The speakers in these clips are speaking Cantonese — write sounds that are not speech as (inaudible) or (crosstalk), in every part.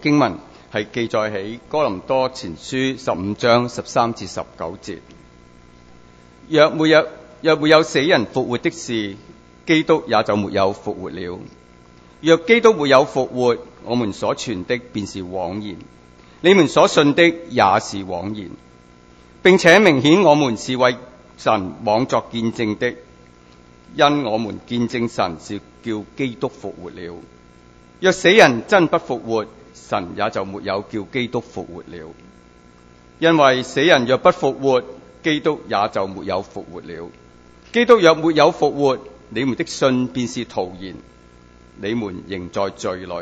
經文係記載喺哥林多前書十五章十三至十九節。若沒有若沒有死人復活的事，基督也就沒有復活了。若基督沒有復活，我們所傳的便是枉然，你們所信的也是枉然，並且明顯我們是為神妄作見證的，因我們見證神是叫基督復活了。若死人真不復活，神也就沒有叫基督復活了，因為死人若不復活，基督也就沒有復活了。基督若沒有復活，你們的信便是徒然，你們仍在罪裏。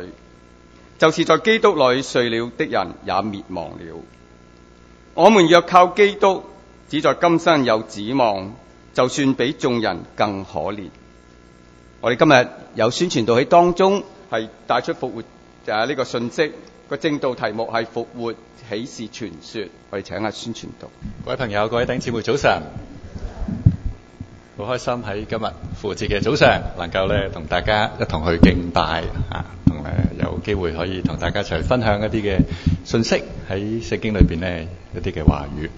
就是在基督裏睡了的人也滅亡了。我們若靠基督，只在今生有指望，就算比眾人更可憐。我哋今日有宣傳到喺當中係帶出復活。就係呢個信息個正道題目係「復活喜事傳說」。我哋請下宣傳道。各位朋友、各位弟兄姊妹，早晨！好開心喺今日復活節嘅早上，能夠咧同大家一同去敬拜啊，同埋有機會可以同大家一齊分享一啲嘅信息喺聖經裏面呢，一啲嘅話語。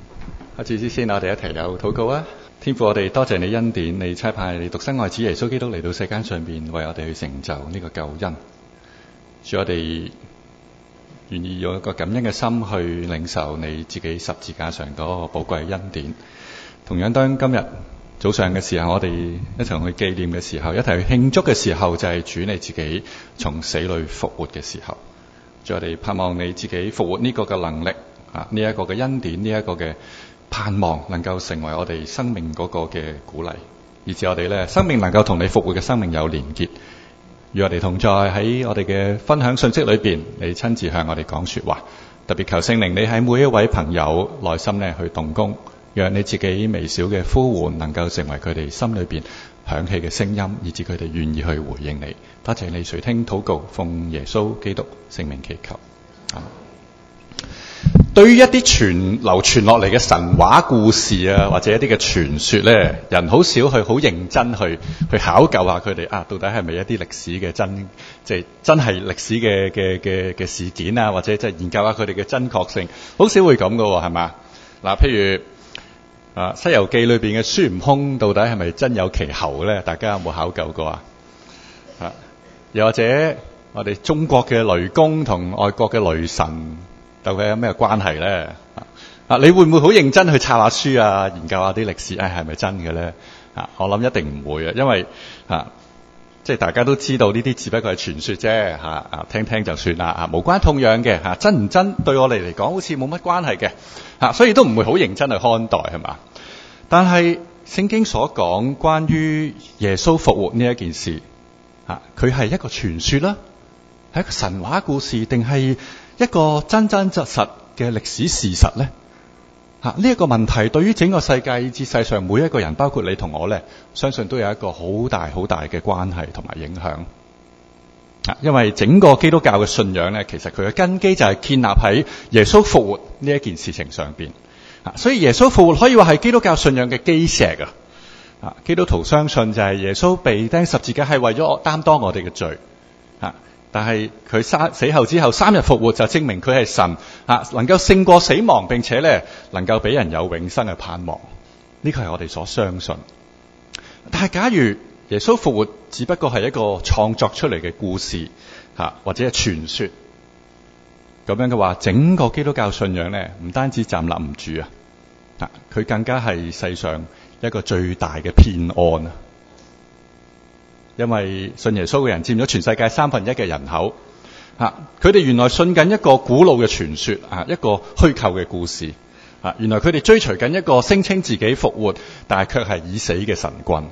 阿主之先，我哋一齊有禱告啊！天父，我哋多謝你恩典，你差派你獨生愛子耶穌基督嚟到世間上邊，為我哋去成就呢個救恩。主我哋願意用一個感恩嘅心去領受你自己十字架上嗰個寶貴恩典。同樣，當今日早上嘅時候，我哋一齊去紀念嘅時候，一齊去慶祝嘅時候，就係主你自己從死裏復活嘅時候。主我哋盼望你自己復活呢個嘅能力啊，呢一個嘅恩典，呢一個嘅盼望，能夠成為我哋生命嗰個嘅鼓勵。以至我哋咧，生命能夠同你復活嘅生命有連結。與我哋同在，喺我哋嘅分享信息裏邊，你親自向我哋講說話，特別求聖靈你喺每一位朋友內心咧去動工，讓你自己微小嘅呼喚能夠成為佢哋心裏邊響起嘅聲音，以至佢哋願意去回應你。多謝，謝你垂聽禱告，奉耶穌基督聖名祈求。對於一啲傳流傳落嚟嘅神話故事啊，或者一啲嘅傳說咧，人好少去好認真去去考究下佢哋啊，到底係咪一啲歷史嘅真即係、就是、真係歷史嘅嘅嘅嘅事件啊，或者即係研究下佢哋嘅真確性，好少會咁噶喎，係嘛嗱？譬如啊《西遊記》裏邊嘅孫悟空到底係咪真有其猴咧？大家有冇考究過啊？啊，又或者我哋中國嘅雷公同外國嘅雷神。究竟有咩關係咧？啊，你會唔會好認真去查下書啊，研究下啲歷史？唉、哎，係咪真嘅咧？啊，我諗一定唔會啊，因為啊，即係大家都知道呢啲只不過係傳說啫。吓啊，聽聽就算啦。啊，無關痛癢嘅。吓、啊，真唔真對我哋嚟講好似冇乜關係嘅。吓、啊，所以都唔會好認真去看待係嘛。但係聖經所講關於耶穌復活呢一件事，啊，佢係一個傳說啦，係一個神話故事定係？還是一個真真實實嘅歷史事實呢，吓，呢一個問題對於整個世界以至世上每一個人，包括你同我呢，相信都有一個好大好大嘅關係同埋影響。因為整個基督教嘅信仰呢，其實佢嘅根基就係建立喺耶穌復活呢一件事情上邊。吓，所以耶穌復活可以話係基督教信仰嘅基石啊。啊，基督徒相信就係耶穌被釘十字架係為咗我擔當我哋嘅罪。吓。但係佢死後之後三日復活，就證明佢係神吓，能夠勝過死亡，並且咧能夠俾人有永生嘅盼望。呢個係我哋所相信。但係假如耶穌復活只不過係一個創作出嚟嘅故事吓，或者係傳說，咁樣嘅話，整個基督教信仰咧唔單止站立唔住啊，嗱，佢更加係世上一個最大嘅騙案啊！因為信耶穌嘅人佔咗全世界三分一嘅人口，啊，佢哋原來信緊一個古老嘅傳說啊，一個虛構嘅故事啊，原來佢哋追隨緊一個聲稱自己復活但係卻係已死嘅神棍。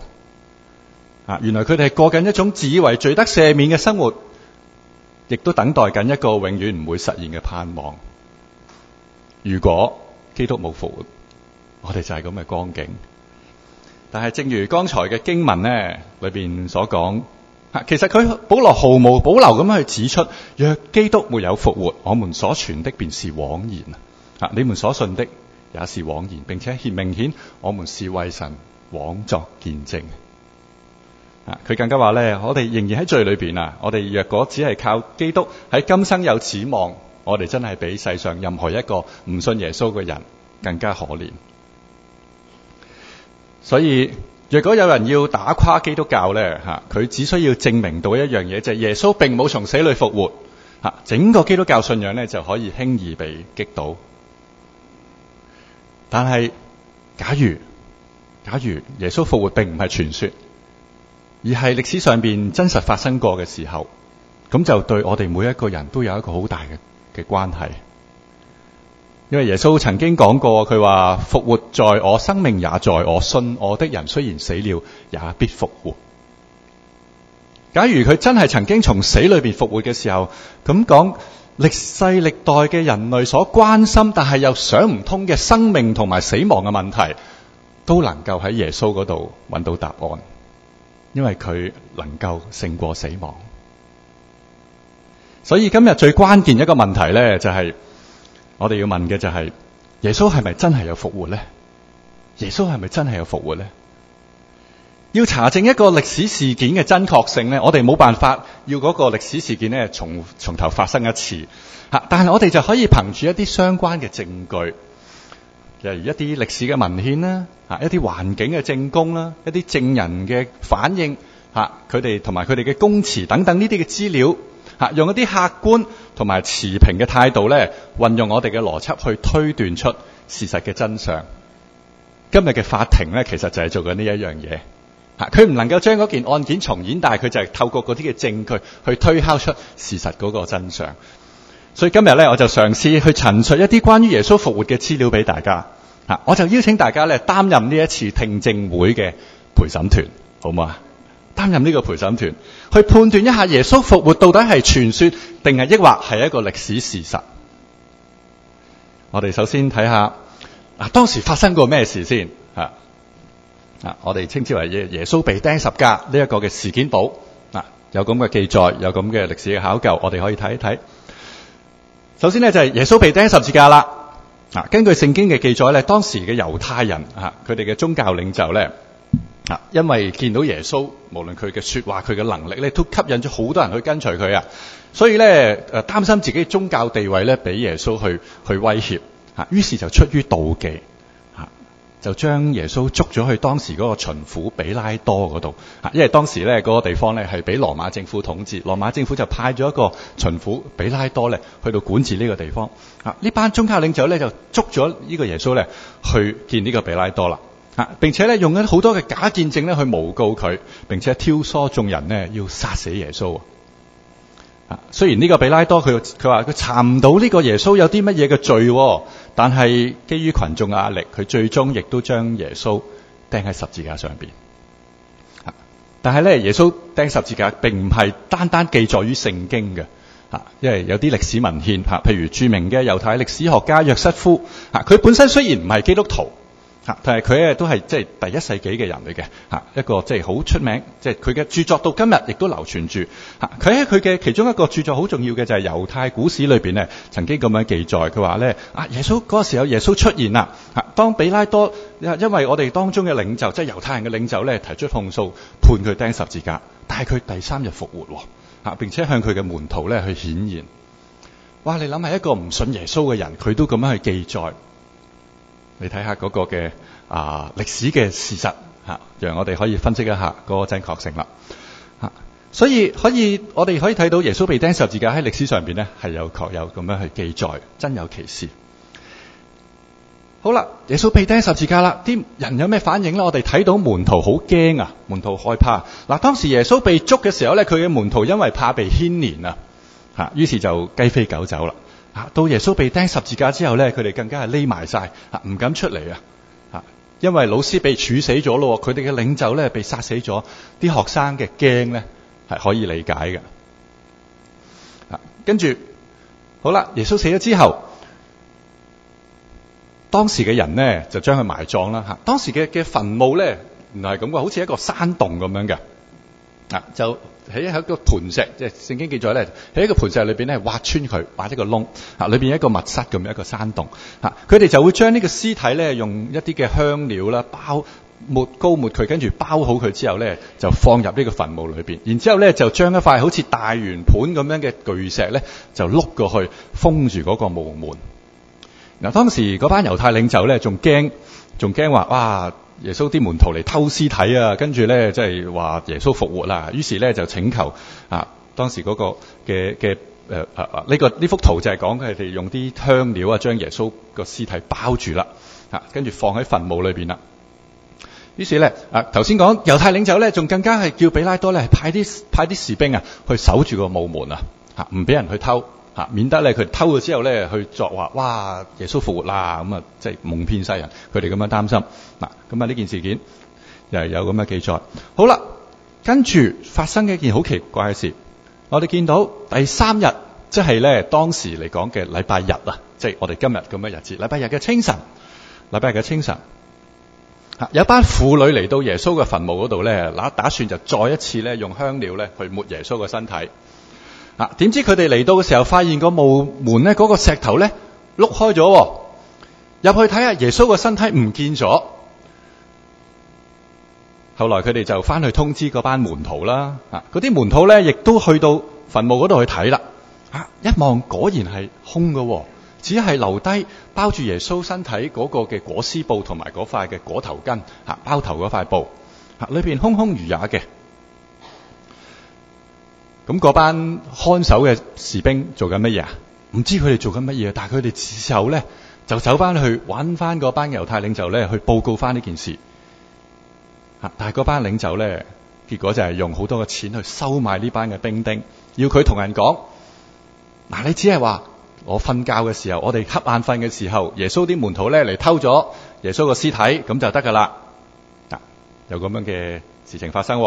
啊，原來佢哋係過緊一種自以為罪得赦免嘅生活，亦都等待緊一個永遠唔會實現嘅盼望。如果基督冇復活，我哋就係咁嘅光景。但係，正如剛才嘅經文咧裏邊所講，其實佢保羅毫無保留咁樣去指出：若基督沒有復活，我們所傳的便是枉然啊！你們所信的也是枉然，並且明顯，我們是為神妄作見證。啊！佢更加話咧：我哋仍然喺罪裏邊啊！我哋若果只係靠基督喺今生有指望，我哋真係比世上任何一個唔信耶穌嘅人更加可憐。所以，若果有人要打垮基督教咧，吓，佢只需要證明到一樣嘢，就係耶穌並冇從死裏復活，吓整個基督教信仰咧就可以輕易被擊倒。但係，假如假如耶穌復活並唔係傳說，而係歷史上邊真實發生過嘅時候，咁就對我哋每一個人都有一個好大嘅嘅關係。因為耶穌曾經講過,佢話:復活在我,生命也在我,信我的人雖然死了,也必復活。假如佢真係曾經從死裏面復活嘅時候,噉講,歷世歷代嘅人類所關心,但係又想唔通嘅生命同埋死亡嘅問題,都能夠喺耶穌嗰度搵到答案。因為佢能夠勝過死亡。所以今日最關鍵一個問題呢,就係,我哋要問嘅就係、是、耶穌係咪真係有復活咧？耶穌係咪真係有復活咧？要查證一個歷史事件嘅真確性咧，我哋冇辦法要嗰個歷史事件咧重重頭發生一次吓，但係我哋就可以憑住一啲相關嘅證據，例如一啲歷史嘅文獻啦，吓一啲環境嘅證供啦，一啲證人嘅反應吓，佢哋同埋佢哋嘅供詞等等呢啲嘅資料吓，用一啲客觀，同埋持平嘅態度呢，運用我哋嘅邏輯去推斷出事實嘅真相。今日嘅法庭呢，其實就係做緊呢一樣嘢吓。佢唔能夠將嗰件案件重演，但係佢就係透過嗰啲嘅證據去推敲出事實嗰個真相。所以今日呢，我就嘗試去陳述一啲關於耶穌復活嘅資料俾大家吓。我就邀請大家咧，擔任呢一次聽證會嘅陪審團，好唔好啊？擔任呢個陪審團去判斷一下耶穌復活到底係傳説，定係抑或係一個歷史事實？我哋首先睇下嗱，當時發生過咩事先吓啊？我哋稱之為耶穌被釘十字架呢一個嘅事件簿啊，有咁嘅記載，有咁嘅歷史嘅考究，我哋可以睇一睇。首先呢，就係、是、耶穌被釘十字架啦啊。根據聖經嘅記載咧，當時嘅猶太人啊，佢哋嘅宗教領袖咧。啊，因為見到耶穌，無論佢嘅說話、佢嘅能力咧，都吸引咗好多人去跟隨佢啊。所以咧，誒擔心自己宗教地位咧，俾耶穌去去威脅啊，於是就出於妒忌啊，就將耶穌捉咗去當時嗰個巡撫彼拉多嗰度啊。因為當時咧嗰個地方咧係俾羅馬政府統治，羅馬政府就派咗一個巡撫彼拉多咧去到管治呢個地方啊。呢班宗教領袖咧就捉咗呢個耶穌咧去見呢個彼拉多啦。啊，並且咧用咗好多嘅假見證咧去誣告佢，並且挑唆眾人咧要殺死耶穌啊！雖然呢個比拉多佢佢話佢查唔到呢個耶穌有啲乜嘢嘅罪，但係基於群眾嘅壓力，佢最終亦都將耶穌釘喺十字架上邊。但係咧耶穌釘十字架，並唔係單單記載於聖經嘅啊，因為有啲歷史文獻啊，譬如著名嘅猶太歷史學家約瑟夫啊，佢本身雖然唔係基督徒。吓，但係佢咧都係即係第一世紀嘅人嚟嘅，吓一個即係好出名，即係佢嘅著作到今日亦都流傳住。吓，佢喺佢嘅其中一個著作好重要嘅就係猶太古史裏邊咧，曾經咁樣記載，佢話咧啊，耶穌嗰個時候耶穌出現啦，吓當比拉多因因為我哋當中嘅領袖，即係猶太人嘅領袖咧提出控訴，判佢釘十字架，但係佢第三日復活，吓並且向佢嘅門徒咧去顯現。哇！你諗係一個唔信耶穌嘅人，佢都咁樣去記載。你睇下嗰個嘅啊歷史嘅事實嚇，讓我哋可以分析一下嗰個正確性啦嚇。所以可以我哋可以睇到耶穌被釘十字架喺歷史上面呢係有確有咁樣去記載，真有其事。好啦，耶穌被釘十字架啦，啲人有咩反應呢？我哋睇到門徒好驚啊，門徒害怕。嗱，當時耶穌被捉嘅時候咧，佢嘅門徒因為怕被牽連啊嚇，於是就雞飛狗走啦。到耶穌被釘十字架之後咧，佢哋更加係匿埋曬，唔敢出嚟啊！啊，因為老師被處死咗咯，佢哋嘅領袖咧被殺死咗，啲學生嘅驚咧係可以理解嘅。啊，跟住好啦，耶穌死咗之後，當時嘅人呢，就將佢埋葬啦。嚇，當時嘅嘅墳墓咧，原來係咁嘅，好似一個山洞咁樣嘅。啊，就喺一喺個磐石，即係聖經記載咧，喺一個磐石裏邊咧，挖穿佢，挖一個窿，嚇，裏邊一個密室咁樣一個山洞，嚇，佢哋就會將呢個屍體咧，用一啲嘅香料啦，包抹膏抹佢，跟住包好佢之後咧，就放入呢個墳墓裏邊，然之後咧，就將一塊好似大圓盤咁樣嘅巨石咧，就碌過去封住嗰個墓門。嗱，當時嗰班猶太領袖咧，仲驚，仲驚話，哇！耶穌啲門徒嚟偷屍體啊，跟住咧即係話耶穌復活啦，於是咧就請求啊，當時嗰、嗰個嘅嘅誒，呢個呢幅圖就係講佢哋用啲香料啊，將耶穌個屍體包住啦、啊，跟住放喺墳墓裏邊啦。於是咧，啊頭先講猶太領袖咧，仲更加係叫比拉多咧，派啲派啲士兵啊去守住個墓門啊，吓唔俾人去偷。吓，免得咧佢偷咗之後咧，去作話哇耶穌復活啦，咁啊即係蒙騙世人，佢哋咁樣擔心嗱，咁啊呢件事件又係有咁嘅記載。好啦，跟住發生一件好奇怪嘅事，我哋見到第三日，即係咧當時嚟講嘅禮拜日啊，即係我哋今日咁嘅日子，禮拜日嘅清晨，禮拜日嘅清晨，吓有班婦女嚟到耶穌嘅墳墓嗰度咧，打算就再一次咧用香料咧去抹耶穌嘅身體。啊！點知佢哋嚟到嘅時候，發現個墓門咧，嗰個石頭咧碌開咗，入去睇下耶穌嘅身體唔見咗。後來佢哋就翻去通知嗰班門徒啦。啊，嗰啲門徒咧，亦都去到墳墓嗰度去睇啦。嚇，一望果然係空嘅，只係留低包住耶穌身體嗰個嘅裹屍布同埋嗰塊嘅裹頭巾嚇，包頭嗰塊布嚇，裏邊空空如也嘅。咁嗰班看守嘅士兵做緊乜嘢啊？唔知佢哋做緊乜嘢，但係佢哋自首事後咧就走翻去搵翻嗰班猶太領袖咧去報告翻呢件事。啊！但係嗰班領袖咧，結果就係用好多嘅錢去收買呢班嘅兵丁，要佢同人講：嗱，你只係話我瞓覺嘅時候，我哋瞌眼瞓嘅時候，耶穌啲門徒咧嚟偷咗耶穌個屍體，咁就得噶啦。嗱，有咁樣嘅事情發生。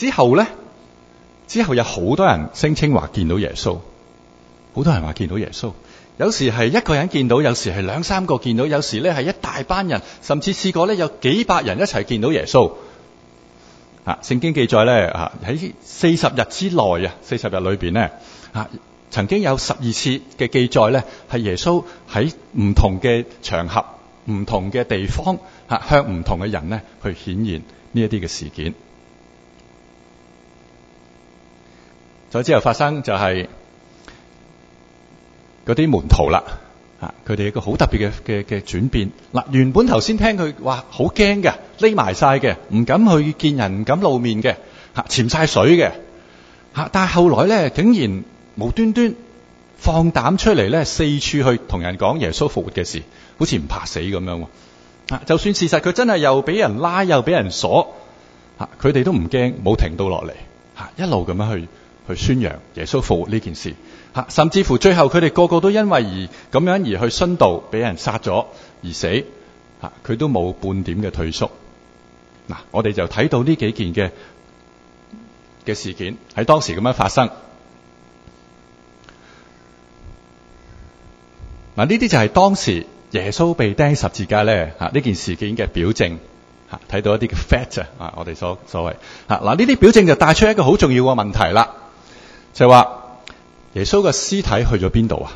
之後呢，之後有好多人聲稱話見到耶穌，好多人話見到耶穌。有時係一個人見到，有時係兩三個見到，有時咧係一大班人，甚至試過咧有幾百人一齊見到耶穌。啊，聖經記載咧，喺四十日之內啊，四十日裏邊呢、啊、曾經有十二次嘅記載咧，係耶穌喺唔同嘅場合、唔同嘅地方，吓、啊、向唔同嘅人呢去顯現呢一啲嘅事件。再之後發生就係嗰啲門徒啦，啊，佢哋一個好特別嘅嘅嘅轉變嗱。原本頭先聽佢話好驚嘅，匿埋晒嘅，唔敢去見人，唔敢露面嘅，嚇潛晒水嘅嚇。但係後來咧，竟然無端端放膽出嚟咧，四處去同人講耶穌復活嘅事，好似唔怕死咁樣啊。就算事實佢真係又俾人拉又俾人鎖嚇，佢哋都唔驚，冇停到落嚟嚇，一路咁樣去。去宣揚耶穌復活呢件事，吓甚至乎最後佢哋個，個個都因為而咁樣而去殉道，俾人殺咗而死，吓佢都冇半點嘅退縮。嗱，我哋就睇到呢幾件嘅嘅事件喺當時咁樣發生。嗱，呢啲就係當時耶穌被釘十字架咧吓呢件事件嘅表證吓，睇到一啲嘅 fact 啊，啊，我哋所所謂吓嗱呢啲表證就帶出一個好重要嘅問題啦。就話耶穌嘅屍體去咗邊度啊？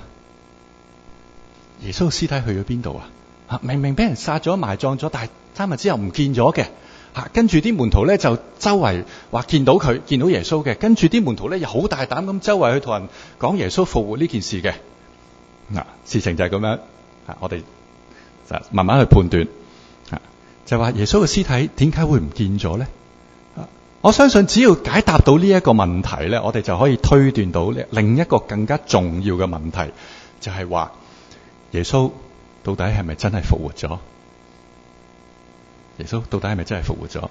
耶穌嘅屍體去咗邊度啊？啊，明明俾人殺咗埋葬咗，但係三日之後唔見咗嘅吓，跟住啲門徒咧就周圍話見到佢見到耶穌嘅，跟住啲門徒咧又好大膽咁周圍去同人講耶穌復活呢件事嘅嗱，事情就係咁樣啊，我哋就慢慢去判斷吓，就話耶穌嘅屍體點解會唔見咗咧？我相信只要解答到呢一個問題咧，我哋就可以推斷到另一個更加重要嘅問題，就係話耶穌到底係咪真係復活咗？耶穌到底係咪真係復活咗？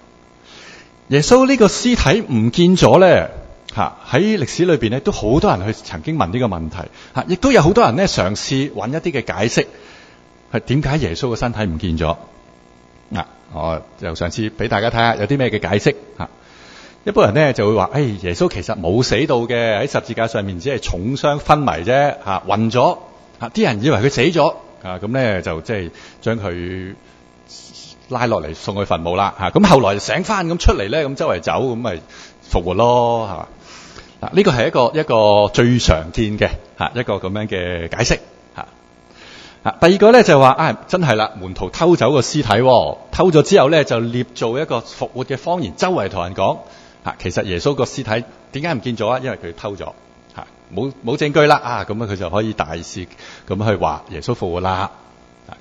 耶穌呢個屍體唔見咗咧，吓喺歷史裏邊咧都好多人去曾經問呢個問題，吓亦都有好多人咧嘗試揾一啲嘅解釋，係點解耶穌嘅身體唔見咗？嗱，我就嘗試俾大家睇下有啲咩嘅解釋吓。一般人咧就會話，誒、哎、耶穌其實冇死到嘅，喺十字架上面只係重傷昏迷啫，嚇，暈咗，嚇，啲人以為佢死咗，啊，咁咧就即係將佢拉落嚟送去墳墓啦，嚇、啊，咁後來醒翻咁出嚟咧，咁周圍走，咁咪復活咯，係、啊、嗱，呢個係一個一個最常見嘅嚇、啊、一個咁樣嘅解釋嚇。啊，第二個咧就係話，啊、哎，真係啦，門徒偷走個屍體，啊、偷咗之後咧就捏造一個復活嘅謊言，周圍同人講。其實耶穌個屍體點解唔見咗啊？因為佢偷咗，冇冇證據啦啊，咁啊佢就可以大肆咁去話耶穌復活啦。啊，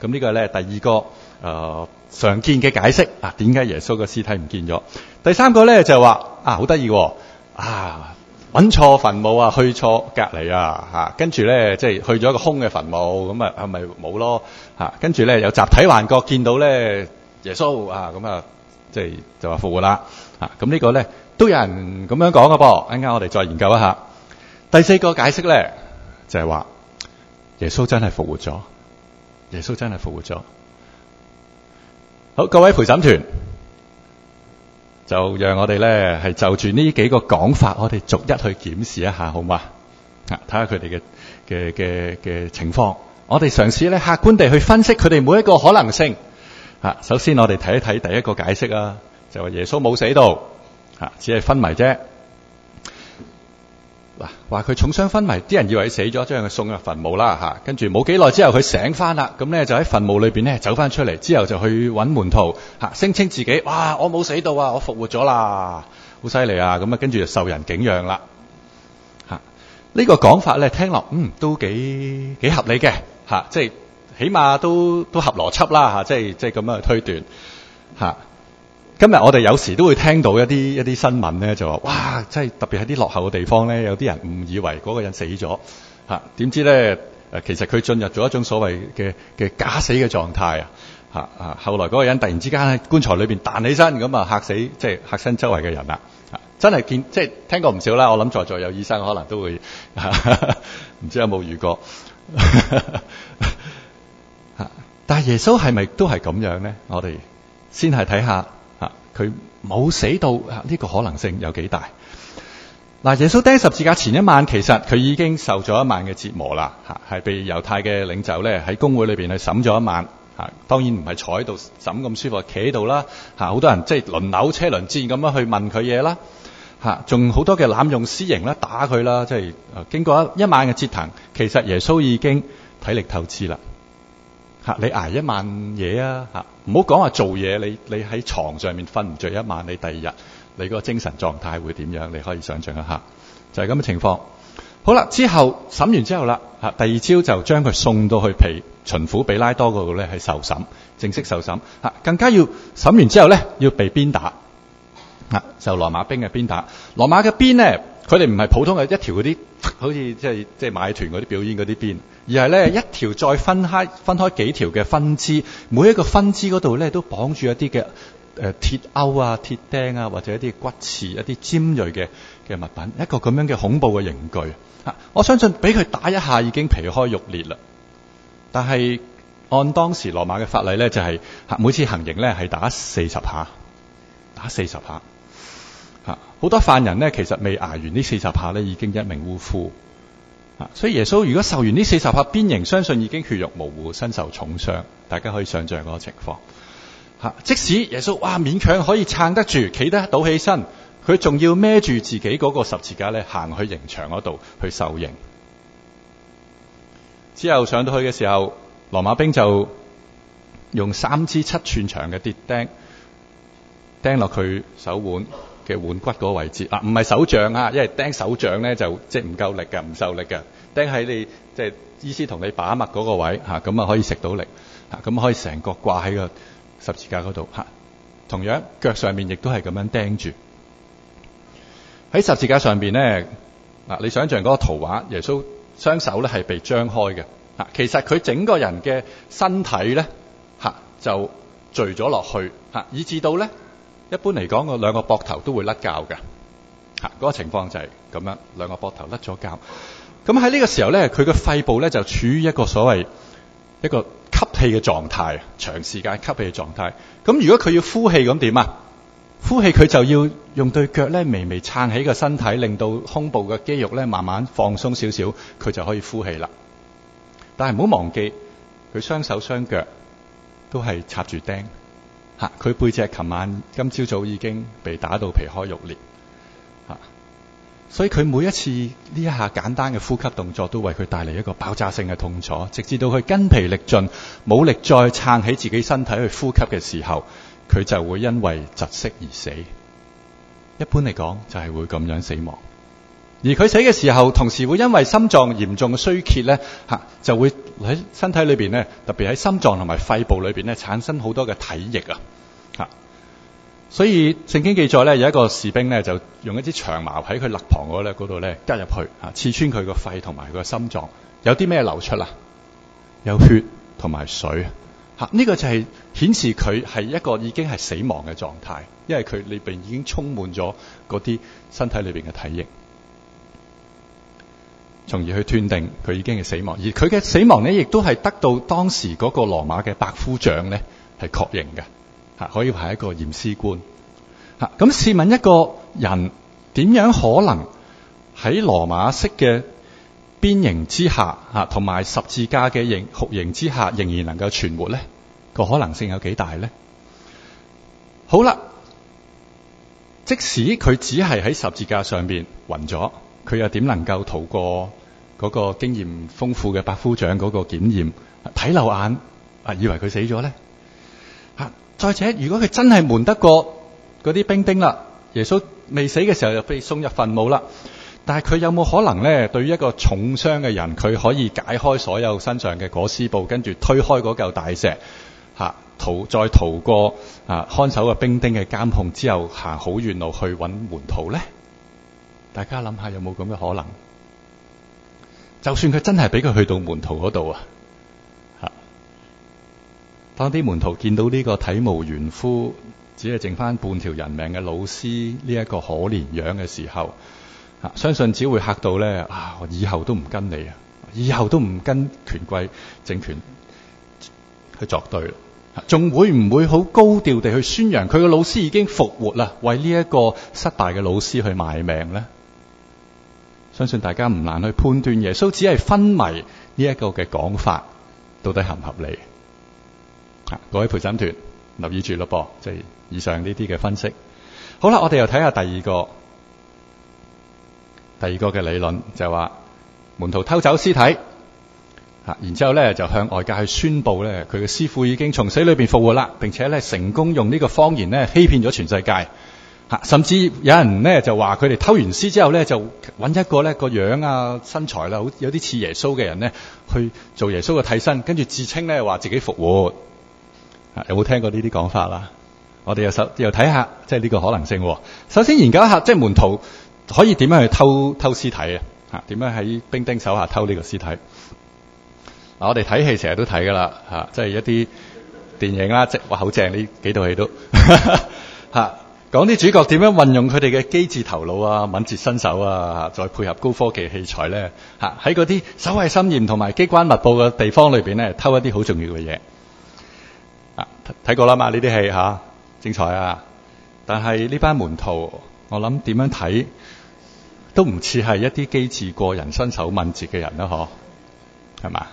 咁呢個咧第二個誒、呃、常見嘅解釋啊，點解耶穌個屍體唔見咗？第三個咧就係、是、話啊，好得意喎啊，揾錯墳墓啊，去錯隔離啊，啊跟住咧即係去咗一個空嘅墳墓，咁啊係咪冇咯嚇，跟住咧有集體幻覺見到咧耶穌啊，咁啊即係、啊、就話、是、復活啦嚇，咁、啊啊這個、呢個咧。都有人咁樣講㗎噃，一陣間我哋再研究一下。第四個解釋咧，就係話耶穌真係復活咗，耶穌真係復活咗。好，各位陪審團，就讓我哋咧係就住呢幾個講法，我哋逐一去檢視一下，好嘛？啊，睇下佢哋嘅嘅嘅嘅情況，我哋嘗試咧客觀地去分析佢哋每一個可能性。啊，首先我哋睇一睇第一個解釋啊，就話耶穌冇死到。只係昏迷啫。嗱，話佢重傷昏迷，啲人以為佢死咗，將佢送入墳墓啦。吓、啊，跟住冇幾耐之後，佢醒翻啦。咁咧就喺墳墓裏邊咧走翻出嚟，之後就去揾門徒，吓聲稱自己，哇！我冇死到啊，我復活咗啦，好犀利啊！咁啊，跟住就受人景仰啦。吓、啊，這個，呢個講法咧，聽落嗯都幾幾合理嘅，吓、啊、即係起碼都都合邏輯啦。吓、啊，即係即係咁樣去推斷，吓、啊。今日我哋有時都會聽到一啲一啲新聞咧，就話哇，即係特別喺啲落後嘅地方咧，有啲人誤以為嗰個人死咗嚇，點、啊、知咧誒，其實佢進入咗一種所謂嘅嘅假死嘅狀態啊嚇啊！後來嗰個人突然之間喺棺材裏邊彈起身，咁啊嚇死，即係嚇親周圍嘅人啦嚇、啊，真係見即係聽過唔少啦。我諗在座有醫生可能都會唔、啊、知有冇遇過嚇、啊，但係耶穌係咪都係咁樣咧？我哋先係睇下。佢冇死到呢、這個可能性有幾大？嗱，耶穌釘十字架前一晚，其實佢已經受咗一晚嘅折磨啦，嚇係被猶太嘅領袖咧喺公會裏邊去審咗一晚，嚇當然唔係坐喺度審咁舒服，企喺度啦，嚇好多人即係輪流車輪戰咁樣去問佢嘢啦，嚇仲好多嘅濫用私刑啦，打佢啦，即係經過一晚嘅折騰，其實耶穌已經體力透支啦。吓，你捱一晚嘢啊！吓，唔好講話做嘢，你你喺床上面瞓唔着一晚，你第二日你個精神狀態會點樣？你可以想像一下，就係咁嘅情況。好啦，之後審完之後啦，吓，第二朝就將佢送到去被巡撫彼拉多嗰度咧，係受審，正式受審。吓，更加要審完之後咧，要被鞭打。啊、就羅馬兵嘅鞭打羅馬嘅鞭呢，佢哋唔係普通嘅一條嗰啲，好似即係即係馬團嗰啲表演嗰啲鞭，而係咧一條再分開分開幾條嘅分支，每一個分支嗰度咧都綁住一啲嘅誒鐵鈎啊、鐵釘啊，或者一啲骨刺、一啲尖銳嘅嘅物品，一個咁樣嘅恐怖嘅刑具啊！我相信俾佢打一下已經皮開肉裂啦。但係按當時羅馬嘅法例咧，就係、是啊、每次行刑咧係打四十下，打四十下。吓，好多犯人呢，其實未挨完呢四十下呢，已經一命嗚呼。所以耶穌如果受完呢四十下鞭刑，相信已經血肉模糊，身受重傷。大家可以想象嗰個情況。吓，即使耶穌哇勉強可以撐得住，企得到起身，佢仲要孭住自己嗰個十字架咧，行去刑場嗰度去受刑。之後上到去嘅時候，羅馬兵就用三支七寸長嘅鐵釘釘落佢手腕。嘅腕骨嗰個位置嗱，唔、啊、係手掌啊，因為釘手掌咧就即係唔夠力嘅，唔受力嘅。釘喺你即係醫師同你把脈嗰個位吓，咁啊就可以食到力吓，咁、啊、可以成個掛喺個十字架嗰度吓，同樣腳上面亦都係咁樣釘住喺十字架上邊咧。嗱、啊、你想象嗰個圖畫，耶穌雙手咧係被張開嘅吓、啊，其實佢整個人嘅身體咧吓、啊、就墜咗落去吓、啊，以致到咧。一般嚟講，我兩個兩個膊頭都會甩骹㗎，嚇、那、嗰個情況就係咁樣，兩個膊頭甩咗骹。咁喺呢個時候咧，佢嘅肺部咧就處於一個所謂一個吸氣嘅狀態，長時間吸氣嘅狀態。咁如果佢要呼氣，咁點啊？呼氣佢就要用對腳微微撐起個身體，令到胸部嘅肌肉慢慢放鬆少少，佢就可以呼氣啦。但係唔好忘記，佢雙手雙腳都係插住釘。佢背脊，琴晚今朝早早已經被打到皮開肉裂！啊，所以佢每一次呢一下簡單嘅呼吸動作，都為佢帶嚟一個爆炸性嘅痛楚，直至到佢筋疲力盡，冇力再撐起自己身體去呼吸嘅時候，佢就會因為窒息而死。一般嚟講，就係會咁樣死亡。而佢死嘅時候，同時會因為心臟嚴重嘅衰竭咧，吓就會。喺身體裏邊咧，特別喺心臟同埋肺部裏邊咧，產生好多嘅體液啊！吓，所以聖經記載咧，有一個士兵咧，就用一支長矛喺佢肋旁嗰咧度咧，插入去啊，刺穿佢個肺同埋佢個心臟，有啲咩流出啊？有血同埋水，吓，呢個就係顯示佢係一個已經係死亡嘅狀態，因為佢裏邊已經充滿咗嗰啲身體裏邊嘅體液。從而去斷定佢已經係死亡，而佢嘅死亡咧，亦都係得到當時嗰個羅馬嘅百夫長咧係確認嘅，可以話係一個驗屍官。咁、啊、試問一個人點樣可能喺羅馬式嘅鞭刑之下，嚇同埋十字架嘅酷刑之下，仍然能夠存活咧？嗰個可能性有幾大咧？好啦，即使佢只係喺十字架上面暈咗。佢又點能夠逃過嗰個經驗豐富嘅百夫長嗰個檢驗？睇漏眼啊，以為佢死咗咧！嚇，再者，如果佢真係瞞得過嗰啲兵丁啦，耶穌未死嘅時候就被送入墳墓啦。但係佢有冇可能咧？對於一個重傷嘅人，佢可以解開所有身上嘅裹屍布，跟住推開嗰嚿大石，吓逃再逃過啊看守嘅兵丁嘅監控之後，行好遠路去揾門徒咧？大家諗下有冇咁嘅可能？就算佢真係俾佢去到門徒嗰度啊，當啲門徒見到呢個體無完膚，只係剩翻半條人命嘅老師呢一個可憐樣嘅時候，相信只會嚇到咧啊我以！以後都唔跟你啊，以後都唔跟權貴政權去作對。仲會唔會好高調地去宣揚佢嘅老師已經復活啦，為呢一個失敗嘅老師去賣命呢？相信大家唔難去判斷耶穌只係昏迷呢一個嘅講法到底合唔合理？啊，各位陪審團留意住咯噃，即係以上呢啲嘅分析。好啦，我哋又睇下第二個，第二個嘅理論就係話門徒偷走屍體啊，然之後咧就向外界去宣佈咧，佢嘅師傅已經從死裏面復活啦，並且咧成功用呢個謊言咧欺騙咗全世界。甚至有人咧就話：佢哋偷完屍之後咧，就揾一個咧個樣啊身材啦，好有啲似耶穌嘅人咧，去做耶穌嘅替身，跟住自稱咧話自己復活啊。有冇聽過呢啲講法啦？我哋又首又睇下，即係呢個可能性啊。首先研究一下，即係門徒可以點樣去偷偷屍體啊？嚇點樣喺兵丁手下偷呢個屍體嗱啊？我哋睇戲成日都睇噶啦嚇，即係一啲電影啦，哇好正呢幾套戲都嚇。呵呵啊。講啲主角點樣運用佢哋嘅機智頭腦啊、敏捷身手啊，再配合高科技器材咧，吓喺嗰啲守衛森嚴同埋機關密布嘅地方裏邊咧，偷一啲好重要嘅嘢啊。睇過啦嘛，呢啲戲吓、啊、精彩啊。但係呢班門徒，我諗點樣睇都唔似係一啲機智過人、身手敏捷嘅人啦，嗬係嘛？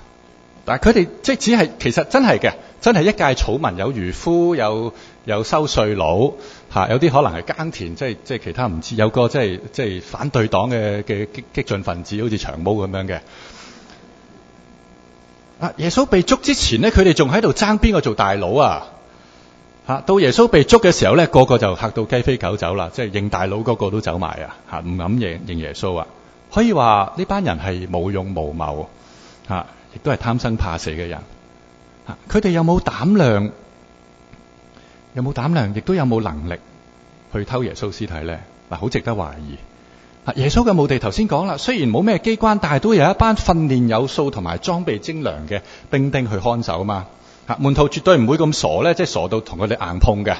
但係佢哋即係只係其實真係嘅，真係一介草民，有漁夫，有有收稅佬。吓，有啲可能係耕田，即係即係其他唔知，有個即係即係反對黨嘅嘅激激進分子，好似長毛咁樣嘅。啊，耶穌被捉之前呢，佢哋仲喺度爭邊個做大佬啊？吓，到耶穌被捉嘅時候咧，個個就吓到雞飛狗走啦，即係認大佬個個都走埋啊，吓唔敢認認耶穌啊。可以話呢班人係冇勇無謀，亦都係貪生怕死嘅人。吓，佢哋有冇膽量？有冇膽量，亦都有冇能力去偷耶穌屍體咧？嗱，好值得懷疑。耶穌嘅墓地頭先講啦，雖然冇咩機關，但係都有一班訓練有素同埋裝備精良嘅兵丁去看守啊嘛。吓，門徒絕對唔會咁傻咧，即係傻到同佢哋硬碰嘅。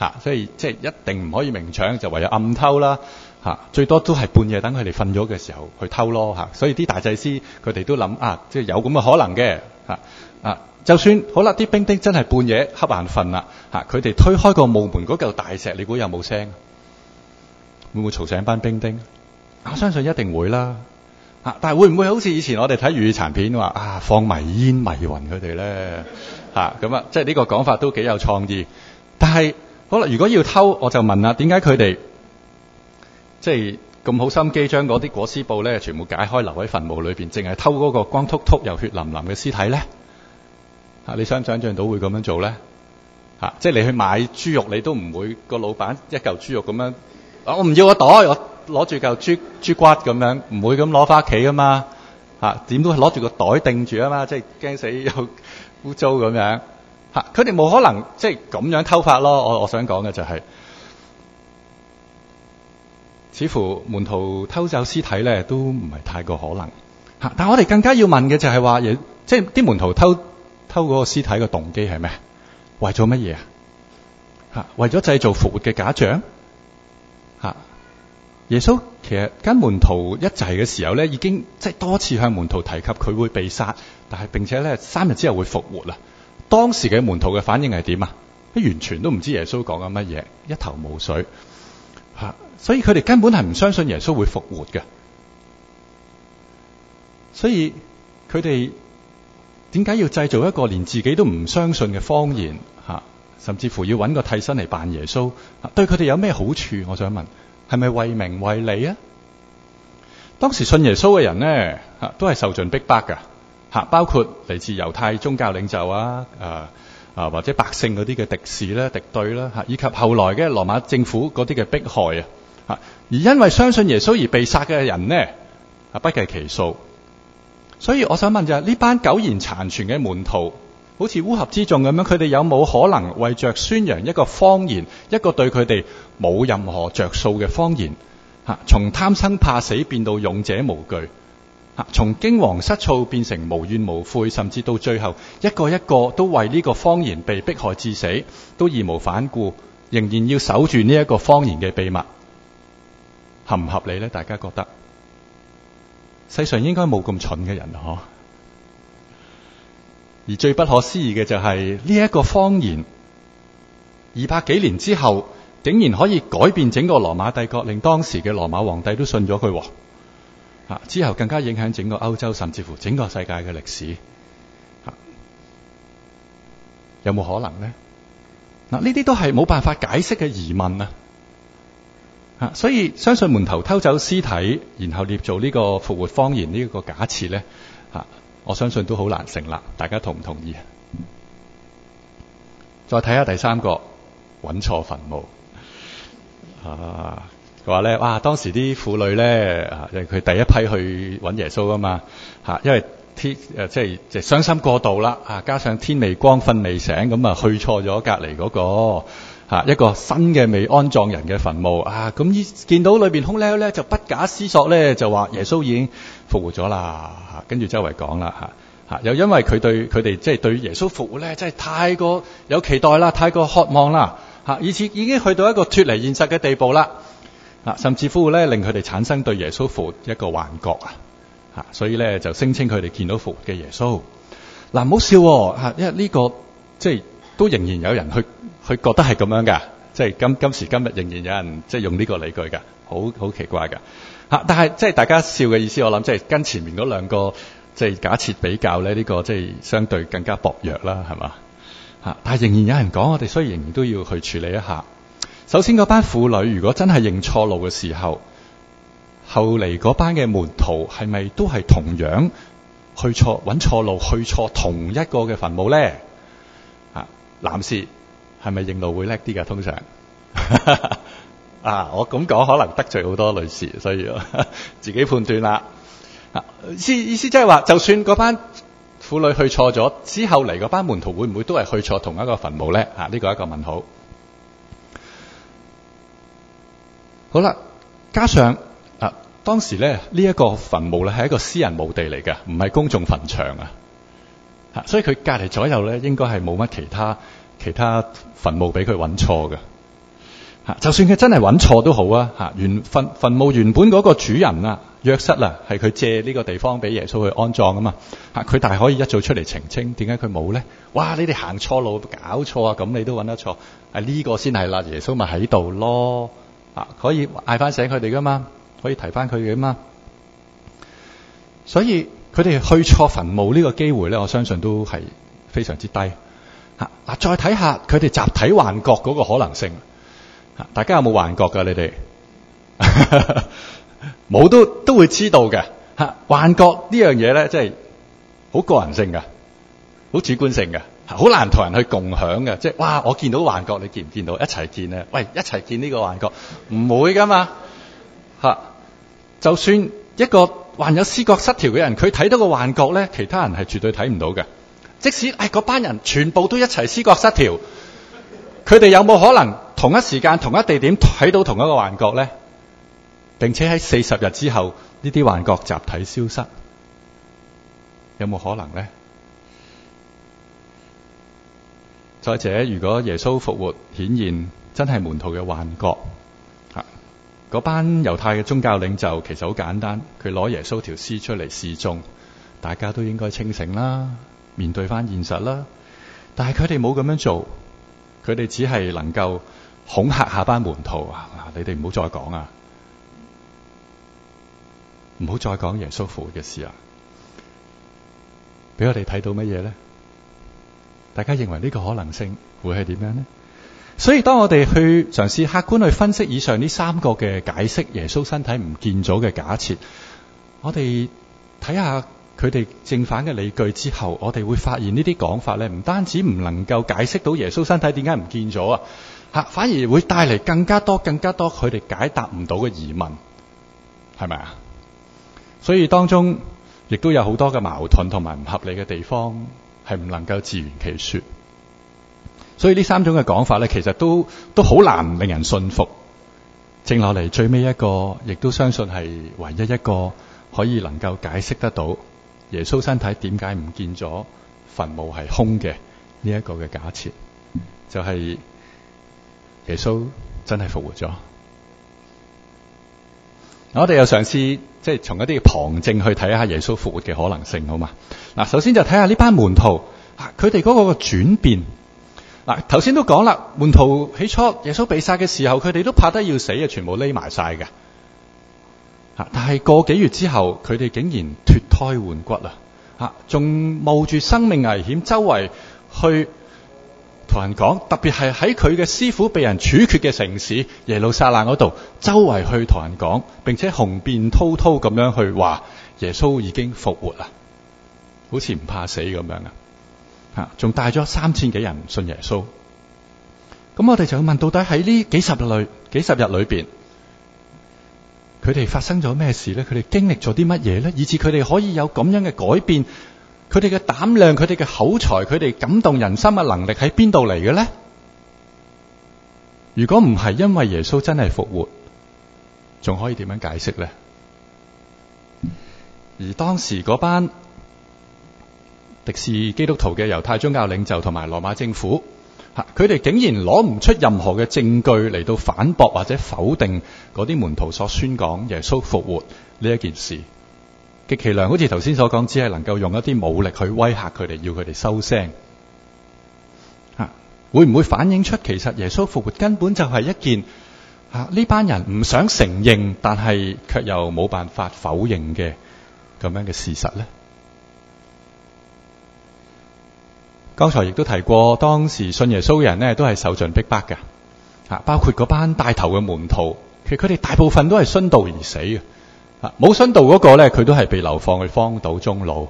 吓，所以即係一定唔可以明搶，就唯有暗偷啦。吓，最多都係半夜等佢哋瞓咗嘅時候去偷咯。吓，所以啲大祭司佢哋都諗啊，即係有咁嘅可能嘅。吓啊！就算好啦，啲兵丁真係半夜瞌眼瞓啦，佢哋推開個墓門嗰嚿大石，你估有冇聲？會唔會吵醒班兵丁，嗯？我相信一定會啦。但係會唔會好似以前我哋睇《粵語殘片》話啊，放埋煙迷暈佢哋咧咁啊？即係呢個講法都幾有創意。但係好啦，如果要偷，我就問啦、啊，點解佢哋即係咁好心機將嗰啲裹屍布咧全部解開留喺墳墓裏面，淨係偷嗰個光禿禿又血淋淋嘅屍體咧？想想啊！你想唔想像到會咁樣做咧？嚇！即係你去買豬肉，你都唔會個老闆一嚿豬肉咁樣。我唔要個袋，我攞住嚿豬豬骨咁樣，唔會咁攞翻屋企噶嘛。嚇、啊！點都攞住個袋定住啊嘛，即係驚死又污糟咁樣嚇。佢哋冇可能即係咁樣偷法咯。我我想講嘅就係、是，似乎門徒偷走屍體咧，都唔係太過可能嚇、啊。但係我哋更加要問嘅就係話，亦即係啲門徒偷。偷嗰個屍體嘅動機係咩？為咗乜嘢啊？吓，為咗製造復活嘅假象？吓，耶穌其實跟門徒一齊嘅時候咧，已經即係多次向門徒提及佢會被殺，但係並且咧三日之後會復活啦。當時嘅門徒嘅反應係點啊？佢完全都唔知耶穌講緊乜嘢，一頭霧水。吓，所以佢哋根本係唔相信耶穌會復活嘅。所以佢哋。點解要製造一個連自己都唔相信嘅謊言？吓，甚至乎要揾個替身嚟扮耶穌，對佢哋有咩好處？我想問，係咪為名為利啊？當時信耶穌嘅人呢，吓，都係受盡逼迫噶，吓，包括嚟自猶太宗教領袖啊、啊啊，或者百姓嗰啲嘅敵視咧、敵對啦，吓，以及後來嘅羅馬政府嗰啲嘅迫害啊，吓，而因為相信耶穌而被殺嘅人呢，啊不計其數。所以我想問就係呢班苟延殘存嘅門徒，好似烏合之眾咁樣，佢哋有冇可能為著宣揚一個謊言，一個對佢哋冇任何著數嘅謊言？嚇，從貪生怕死變到勇者無懼，嚇，從驚惶失措變成無怨無悔，甚至到最後一個一個都為呢個謊言被迫害致死，都義無反顧，仍然要守住呢一個謊言嘅秘密，合唔合理呢？大家覺得？世上應該冇咁蠢嘅人嗬、啊，而最不可思議嘅就係呢一個謊言，二百幾年之後，竟然可以改變整個羅馬帝國，令當時嘅羅馬皇帝都信咗佢喎。之後更加影響整個歐洲，甚至乎整個世界嘅歷史。嚇、啊，有冇可能呢？嗱、啊，呢啲都係冇辦法解釋嘅疑問啊！所以相信門徒偷走屍體，然後捏造呢個復活謊言，呢個假設咧，我相信都好難成立，大家同唔同意啊、嗯？再睇下第三個，揾錯墳墓。啊，佢話咧，哇，當時啲婦女咧，佢第一批去揾耶穌噶嘛，吓，因為天誒，即係即係傷心過度啦，加上天未光瞓未醒，咁啊，去錯咗隔籬嗰個。嚇一個新嘅未安葬人嘅墳墓啊！咁依見到裏邊空咧咧，就不假思索咧就話耶穌已經復活咗啦、啊。跟住周圍講啦嚇嚇，又因為佢對佢哋即係對耶穌復活咧，真係太過有期待啦，太過渴望啦嚇、啊，以致已經去到一個脱離現實嘅地步啦。啊，甚至乎咧令佢哋產生對耶穌復活一個幻覺啊嚇，所以咧就聲稱佢哋見到復活嘅耶穌嗱，唔、啊、好笑喎、哦啊、因為呢、呢個即係、就是、都仍然有人去。佢覺得係咁樣㗎，即係今今時今日仍然有人即係用呢個理據㗎，好好奇怪㗎嚇！但係即係大家笑嘅意思，我諗即係跟前面嗰兩個即係假設比較咧，呢個即係相對更加薄弱啦，係嘛嚇？但係仍然有人講，我哋雖然都要去處理一下。首先嗰班婦女，如果真係認錯路嘅時候，後嚟嗰班嘅門徒係咪都係同樣去錯揾錯路去錯同一個嘅墳墓咧？啊，男士。係咪認路會叻啲㗎？通常 (laughs) 啊，我咁講可能得罪好多女士，所以自己判斷啦，啊。意意思即係話，就算嗰班婦女去錯咗之後嚟，嗰班門徒會唔會都係去錯同一個墳墓咧？啊，呢個係一個問號。好啦，加上啊，當時咧呢一個墳墓咧係一個私人墓地嚟嘅，唔係公眾墳場啊。吓，所以佢隔籬左右咧應該係冇乜其他。其他墳墓俾佢揾錯㗎，吓，就算佢真係揾錯都好啊吓，原墳墳墓原本嗰個主人啊，約瑟啊，係佢借呢個地方俾耶穌去安葬啊嘛吓，佢但係可以一早出嚟澄清，點解佢冇咧？哇，你哋行錯路，搞錯啊！咁你都揾得錯，呢、呢個先係啦，耶穌咪喺度咯啊，可以嗌翻醒佢哋噶嘛，可以提翻佢嘅嘛。所以佢哋去錯墳墓呢個機會咧，我相信都係非常之低。吓嗱，再睇下佢哋集體幻覺嗰個可能性。吓，大家有冇幻覺噶、啊？你哋冇 (laughs) 都都會知道嘅。吓，幻覺呢樣嘢咧,即係好個人性㗎,好主觀性嘅,好難同人去共享嘅。即係哇，我見到幻覺，你見唔見到？一齊見咧？喂，一齊見呢個幻覺？唔會噶嘛？吓，就算一個患有思覺失調嘅人，佢睇到個幻覺咧，其他人係絕對睇唔到嘅。即使係嗰班人全部都一齊思覺失調，佢哋有冇可能同一時間同一地點睇到同一個幻覺呢？並且喺四十日之後呢啲幻覺集體消失，有冇可能呢？再者，如果耶穌復活顯現真係門徒嘅幻覺，嗰班猶太嘅宗教領袖其實好簡單，佢攞耶穌條屍出嚟示眾，大家都應該清醒啦。面對翻現實啦，但係佢哋冇咁樣做，佢哋只係能夠恐嚇下班門徒啊！嗱，你哋唔好再講啊，唔好再講耶穌復活嘅事啊！俾我哋睇到乜嘢咧？大家認為呢個可能性會係點樣呢？所以當我哋去嘗試客觀去分析以上呢三個嘅解釋，耶穌身體唔見咗嘅假設，我哋睇下。佢哋正反嘅理據之後，我哋會發現呢啲講法咧，唔單止唔能夠解釋到耶穌身體點解唔見咗啊，吓，反而會帶嚟更加多、更加多佢哋解答唔到嘅疑問，係咪啊？所以當中亦都有好多嘅矛盾同埋唔合理嘅地方，係唔能夠自圓其說。所以呢三種嘅講法咧，其實都都好難令人信服。剩落嚟最尾一個，亦都相信係唯一一個可以能夠解釋得到。耶穌身體點解唔見咗？墳墓係空嘅。呢一個嘅假設，就係耶穌真係復活咗。我哋又嘗試即係從一啲旁證去睇下耶穌復活嘅可能性，好嘛？嗱，首先就睇下呢班門徒，佢哋嗰個轉變。嗱，頭先都講啦，門徒起初耶穌被殺嘅時候，佢哋都怕得要死嘅，全部匿埋晒嘅。但係個幾月之後，佢哋竟然脫胎換骨啦！啊，仲冒住生命危險，周圍去同人講，特別係喺佢嘅師傅被人處決嘅城市耶路撒冷嗰度，周圍去同人講，並且雄辯滔滔咁樣去話耶穌已經復活啦，好似唔怕死咁樣啊！啊，仲帶咗三千幾人信耶穌。咁我哋就要問，到底喺呢幾十日裏、幾十日裏邊？佢哋發生咗咩事咧？佢哋經歷咗啲乜嘢咧？以致佢哋可以有咁樣嘅改變，佢哋嘅膽量、佢哋嘅口才、佢哋感動人心嘅能力喺邊度嚟嘅咧？如果唔係因為耶穌真係復活，仲可以點樣解釋咧？而當時嗰班敵視基督徒嘅猶太宗教領袖同埋羅馬政府。佢哋竟然攞唔出任何嘅證據嚟到反駁或者否定嗰啲門徒所宣講耶穌復活呢一件事，極其量好似頭先所講，只係能夠用一啲武力去威嚇佢哋，要佢哋收聲。吓、啊，會唔會反映出其實耶穌復活根本就係一件吓呢班人唔想承認，但係卻又冇辦法否認嘅咁樣嘅事實咧？剛才亦都提過，當時信耶穌嘅人呢都係受盡逼迫嘅，吓包括嗰班帶頭嘅門徒，其實佢哋大部分都係殉道而死嘅，吓冇殉道嗰、那個呢，佢都係被流放去荒島中老。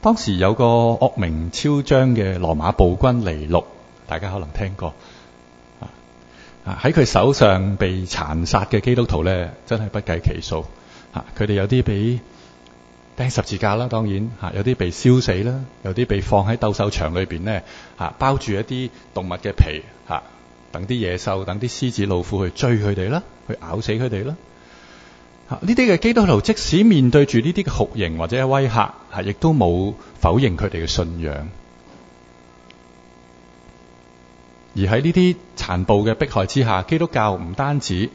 當時有個惡名昭彰嘅羅馬暴君尼祿，大家可能聽過，啊喺佢手上被殘殺嘅基督徒呢，真係不計其數，吓佢哋有啲俾。釘十字架啦，當然吓，有啲被燒死啦，有啲被放喺鬥獸場裏邊咧吓，包住一啲動物嘅皮吓，等啲野獸、等啲獅子、老虎去追佢哋啦，去咬死佢哋啦。吓呢啲嘅基督徒，即使面對住呢啲酷刑或者威嚇，吓亦都冇否認佢哋嘅信仰。而喺呢啲殘暴嘅迫害之下，基督教唔單止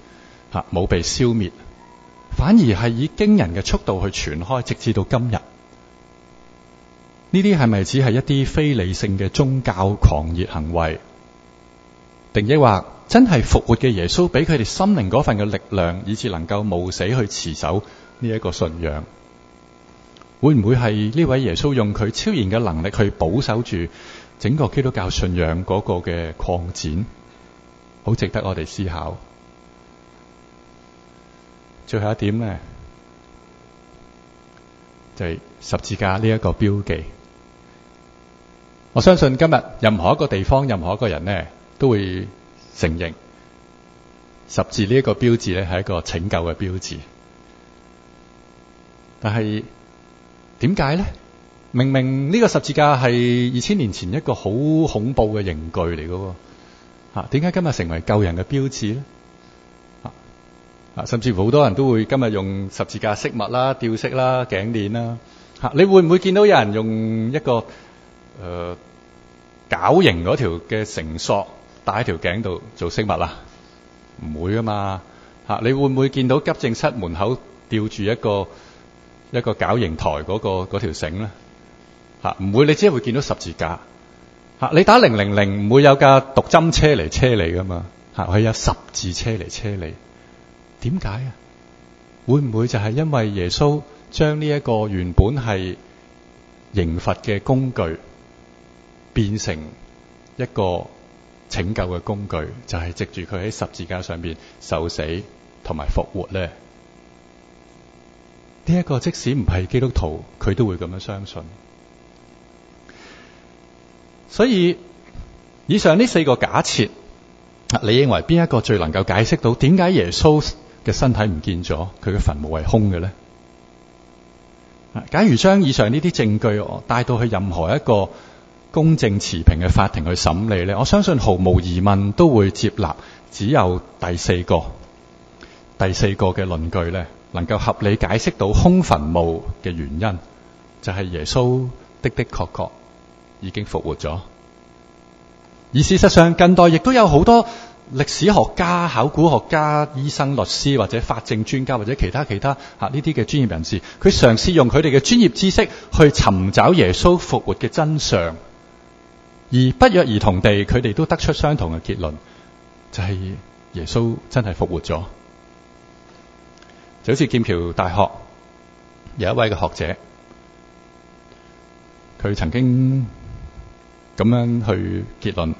吓冇被消滅。反而係以驚人嘅速度去傳開，直至到今日。呢啲係咪只係一啲非理性嘅宗教狂熱行為，定抑或真係復活嘅耶穌俾佢哋心靈嗰份嘅力量，以致能夠冒死去持守呢一個信仰？會唔會係呢位耶穌用佢超然嘅能力去保守住整個基督教信仰嗰個嘅擴展？好值得我哋思考。最後一點咧，就係十字架呢一個標記。我相信今日任何一個地方、任何一個人呢，都會承認十字呢一個標誌咧係一個拯救嘅標誌。但係點解咧？明明呢個十字架係二千年前一個好恐怖嘅刑具嚟嘅喎，點解今日成為救人嘅標誌咧？啊！甚至乎好多人都會今日用十字架飾物啦、吊飾啦、頸鏈啦。嚇，你會唔會見到有人用一個誒絞刑嗰條嘅繩索戴喺條頸度做飾物啊？唔會啊嘛嚇！你會唔會見到急症室門口吊住一個一個絞刑台嗰個嗰條繩咧嚇？唔會，你只係會見到十字架嚇。你打零零零唔會有架毒針車嚟車你噶嘛嚇？係有十字車嚟車你。點解啊？會唔會就係因為耶穌將呢一個原本係刑罰嘅工具，變成一個拯救嘅工具？就係藉住佢喺十字架上邊受死同埋復活咧？呢一個即使唔係基督徒，佢都會咁樣相信。所以以上呢四個假設，你認為邊一個最能夠解釋到點解耶穌？嘅身體唔見咗，佢嘅墳墓係空嘅咧。假如將以上呢啲證據帶到去任何一個公正持平嘅法庭去審理呢，我相信毫無疑問都會接納只有第四個、第四個嘅論據呢，能夠合理解釋到空墳墓嘅原因，就係、是、耶穌的的確確已經復活咗。而事實上，近代亦都有好多。歷史學家、考古學家、醫生、律師，或者法證專家，或者其他其他嚇呢啲嘅專業人士，佢嘗試用佢哋嘅專業知識去尋找耶穌復活嘅真相，而不約而同地，佢哋都得出相同嘅結論，就係、是、耶穌真係復活咗。就好似劍橋大學有一位嘅學者，佢曾經咁樣去結論。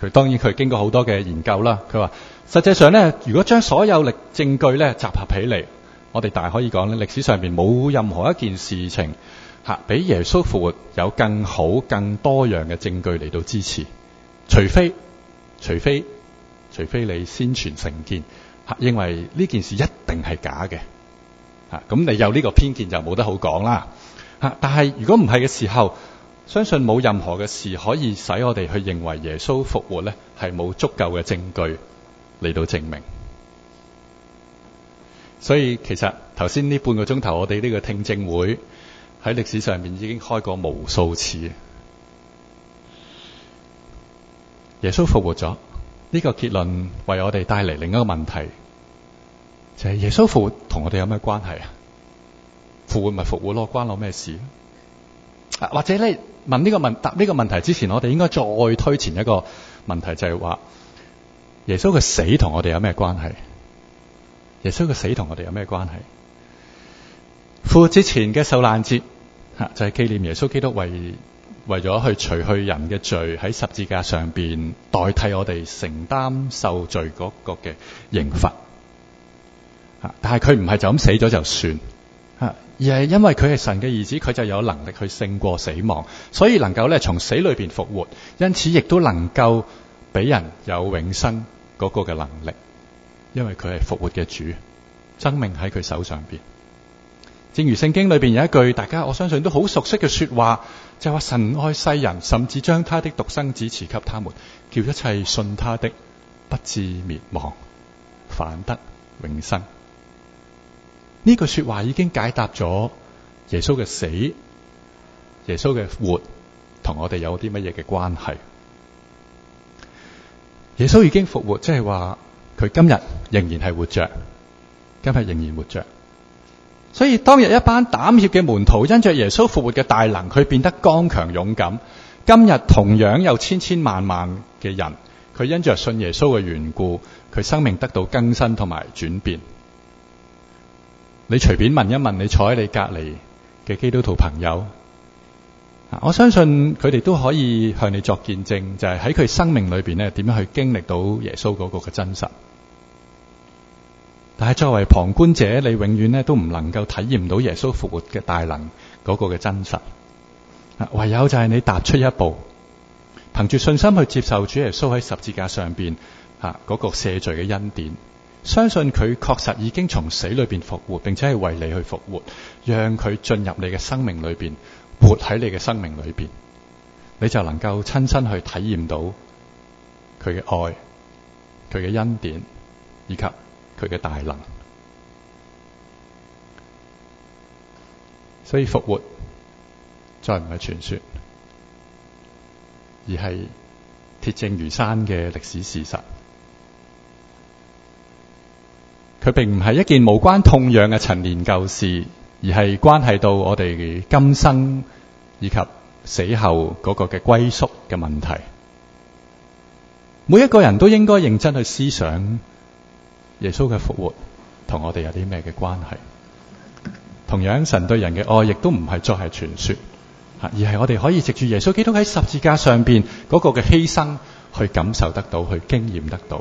佢當然佢經過好多嘅研究啦。佢話：實際上咧，如果將所有歷證據咧集合起嚟，我哋大可以講咧，歷史上邊冇任何一件事情嚇比耶穌復活有更好、更多樣嘅證據嚟到支持。除非除非除非你先傳成見嚇，認為呢件事一定係假嘅嚇。咁你有呢個偏見就冇得好講啦嚇。但係如果唔係嘅時候，相信冇任何嘅事可以使我哋去認為耶穌復活咧係冇足夠嘅證據嚟到證明。所以其實頭先呢半個鐘頭我哋呢個聽證會喺歷史上面已經開過無數次，耶穌復活咗，呢個結論為我哋帶嚟另一個問題，就係耶穌復活同我哋有咩關係啊？復活咪復活咯，關我咩事啊？或者咧？問呢個問答呢個問題之前，我哋應該再推前一個問題，就係話耶穌嘅死同我哋有咩關係？耶穌嘅死同我哋有咩關係？復活之前嘅受難節，吓，就係紀念耶穌基督為為咗去除去人嘅罪，喺十字架上邊代替我哋承擔受罪嗰個嘅刑罰。吓，但係佢唔係就咁死咗就算。而係因為佢係神嘅兒子，佢就有能力去勝過死亡，所以能夠咧從死裏邊復活，因此亦都能夠俾人有永生嗰個嘅能力，因為佢係復活嘅主，生命喺佢手上邊。正如聖經裏邊有一句，大家我相信都好熟悉嘅說話，就係話神愛世人，甚至將他的獨生子賜給他們，叫一切信他的不至滅亡，反得永生。呢句說話已經解答咗耶穌嘅死，耶穌嘅活同我哋有啲乜嘢嘅關係。耶穌已經復活，即係話佢今日仍然係活着，今日仍然活着。所以當日一班膽怯嘅門徒因着耶穌復活嘅大能，佢變得剛強勇敢。今日同樣有千千萬萬嘅人，佢因着信耶穌嘅緣故，佢生命得到更新同埋轉變。你隨便問一問，你坐喺你隔離嘅基督徒朋友，我相信佢哋都可以向你作見證，就係喺佢生命裏面，咧點樣去經歷到耶穌嗰個嘅真實。但係作為旁觀者，你永遠都唔能夠體驗到耶穌復活嘅大能嗰個嘅真實。唯有就係你踏出一步，憑住信心去接受主耶穌喺十字架上邊嗰個赦罪嘅恩典。相信佢確實已經從死裏邊復活，並且係為你去復活，讓佢進入你嘅生命裏邊，活喺你嘅生命裏邊，你就能夠親身去體驗到佢嘅愛、佢嘅恩典以及佢嘅大能。所以復活再唔係傳說，而係鐵證如山嘅歷史事實。佢並唔係一件無關痛癢嘅陳年舊事，而係關係到我哋今生以及死後嗰個嘅歸宿嘅問題。每一個人都應該認真去思想耶穌嘅復活同我哋有啲咩嘅關係？同樣，神對人嘅愛亦都唔係再係傳說，吓而係我哋可以藉住耶穌基督喺十字架上邊嗰個嘅犧牲去感受得到，去經驗得到。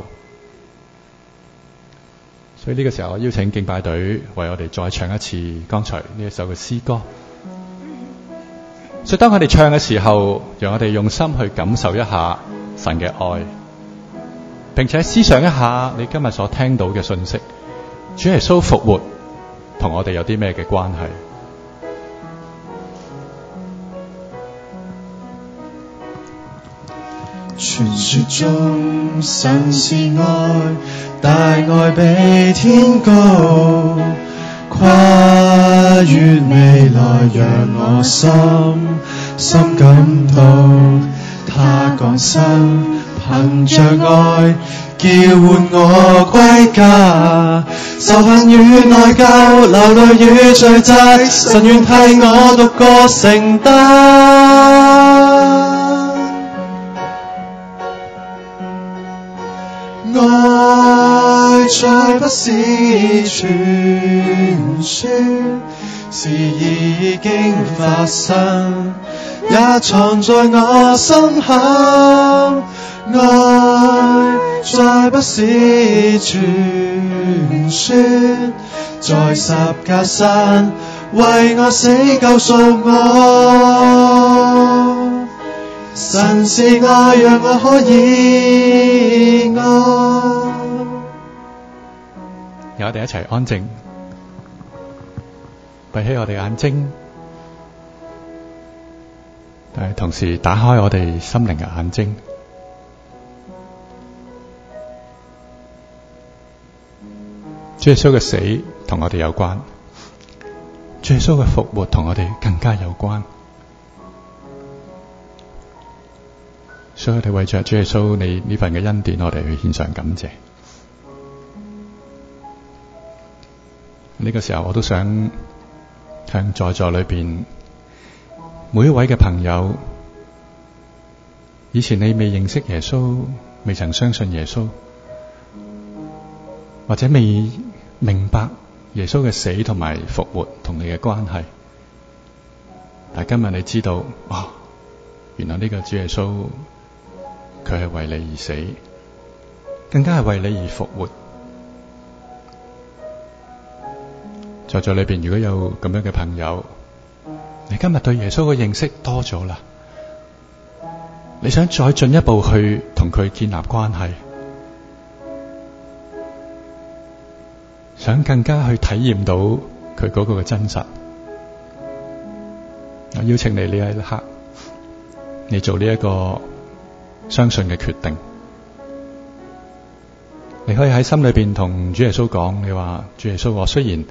所以呢個時候，我邀請敬拜隊為我哋再唱一次剛才呢一首嘅詩歌。所以當我哋唱嘅時候，讓我哋用心去感受一下神嘅愛，並且思想一下你今日所聽到嘅信息：主耶穌復活同我哋有啲咩嘅關係？傳說中神是愛，大愛比天高，跨越未來讓我深深感到。他降生憑着愛，叫喚我歸家，仇恨與內疚，流淚與罪責，神願替我獨個承擔。再不是傳說，事已經發生，也藏在我心口。愛再不是傳說，在十架上為我死，救贖我，神是愛，讓我可以愛。我哋一齊安靜，閉起我哋眼睛，但係同時打開我哋心靈嘅眼睛。主耶穌嘅死同我哋有關，主耶穌嘅復活同我哋更加有關，所以我哋為著主耶穌你呢份嘅恩典，我哋去獻上感謝。呢個時候我都想向在座裏邊每一位嘅朋友，以前你未認識耶穌，未曾相信耶穌，或者未明白耶穌嘅死同埋復活同你嘅關係，但係今日你知道，哦，原來呢個主耶穌佢係為你而死，更加係為你而復活。在座裏邊，如果有咁樣嘅朋友，你今日對耶穌嘅認識多咗啦，你想再進一步去同佢建立關係，想更加去體驗到佢嗰個嘅真實，我邀請你呢一刻，你做呢一個相信嘅決定，你可以喺心裏邊同主耶穌講，你話，主耶穌，我雖然……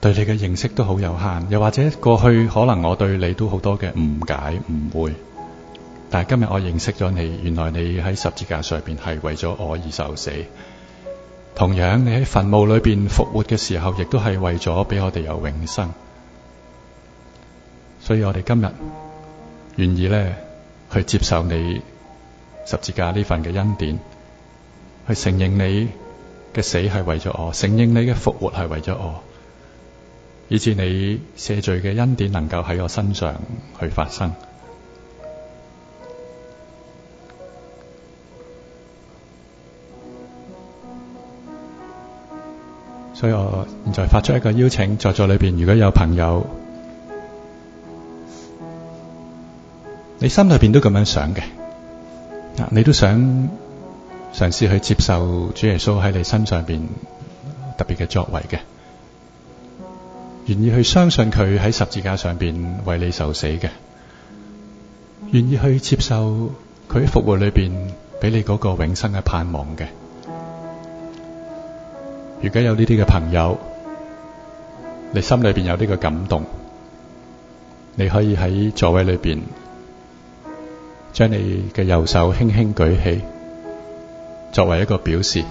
對你嘅認識都好有限，又或者過去可能我對你都好多嘅誤解、誤會。但係今日我認識咗你，原來你喺十字架上邊係為咗我而受死。同樣你喺墳墓裏邊復活嘅時候，亦都係為咗俾我哋有永生。所以我哋今日願意咧去接受你十字架呢份嘅恩典，去承認你嘅死係為咗我，承認你嘅復活係為咗我。以致你赦罪嘅恩典能夠喺我身上去發生，所以我現在發出一個邀請，在座裏邊如果有朋友，你心裏邊都咁樣想嘅，你都想嘗試去接受主耶穌喺你身上邊特別嘅作為嘅。願意去相信佢喺十字架上邊為你受死嘅，願意去接受佢喺復活裏邊俾你嗰個永生嘅盼望嘅。如果有呢啲嘅朋友，你心裏邊有呢個感動，你可以喺座位裏邊將你嘅右手輕輕舉起，作為一個表示。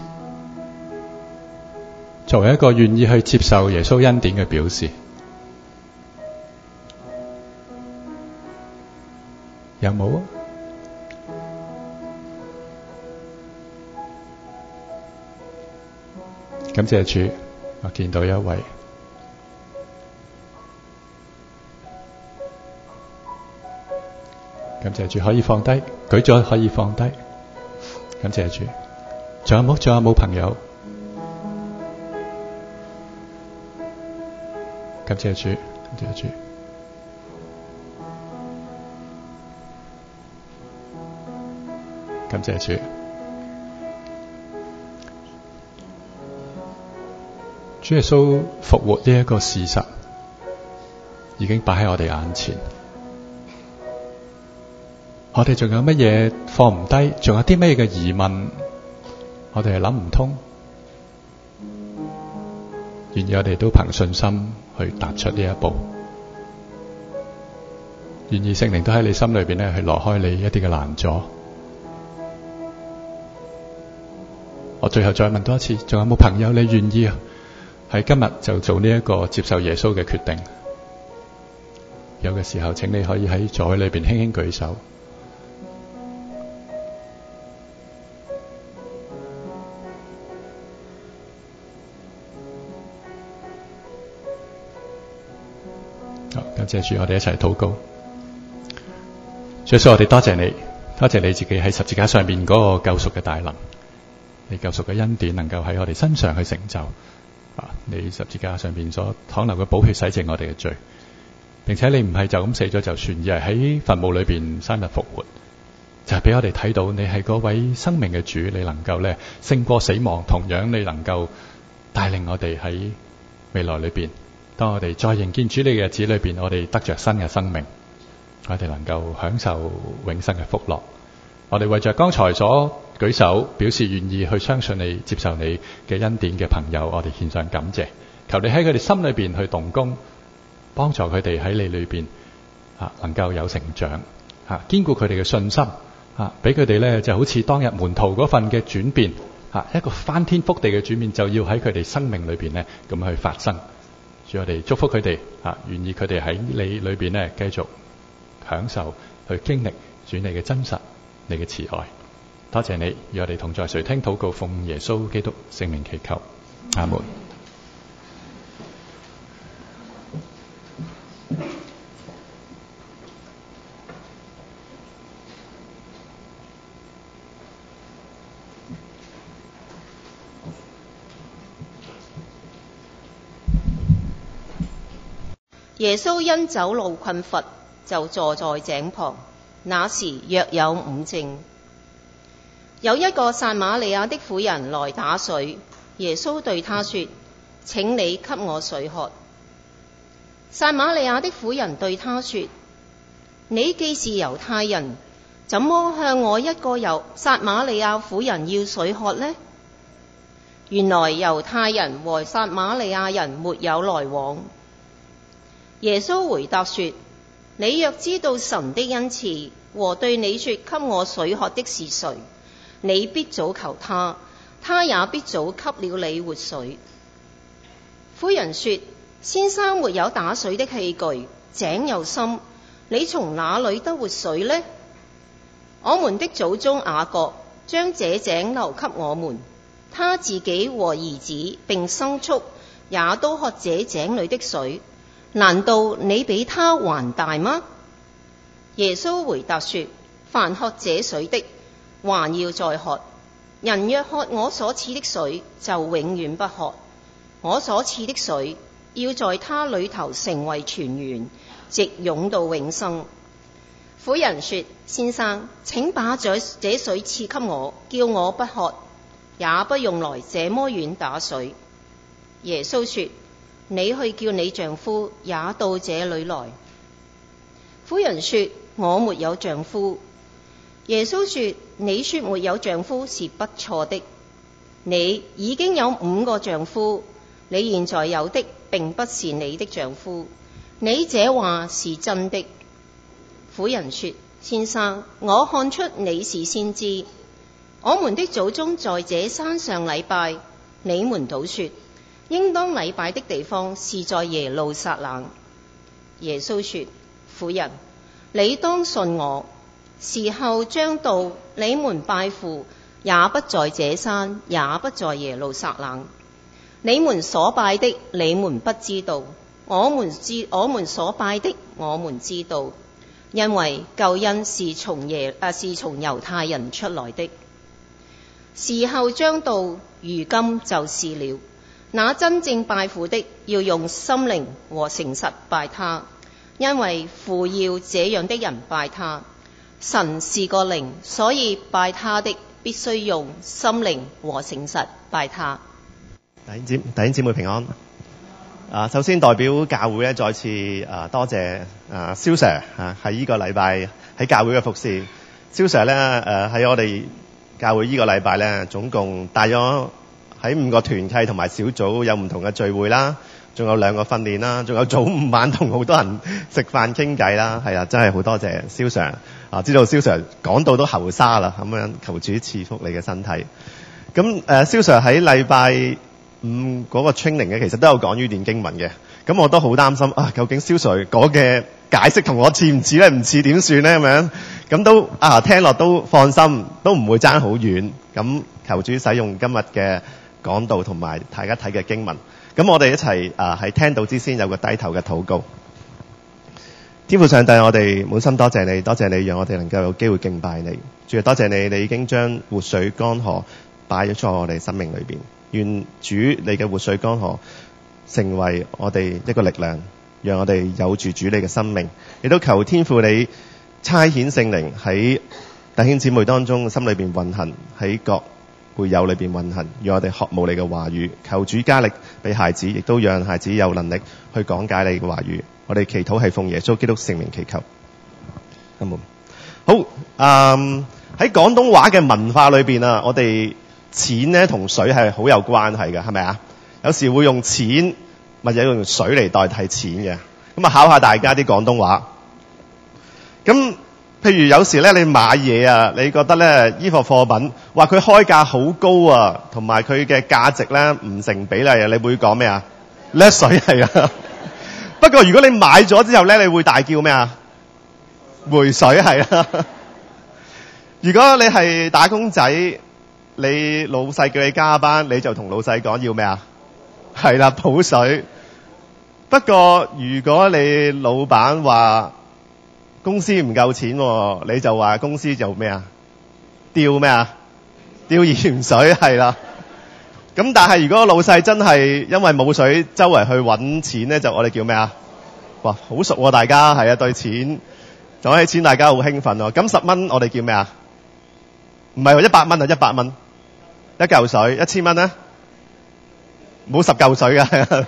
作為一個願意去接受耶穌恩典嘅表示，有冇啊？感謝主，我見到一位。感謝主，可以放低舉咗，可以放低。感謝主，仲有冇？仲有冇朋友？感謝主，感謝主，感謝主。主耶穌復活呢一個事實已經擺喺我哋眼前，我哋仲有乜嘢放唔低？仲有啲咩嘅疑問？我哋係諗唔通，願意我哋都憑信心。去踏出呢一步，願意聖靈都喺你心裏邊咧去挪開你一啲嘅難阻。我最後再問多一次，仲有冇朋友你願意喺今日就做呢一個接受耶穌嘅決定？有嘅時候，請你可以喺座位裏邊輕輕舉手。借住我哋一齊禱告，最衰，我哋多謝你，多謝你自己喺十字架上邊嗰個救贖嘅大能，你救贖嘅恩典能夠喺我哋身上去成就啊！你十字架上邊所淌流嘅寶血洗淨我哋嘅罪，並且你唔係就咁死咗就算，而係喺墳墓裏邊生日復活，就係俾我哋睇到你係嗰位生命嘅主，你能夠咧勝過死亡，同樣你能夠帶領我哋喺未來裏邊。當我哋再迎見主你嘅日子裏邊，我哋得着新嘅生命，我哋能夠享受永生嘅福樂。我哋為着剛才所舉手表示願意去相信你、接受你嘅恩典嘅朋友，我哋獻上感謝。求你喺佢哋心裏邊去動工，幫助佢哋喺你裏邊啊，能夠有成長啊，堅固佢哋嘅信心啊，俾佢哋咧就好似當日門徒嗰份嘅轉變啊，一個翻天覆地嘅轉變，就要喺佢哋生命裏邊咧咁去發生。主，我哋祝福佢哋啊，願意佢哋喺你裏邊咧，繼續享受去經歷主你嘅真實，你嘅慈愛。多謝你與我哋同在，垂聽禱告奉耶穌基督聖名祈求，阿門。耶穌因走路困乏，就坐在井旁。那時約有午正，有一個撒瑪利亞的婦人來打水。耶穌對他說：「請你給我水喝。」撒瑪利亞的婦人對他說：「你既是猶太人，怎麼向我一個猶撒瑪利亞婦人要水喝呢？原來猶太人和撒瑪利亞人沒有來往。」耶穌回答說：你若知道神的恩慈和對你說給我水喝的是誰，你必早求他，他也必早給了你活水。婦人說：先生沒有打水的器具，井又深，你從哪裏得活水呢？我們的祖宗雅各將這井留給我們，他自己和兒子並牲畜也都喝這井裏的水。難道你比他還大嗎？耶穌回答說：凡喝這水的，還要再喝；人若喝我所賜的水，就永遠不渴；我所賜的水，要在他裏頭成為泉源，直湧到永生。婦人說：先生，請把這這水賜給我，叫我不渴，也不用來這麼遠打水。耶穌說：你去叫你丈夫也到這裏來。婦人說：我沒有丈夫。耶穌說：你說沒有丈夫是不錯的。你已經有五個丈夫，你現在有的並不是你的丈夫，你這話是真的。婦人說：先生，我看出你是先知。我們的祖宗在這山上禮拜，你們倒說。應當禮拜的地方是在耶路撒冷。耶穌說：婦人，你當信我，時候將到，你們拜父也不在這山，也不在耶路撒冷。你們所拜的，你們不知道；我們知，我們所拜的，我們知道，因為救恩是從耶啊是從猶太人出來的。時候將到，如今就是了。那真正拜父的，要用心靈和誠實拜他，因為父要這樣的人拜他。神是個靈，所以拜他的必須用心靈和誠實拜他。弟兄姊妹，弟兄姊妹平安。啊，首先代表教會咧，再次啊多謝啊蕭 Sir 啊，喺呢個禮拜喺教會嘅服侍。蕭 Sir 咧，誒喺我哋教會呢個禮拜咧，總共帶咗。喺五個團契同埋小組有唔同嘅聚會啦，仲有兩個訓練啦，仲有早午晚同好多人食飯傾偈啦，係啦，真係好多謝肖 Sir 啊！知道肖 Sir 講到都喉沙啦，咁樣求主賜福你嘅身體。咁誒，肖 Sir 喺禮拜五嗰個 training 嘅，其實都有講呢段經文嘅。咁我都好擔心啊，究竟肖 Sir 嗰嘅解釋同我似唔似咧？唔似點算呢？咁樣咁都啊，聽落都放心，都唔會爭好遠。咁求主使用今日嘅。講道同埋大家睇嘅經文，咁我哋一齊啊，喺聽到之先有個低頭嘅禱告。天父上帝，我哋滿心多謝你，多謝你讓我哋能夠有機會敬拜你。主要多謝你，你已經將活水江河擺咗在我哋生命裏邊。願主你嘅活水江河成為我哋一個力量，讓我哋有住主你嘅生命。亦都求天父你差遣聖靈喺弟兄姊妹當中嘅心裏邊運行喺各。會有裏邊運行，讓我哋學冇你嘅話語，求主加力俾孩子，亦都讓孩子有能力去講解你嘅話語。我哋祈禱係奉耶穌基督聖名祈求。阿、嗯、門、嗯。好，喺、嗯、廣東話嘅文化裏邊啊，我哋錢呢同水係好有關係嘅，係咪啊？有時會用錢，或者用水嚟代替錢嘅。咁啊，考下大家啲廣東話。咁譬如有時咧，你買嘢啊，你覺得咧，衣服貨品。.話佢開價好高啊，同埋佢嘅價值咧唔成比例啊。你會講咩啊？叻水係啊。是 (laughs) 不過如果你買咗之後咧，你會大叫咩啊？回水係啊。是 (laughs) 如果你係打工仔，你老細叫你加班，你就同老細講要咩啊？係啦，補水。不過如果你老闆話公司唔夠錢，啊，你就話公司就咩啊？調咩啊？吊鹽水係啦，咁但係如果老細真係因為冇水周圍去揾錢咧，就我哋叫咩啊？哇，好熟喎，啊，大家係啊，對錢攞起錢，大家好興奮喎。咁十蚊我哋叫咩啊？唔係一百蚊啊，一百蚊一嚿水，一千蚊咧，冇十嚿水㗎，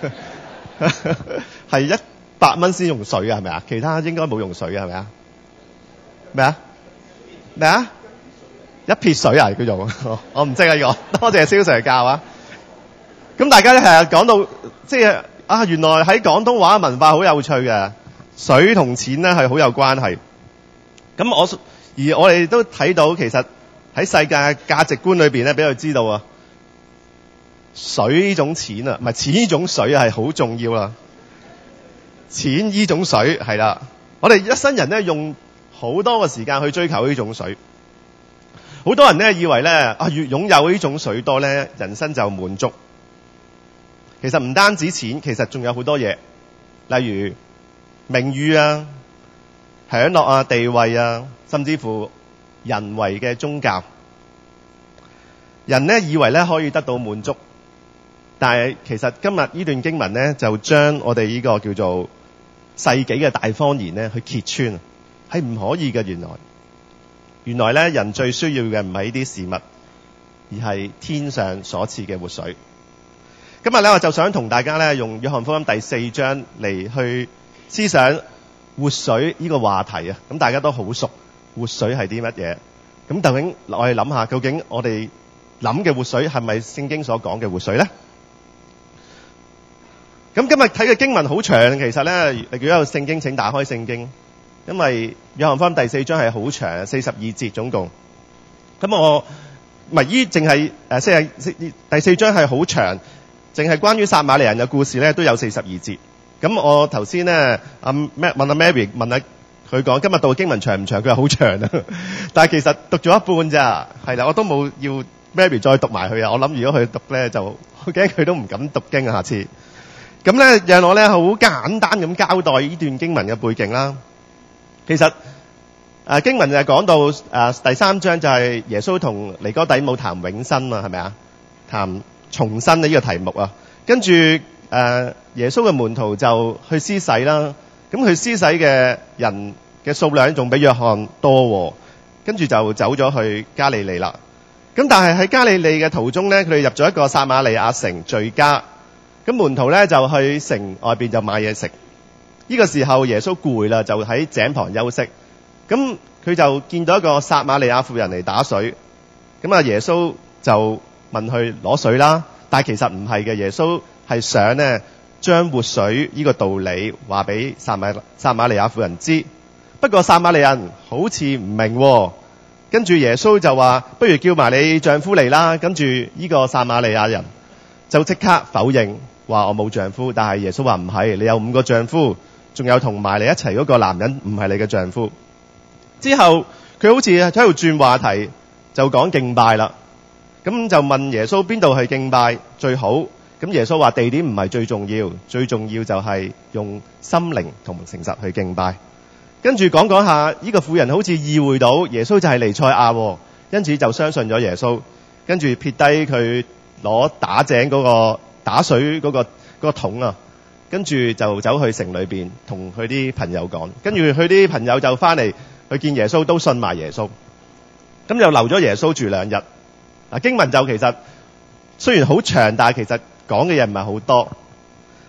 係 (laughs) 一百蚊先用水㗎，係咪啊？其他應該冇用水㗎，係咪啊？咩啊？咩啊？一撇水啊，叫做我唔識啊！呢、呢個多謝蕭 Sir 教啊！咁大家咧係啊講到即係啊，原來喺廣東話文化好有趣嘅，水同錢咧係好有關係。咁我而我哋都睇到其實喺世界嘅價值觀裏面咧，比佢知道啊，水呢種錢啊，唔係錢呢種水係好重要啊！錢呢種水係啦，我哋一生人咧用好多嘅時間去追求呢種水。好多人咧，以為咧啊，越擁有呢種水多咧，人生就滿足。其實唔單止錢，其實仲有好多嘢，例如名譽啊、享樂啊、地位啊，甚至乎人為嘅宗教。人咧以為咧可以得到滿足，但係其實今日呢段經文咧，就將我哋呢個叫做世紀嘅大謊言咧，去揭穿，係唔可以嘅，原來。原來咧人最需要嘅唔係呢啲事物，而係天上所賜嘅活水。今日咧我就想同大家咧用約翰福音第四章嚟去思想活水呢個話題啊！咁大家都好熟，活水係啲乜嘢？咁究竟我哋諗下，究竟我哋諗嘅活水係咪聖經所講嘅活水咧？咁今日睇嘅經文好長，其實咧，如果有聖經，請打開聖經。因為《約翰方》第四章係好長，四十二節總共。咁我咪依淨係四第四章係好長，淨係關於撒馬利人嘅故事咧，都有四十二節。咁我頭先咧阿問阿 Mary 問下佢講，今日到經文長唔長？佢話好長啊，但係其實讀咗一半咋係啦，我都冇要 Mary 再讀埋佢啊。我諗如果佢讀咧，就驚佢都唔敢讀經啊。下次咁咧，讓我咧好簡單咁交代呢段經文嘅背景啦。其實，誒經文就係講到誒第三章就係耶穌同尼哥底母談永生啊，係咪啊？談重生呢個題目啊。跟住誒耶穌嘅門徒就去施洗啦。咁佢施洗嘅人嘅數量仲比約翰多。跟住就走咗去加利利啦。咁但係喺加利利嘅途中咧，佢哋入咗一個撒瑪利亞城聚家。咁門徒咧就去城外邊就買嘢食。呢、這個時候耶穌攰啦，就喺井旁休息。咁佢就見到一個撒瑪利亞婦人嚟打水。咁啊耶穌就問佢攞水啦，但係其實唔係嘅，耶穌係想呢將活水呢個道理話俾撒瑪撒瑪利亞婦人知。不過撒瑪利亞人好似唔明、哦。跟住耶穌就話：不如叫埋你丈夫嚟啦。跟住呢個撒瑪利亞人就即刻否認，話我冇丈夫。但係耶穌話唔係，你有五個丈夫。仲有同埋你一齊嗰個男人唔係你嘅丈夫。之後佢好似喺度轉話題，就講敬拜啦。咁就問耶穌邊度係敬拜最好？咁耶穌話地點唔係最重要，最重要就係用心靈同誠實去敬拜。跟住講講下，呢個婦人好似意會到耶穌就係尼賽亞，因此就相信咗耶穌。跟住撇低佢攞打井嗰個打水嗰個嗰個桶啊。跟住就走去城裏邊同佢啲朋友講，跟住佢啲朋友就翻嚟去見耶穌，都信埋耶穌，咁又留咗耶穌住兩日。啊經文就其實雖然好長，但係其實講嘅嘢唔係好多。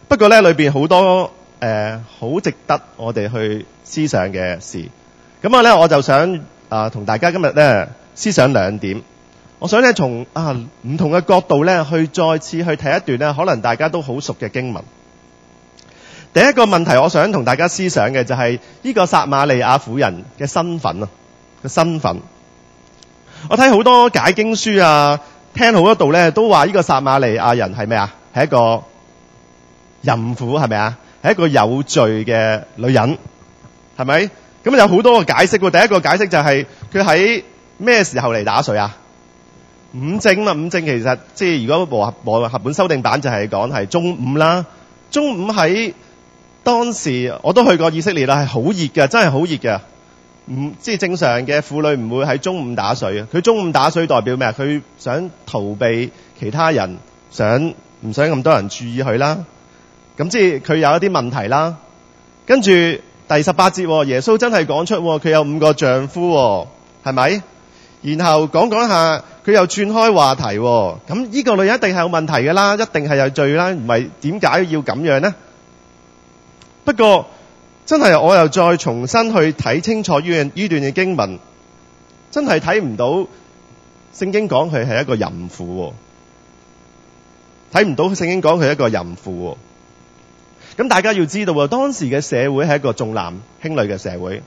不過咧裏邊好多誒好值得我哋去思想嘅事。咁啊咧我就想啊同大家今日咧思想兩點。我想咧從啊唔同嘅角度咧去再次去睇一段咧可能大家都好熟嘅經文。第一個問題，我想同大家思想嘅就係呢個撒瑪利亞婦人嘅身份啊，個身份。我睇好多解經書啊，聽好多道咧，都話呢個撒瑪利亞人係咩啊？係一個淫婦，係咪啊？係一個有罪嘅女人，係咪？咁有好多個解釋喎、啊。第一個解釋就係佢喺咩時候嚟打水啊？午正啊，午正其實即係如果和和合本修訂版就係講係中午啦、啊。中午喺當時我都去過以色列啦，係好熱嘅，真係好熱嘅。唔即係正常嘅婦女唔會喺中午打水，佢中午打水代表咩啊？佢想逃避其他人，想唔想咁多人注意佢啦？咁即係佢有一啲問題啦。跟住第十八節，耶穌真係講出佢有五個丈夫喎，係咪？然後講講下，佢又轉開話題。咁呢個女人一定係有問題㗎啦，一定係有罪啦，唔係點解要咁樣呢？不過真係，我又再重新去睇清楚呢段呢段嘅經文，真係睇唔到聖經講佢係一個淫婦，哦，睇唔到聖經講佢係一個淫婦，哦。咁大家要知道，當時嘅社會係一個重男輕女嘅社會，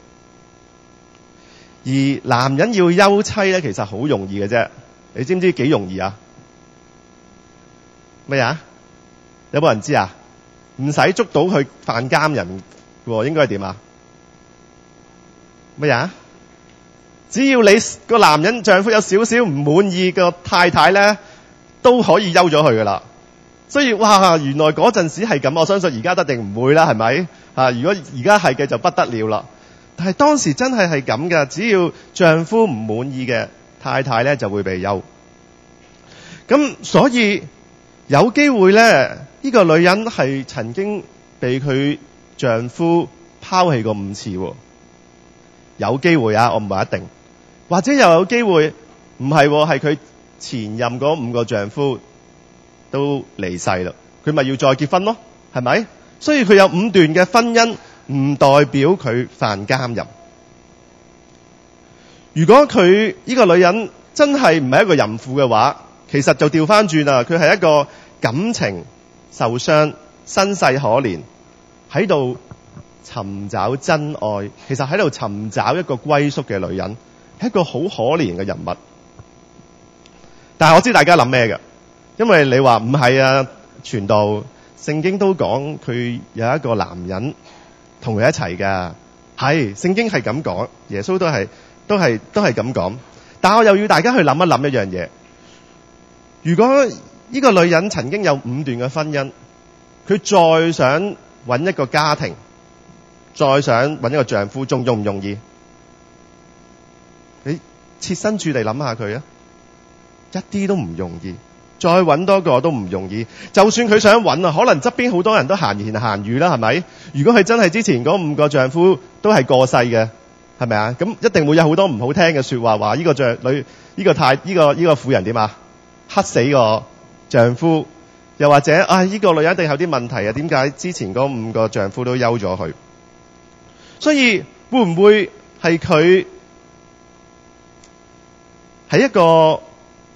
而男人要休妻咧，其實好容易嘅啫。你知唔知幾容易啊？咩啊？有冇人知啊？唔使捉到佢犯監人喎，應該係點啊？乜嘢啊？只要你個男人丈夫有少少唔滿意個太太咧，都可以休咗佢噶啦。所以哇，原來嗰陣時係咁，我相信而家一定唔會啦，係咪啊？如果而家係嘅就不得了啦。但係當時真係係咁㗎，只要丈夫唔滿意嘅太太咧就會被休。咁所以有機會咧。呢、這個女人係曾經被佢丈夫拋棄過五次，有機會啊，我唔話一定，或者又有機會唔係，係佢、啊、前任嗰五個丈夫都離世啦，佢咪要再結婚咯？係咪？所以佢有五段嘅婚姻，唔代表佢犯姦淫。如果佢呢、這個女人真係唔係一個淫婦嘅話，其實就掉翻轉啦。佢係一個感情。受傷、身世可憐，喺度尋找真愛，其實喺度尋找一個歸宿嘅女人，係一個好可憐嘅人物。但係我知大家諗咩㗎，因為你話唔係啊，傳道聖經都講佢有一個男人同佢一齊噶，係聖經係咁講，耶穌都係都係都係咁講。但我又要大家去諗一諗一樣嘢，如果，呢個女人曾經有五段嘅婚姻，佢再想揾一個家庭，再想揾一個丈夫，仲容唔容易？你切身處地諗下佢啊，一啲都唔容易。再揾多個都唔容易。就算佢想揾啊，可能側邊好多人都閒言閒語啦，係咪？如果佢真係之前嗰五個丈夫都係過世嘅，係咪啊？咁一定會有好多唔好聽嘅説話，話呢個著女呢個太呢個呢個婦人點啊？黑死我！」丈夫又或者啊，依、呢個女人一定有啲問題啊？點解之前嗰五個丈夫都休咗佢？所以會唔會係佢喺一個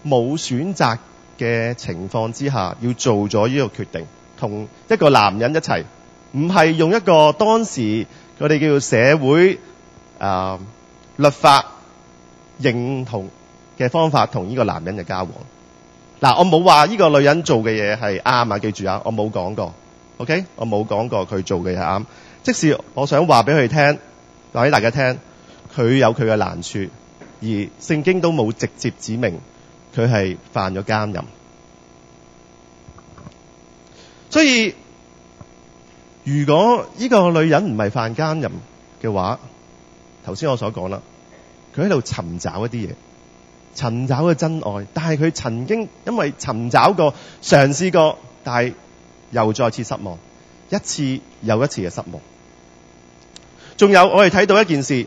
冇選擇嘅情況之下，要做咗呢個決定，同一個男人一齊，唔係用一個當時佢哋叫做社會啊、呃、律法認同嘅方法，同呢個男人嘅交往？嗱，我冇話呢個女人做嘅嘢係啱啊！記住啊，我冇講過，OK？我冇講過佢做嘅嘢啱。即使我想話俾佢聽，話俾大家聽，佢有佢嘅難處，而聖經都冇直接指明佢係犯咗姦淫。所以，如果呢個女人唔係犯姦淫嘅話，頭先我所講啦，佢喺度尋找一啲嘢。尋找嘅真愛，但係佢曾經因為尋找過、嘗試過，但係又再次失望，一次又一次嘅失望。仲有我哋睇到一件事，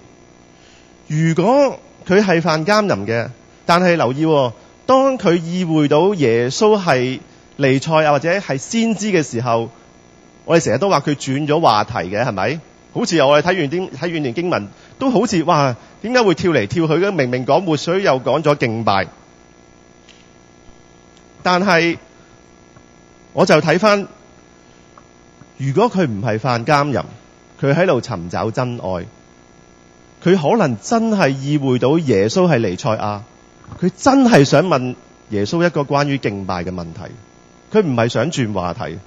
如果佢係犯姦淫嘅，但係留意，當佢意會到耶穌係彌賽亞，或者係先知嘅時候，我哋成日都話佢轉咗話題嘅，係咪？好似由我哋睇完啲睇完段經文。.都好似哇，點解會跳嚟跳去嘅？明明講活水，又講咗敬拜。但係我就睇返，如果佢唔係犯姦淫，佢喺度尋找真愛，佢可能真係意會到耶穌係彌賽亞，佢真係想問耶穌一個關於敬拜嘅問題。佢唔係想轉話題。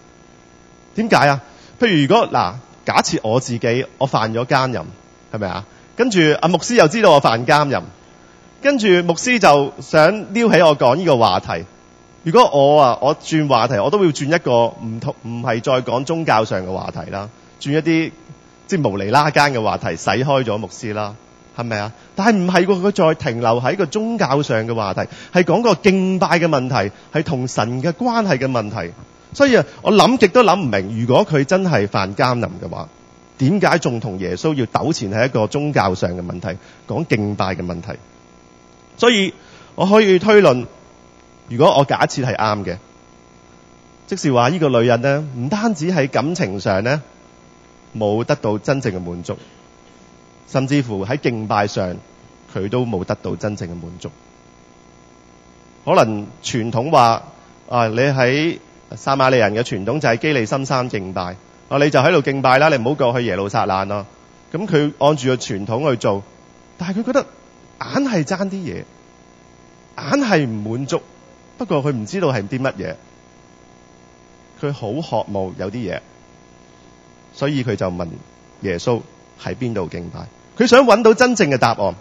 點解啊？譬如如果嗱，假設我自己我犯咗姦淫，係咪啊？跟住阿牧師又知道我犯姦淫，跟住牧師就想撩起我講呢個話題。如果我啊，我轉話題，我都會轉一個唔同唔係再講宗教上嘅話題啦，轉一啲即係無厘啦更嘅話題，使開咗牧師啦，係咪啊？但係唔係喎，佢再停留喺個宗教上嘅話題，係講個敬拜嘅問題，係同神嘅關係嘅問題。所以啊，我諗極都諗唔明，如果佢真係犯姦淫嘅話。點解仲同耶穌要糾纏，係一個宗教上嘅問題，講敬拜嘅問題？所以我可以推論，如果我假設係啱嘅，即是話呢個女人呢，唔單止喺感情上呢，冇得到真正嘅滿足，甚至乎喺敬拜上佢都冇得到真正嘅滿足。可能傳統話啊，你喺撒瑪利亞人嘅傳統就係基利心山敬拜。我你就喺度敬拜啦，你唔好過去耶路撒冷咯、啊。咁佢按住個傳統去做，但係佢覺得硬係爭啲嘢，硬係唔滿足。不過佢唔知道係啲乜嘢，佢好渴望有啲嘢，所以佢就問耶穌喺邊度敬拜。佢想揾到真正嘅答案。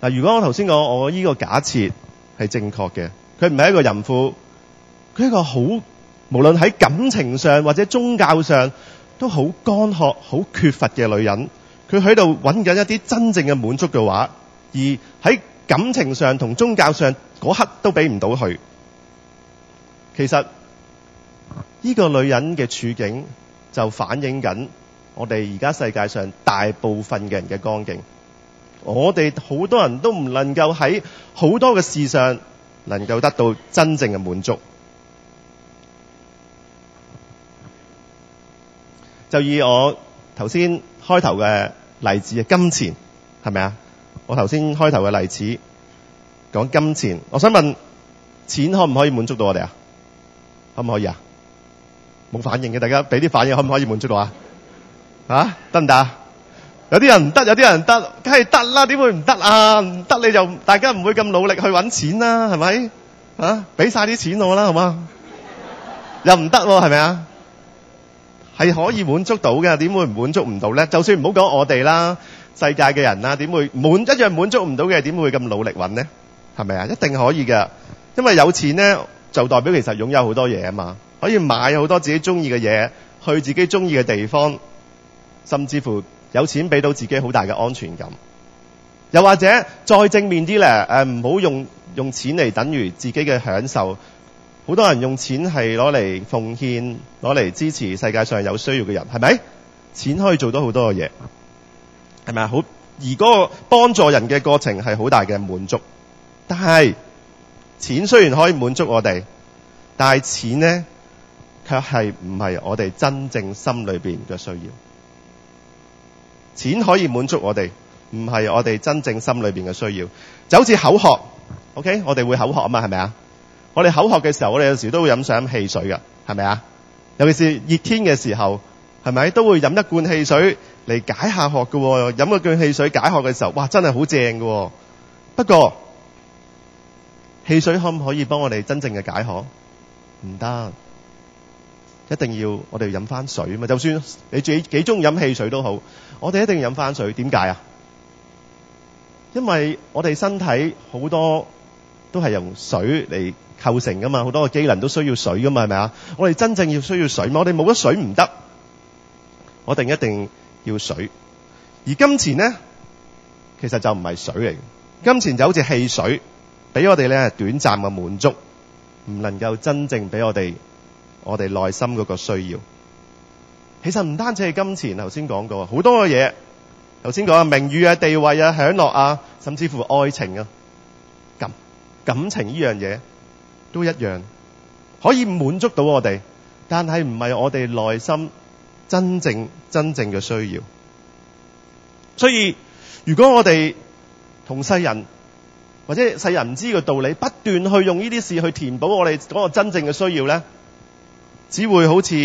嗱，如果我頭先講我呢個假設係正確嘅，佢唔係一個淫婦，佢係一個好。無論喺感情上或者宗教上都，都好乾渴、好缺乏嘅女人，佢喺度揾緊一啲真正嘅滿足嘅話，而喺感情上同宗教上嗰刻都俾唔到佢。其實呢、這個呢個女人嘅處境就反映緊我哋而家世界上大部分嘅人嘅光景。我哋好多人都唔能夠喺好多嘅事上能夠得到真正嘅滿足。就以我頭先開頭嘅例子啊，金錢係咪啊？我頭先開頭嘅例子講金錢，我想問錢可唔可以滿足到我哋啊？可唔可以啊？冇反應嘅，大家俾啲反應，可唔可以滿足到啊？吓得唔得？有啲人唔得，有啲人得，梗係得啦，點會唔得啊？唔得你就大家唔會咁努力去揾錢啦，啊，係咪？吓俾曬啲錢我啦，好嗎？又唔得喎，係咪啊？係可以滿足到嘅，點會唔滿足唔到呢？就算唔好講我哋啦，世界嘅人啦，點會滿一樣滿足唔到嘅？點會咁努力揾呢？係咪啊？一定可以嘅，因為有錢呢，就代表其實擁有好多嘢啊嘛，可以買好多自己中意嘅嘢，去自己中意嘅地方，甚至乎有錢俾到自己好大嘅安全感。又或者再正面啲咧，呃，唔好用用錢嚟等於自己嘅享受。好多人用錢係攞嚟奉獻，攞嚟支持世界上有需要嘅人，係咪？錢可以做到好多嘅嘢，係咪？好，而嗰個幫助人嘅過程係好大嘅滿足。但係錢雖然可以滿足我哋，但係錢呢，卻係唔係我哋真正心裏邊嘅需要。錢可以滿足我哋，唔係我哋真正心裏邊嘅需要。就好似口渴，OK，我哋會口渴啊嘛，係咪啊？我哋口渴嘅時候，我哋有時都會飲上飲汽水噶，係咪啊？尤其是熱天嘅時候，係咪都會飲一罐汽水嚟解下渴㗎？飲嗰罐汽水解渴嘅時候，哇，真係好正㗎。不過汽水可唔可以幫我哋真正嘅解渴？唔得，一定要我哋飲翻水啊嘛！就算你自己幾鍾飲汽水都好，我哋一定要飲翻水。點解啊？因為我哋身體好多都係用水嚟構成噶嘛，好多個機能都需要水噶嘛，係咪啊？我哋真正要需要水嘛，我哋冇咗水唔得，我哋一定要水。而金錢咧，其實就唔係水嚟，金錢就好似汽水，俾我哋咧短暫嘅滿足，唔能夠真正俾我哋我哋內心嗰個需要。其實唔單止係金錢，頭先講過好多嘅嘢，頭先講啊，名譽啊、地位啊、享樂啊，甚至乎愛情啊、感感情呢樣嘢。都一樣，可以滿足到我哋，但係唔係我哋內心真正真正嘅需要。所以如果我哋同世人或者世人唔知嘅道理，不斷去用呢啲事去填補我哋嗰個真正嘅需要咧，只會好似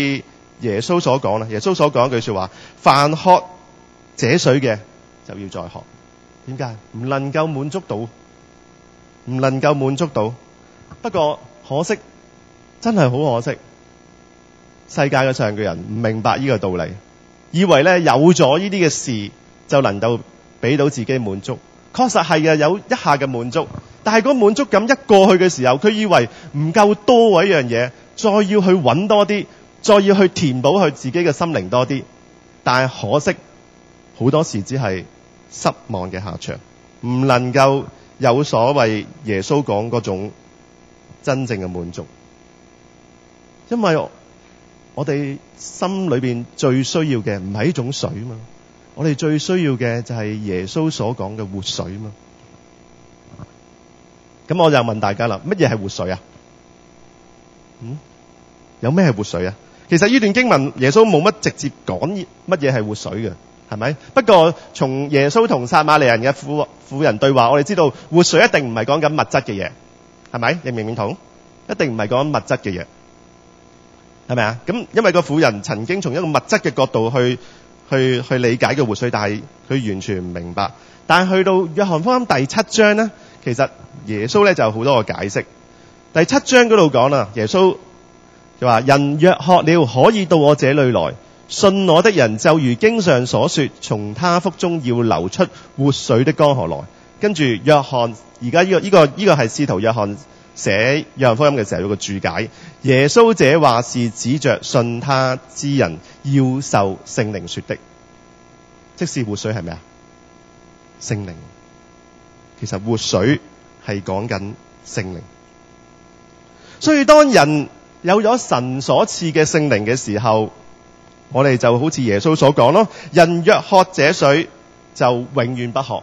耶穌所講啦。耶穌所講一句説話：凡喝這水嘅就要再渴。點解？唔能夠滿足到，唔能夠滿足到。不過可惜，真係好可惜。世界嘅上嘅人唔明白呢個道理，以為呢有咗呢啲嘅事就能夠俾到自己滿足。確實係嘅，有一下嘅滿足，但係個滿足感一過去嘅時候，佢以為唔夠多一樣嘢，再要去揾多啲，再要去填補佢自己嘅心靈多啲。但係可惜，好多時只係失望嘅下場，唔能夠有所謂耶穌講嗰種。真正嘅滿足，因為我我哋心裏邊最需要嘅唔係一種水嘛，我哋最需要嘅就係耶穌所講嘅活水嘛。咁我就問大家啦，乜嘢係活水啊？嗯，有咩係活水啊？其實呢段經文耶穌冇乜直接講乜嘢係活水嘅，係咪？不過從耶穌同撒瑪利亞人嘅婦婦人對話，我哋知道活水一定唔係講緊物質嘅嘢。係咪？你明唔明同？一定唔係講物質嘅嘢，係咪啊？咁因為個婦人曾經從一個物質嘅角度去去去理解嘅活水，但係佢完全唔明白。但係去到約翰福音第七章呢，其實耶穌咧就有好多個解釋。第七章嗰度講啦，耶穌就話：人若渴了，可以到我這裡來，信我的人就如經上所說，從他腹中要流出活水的江河來。跟住約翰。而家呢個呢個呢個係司徒約翰寫約翰福音嘅時候有個注解，耶穌這話是指着信他之人要受聖靈說的。即是活水係咩啊？聖靈。其實活水係講緊聖靈，所以當人有咗神所賜嘅聖靈嘅時候，我哋就好似耶穌所講咯，人若喝這水就永遠不渴。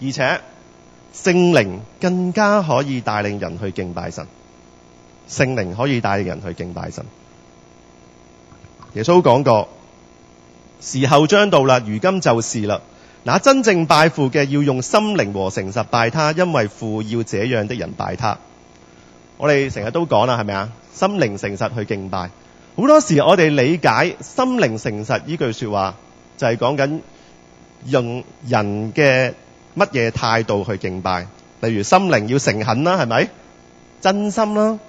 而且聖靈更加可以帶領人去敬拜神，聖靈可以帶領人去敬拜神。耶穌都講過，時候將到啦，如今就是啦。那真正拜父嘅，要用心靈和誠實拜他，因為父要這樣的人拜他。我哋成日都講啦，係咪啊？心靈誠實去敬拜，好多時我哋理解心靈誠實呢句說話就係講緊用人嘅。乜嘢態度去敬拜？例如心靈要誠懇啦，係咪？真心啦。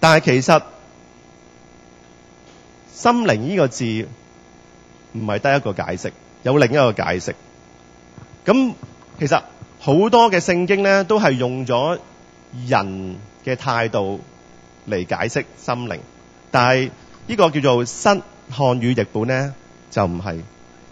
但係其實心靈呢個字唔係得一個解釋，有另一個解釋。咁其實好多嘅聖經咧，都係用咗人嘅態度嚟解釋心靈，但係呢個叫做新漢語譯本咧，就唔係。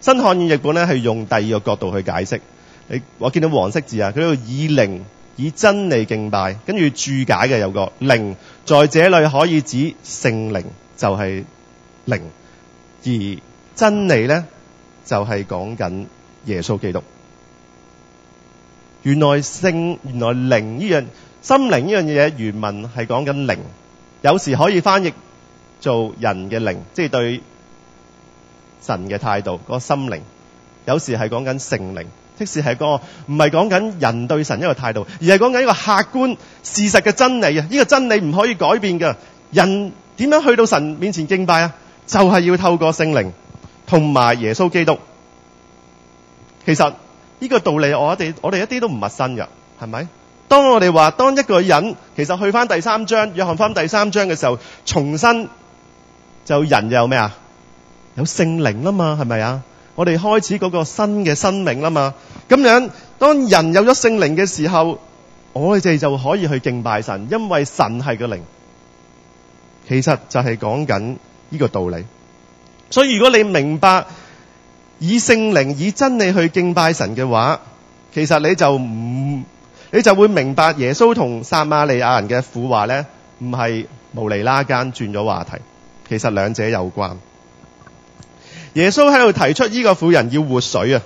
新漢語譯本咧係用第二個角度去解釋，你我見到黃色字啊，佢喺度以靈以真理敬拜，跟住注解嘅有個靈，在這裡可以指聖靈，就係靈，而真理咧就係講緊耶穌基督。原來聖原來靈呢樣心靈呢樣嘢原文係講緊靈，有時可以翻譯做人嘅靈，即係對。神嘅態度，個心靈，有時係講緊聖靈，即使係個唔係講緊人對神一個態度，而係講緊一個客觀事實嘅真理啊！呢個真理唔可以改變㗎。人點樣去到神面前敬拜啊？就係要透過聖靈同埋耶穌基督。其實呢個道理我哋我哋一啲都唔陌生㗎，係咪？當我哋話當一個人其實去翻第三章，約翰返第三章嘅時候，重新就人又有咩啊？有聖靈啦嘛，係咪啊？我哋開始嗰個新嘅生命啦嘛。咁樣，當人有咗聖靈嘅時候，我哋就可以去敬拜神，因為神係個靈。其實就係講緊呢個道理。所以如果你明白以聖靈、以真理去敬拜神嘅話，其實你就唔，你就會明白耶穌同撒馬利亞人嘅苦話呢，唔係無厘拉間轉咗話題，其實兩者有關。耶穌喺度提出呢個婦人，要活水啊，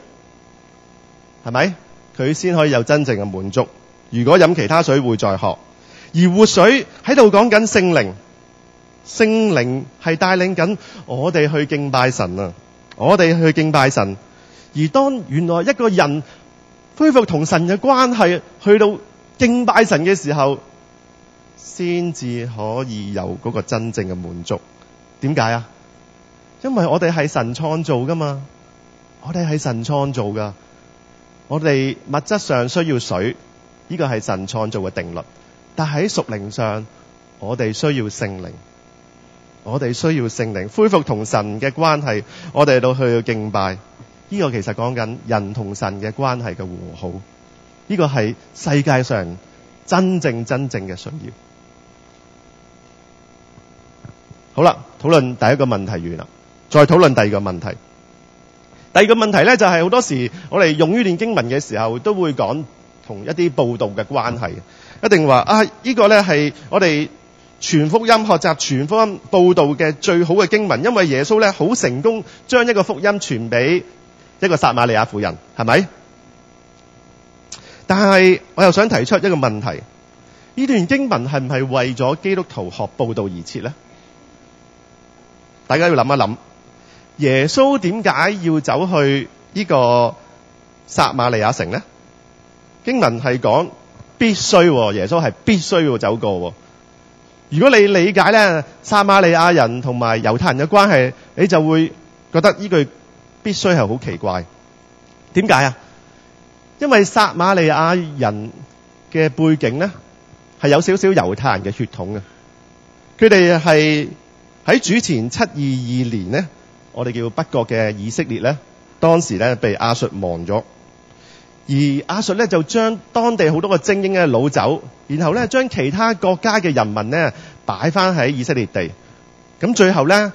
係咪？佢先可以有真正嘅滿足。如果飲其他水，會再渴。而活水喺度講緊聖靈，聖靈係帶領緊我哋去敬拜神啊！我哋去敬拜神。而當原來一個人恢復同神嘅關係，去到敬拜神嘅時候，先至可以有嗰個真正嘅滿足。點解啊？因為我哋係神創造噶嘛，我哋係神創造噶，我哋物質上需要水，呢個係神創造嘅定律。但喺屬靈上，我哋需要聖靈，我哋需要聖靈恢復同神嘅關係，我哋都去敬拜。呢個其實講緊人同神嘅關係嘅和好，呢個係世界上真正真正嘅需要。好啦，討論第一個問題完啦。再討論第二個問題。第二個問題咧，就係好多時我哋用呢段經文嘅時候，都會講同一啲報道嘅關係，一定話啊，呢個咧係我哋傳福音、學習傳福音、報道嘅最好嘅經文，因為耶穌咧好成功將一個福音傳俾一個撒瑪利亞婦人，係咪？但係我又想提出一個問題：呢段經文係唔係為咗基督徒學報道而設咧？大家要諗一諗。耶穌點解要走去呢個撒瑪利亞城呢？經文係講必須，耶穌係必須要走過。如果你理解咧，撒瑪利亞人同埋猶太人嘅關係，你就會覺得呢句必須係好奇怪。點解啊？因為撒瑪利亞人嘅背景呢，係有少少猶太人嘅血統嘅，佢哋係喺主前七二二年呢。我哋叫北國嘅以色列咧，當時咧被亞述亡咗，而亞述咧就將當地好多個精英咧擄走，然後咧將其他國家嘅人民咧擺翻喺以色列地，咁最後咧，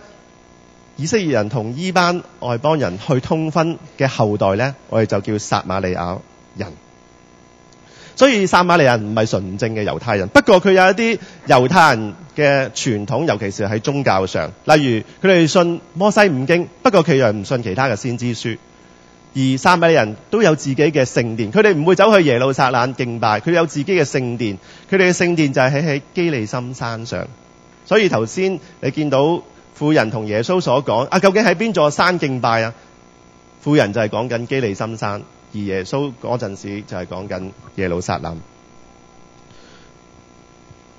以色列人同呢班外邦人去通婚嘅後代咧，我哋就叫撒瑪利亞人。所以撒瑪利人唔係純正嘅猶太人，不過佢有一啲猶太人嘅傳統，尤其是喺宗教上，例如佢哋信摩西五經，不過佢又唔信其他嘅先知書。而撒瑪利人都有自己嘅聖殿，佢哋唔會走去耶路撒冷敬拜，佢有自己嘅聖殿，佢哋嘅聖殿就係喺喺基利心山上。所以頭先你見到婦人同耶穌所講啊，究竟喺邊座山敬拜啊？婦人就係講緊基利心山。而耶穌嗰陣時就係講緊耶路撒冷，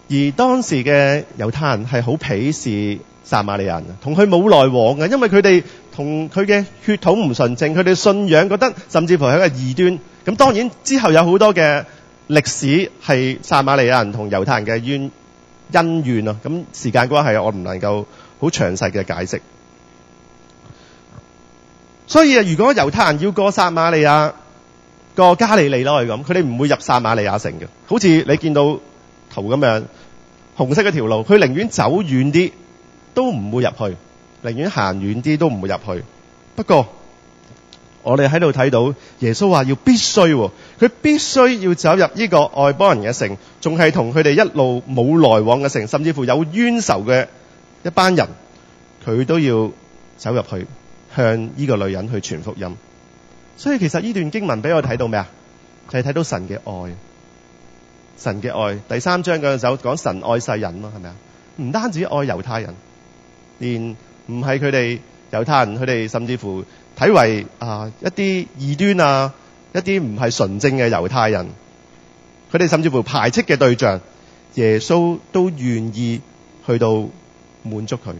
而當時嘅猶太人係好鄙視撒瑪利亞人，同佢冇來往嘅，因為佢哋同佢嘅血統唔純正，佢哋信仰覺得甚至乎係一個異端。咁當然之後有好多嘅歷史係撒瑪利亞人同猶太人嘅怨恩怨啊。咁時間關係，我唔能夠好詳細嘅解釋。所以啊，如果猶太人要過撒瑪利亞過加利利咯，係咁，佢哋唔會入撒瑪利亞城嘅。好似你見到圖咁樣，紅色嗰條路，佢寧願走遠啲都唔會入去，寧願行遠啲都唔會入去。不過我哋喺度睇到耶穌話要必須喎，佢必須要走入呢個外邦人嘅城，仲係同佢哋一路冇來往嘅城，甚至乎有冤仇嘅一班人，佢都要走入去。向呢個女人去傳福音，所以其實呢段經文俾我睇到咩啊？就係、是、睇到神嘅愛，神嘅愛。第三章嗰陣時候講神愛世人咯，係咪啊？唔單止愛猶太人，連唔係佢哋猶太人，佢哋甚至乎睇為啊一啲異端啊，一啲唔係純正嘅猶太人，佢哋甚至乎排斥嘅對象，耶穌都願意去到滿足佢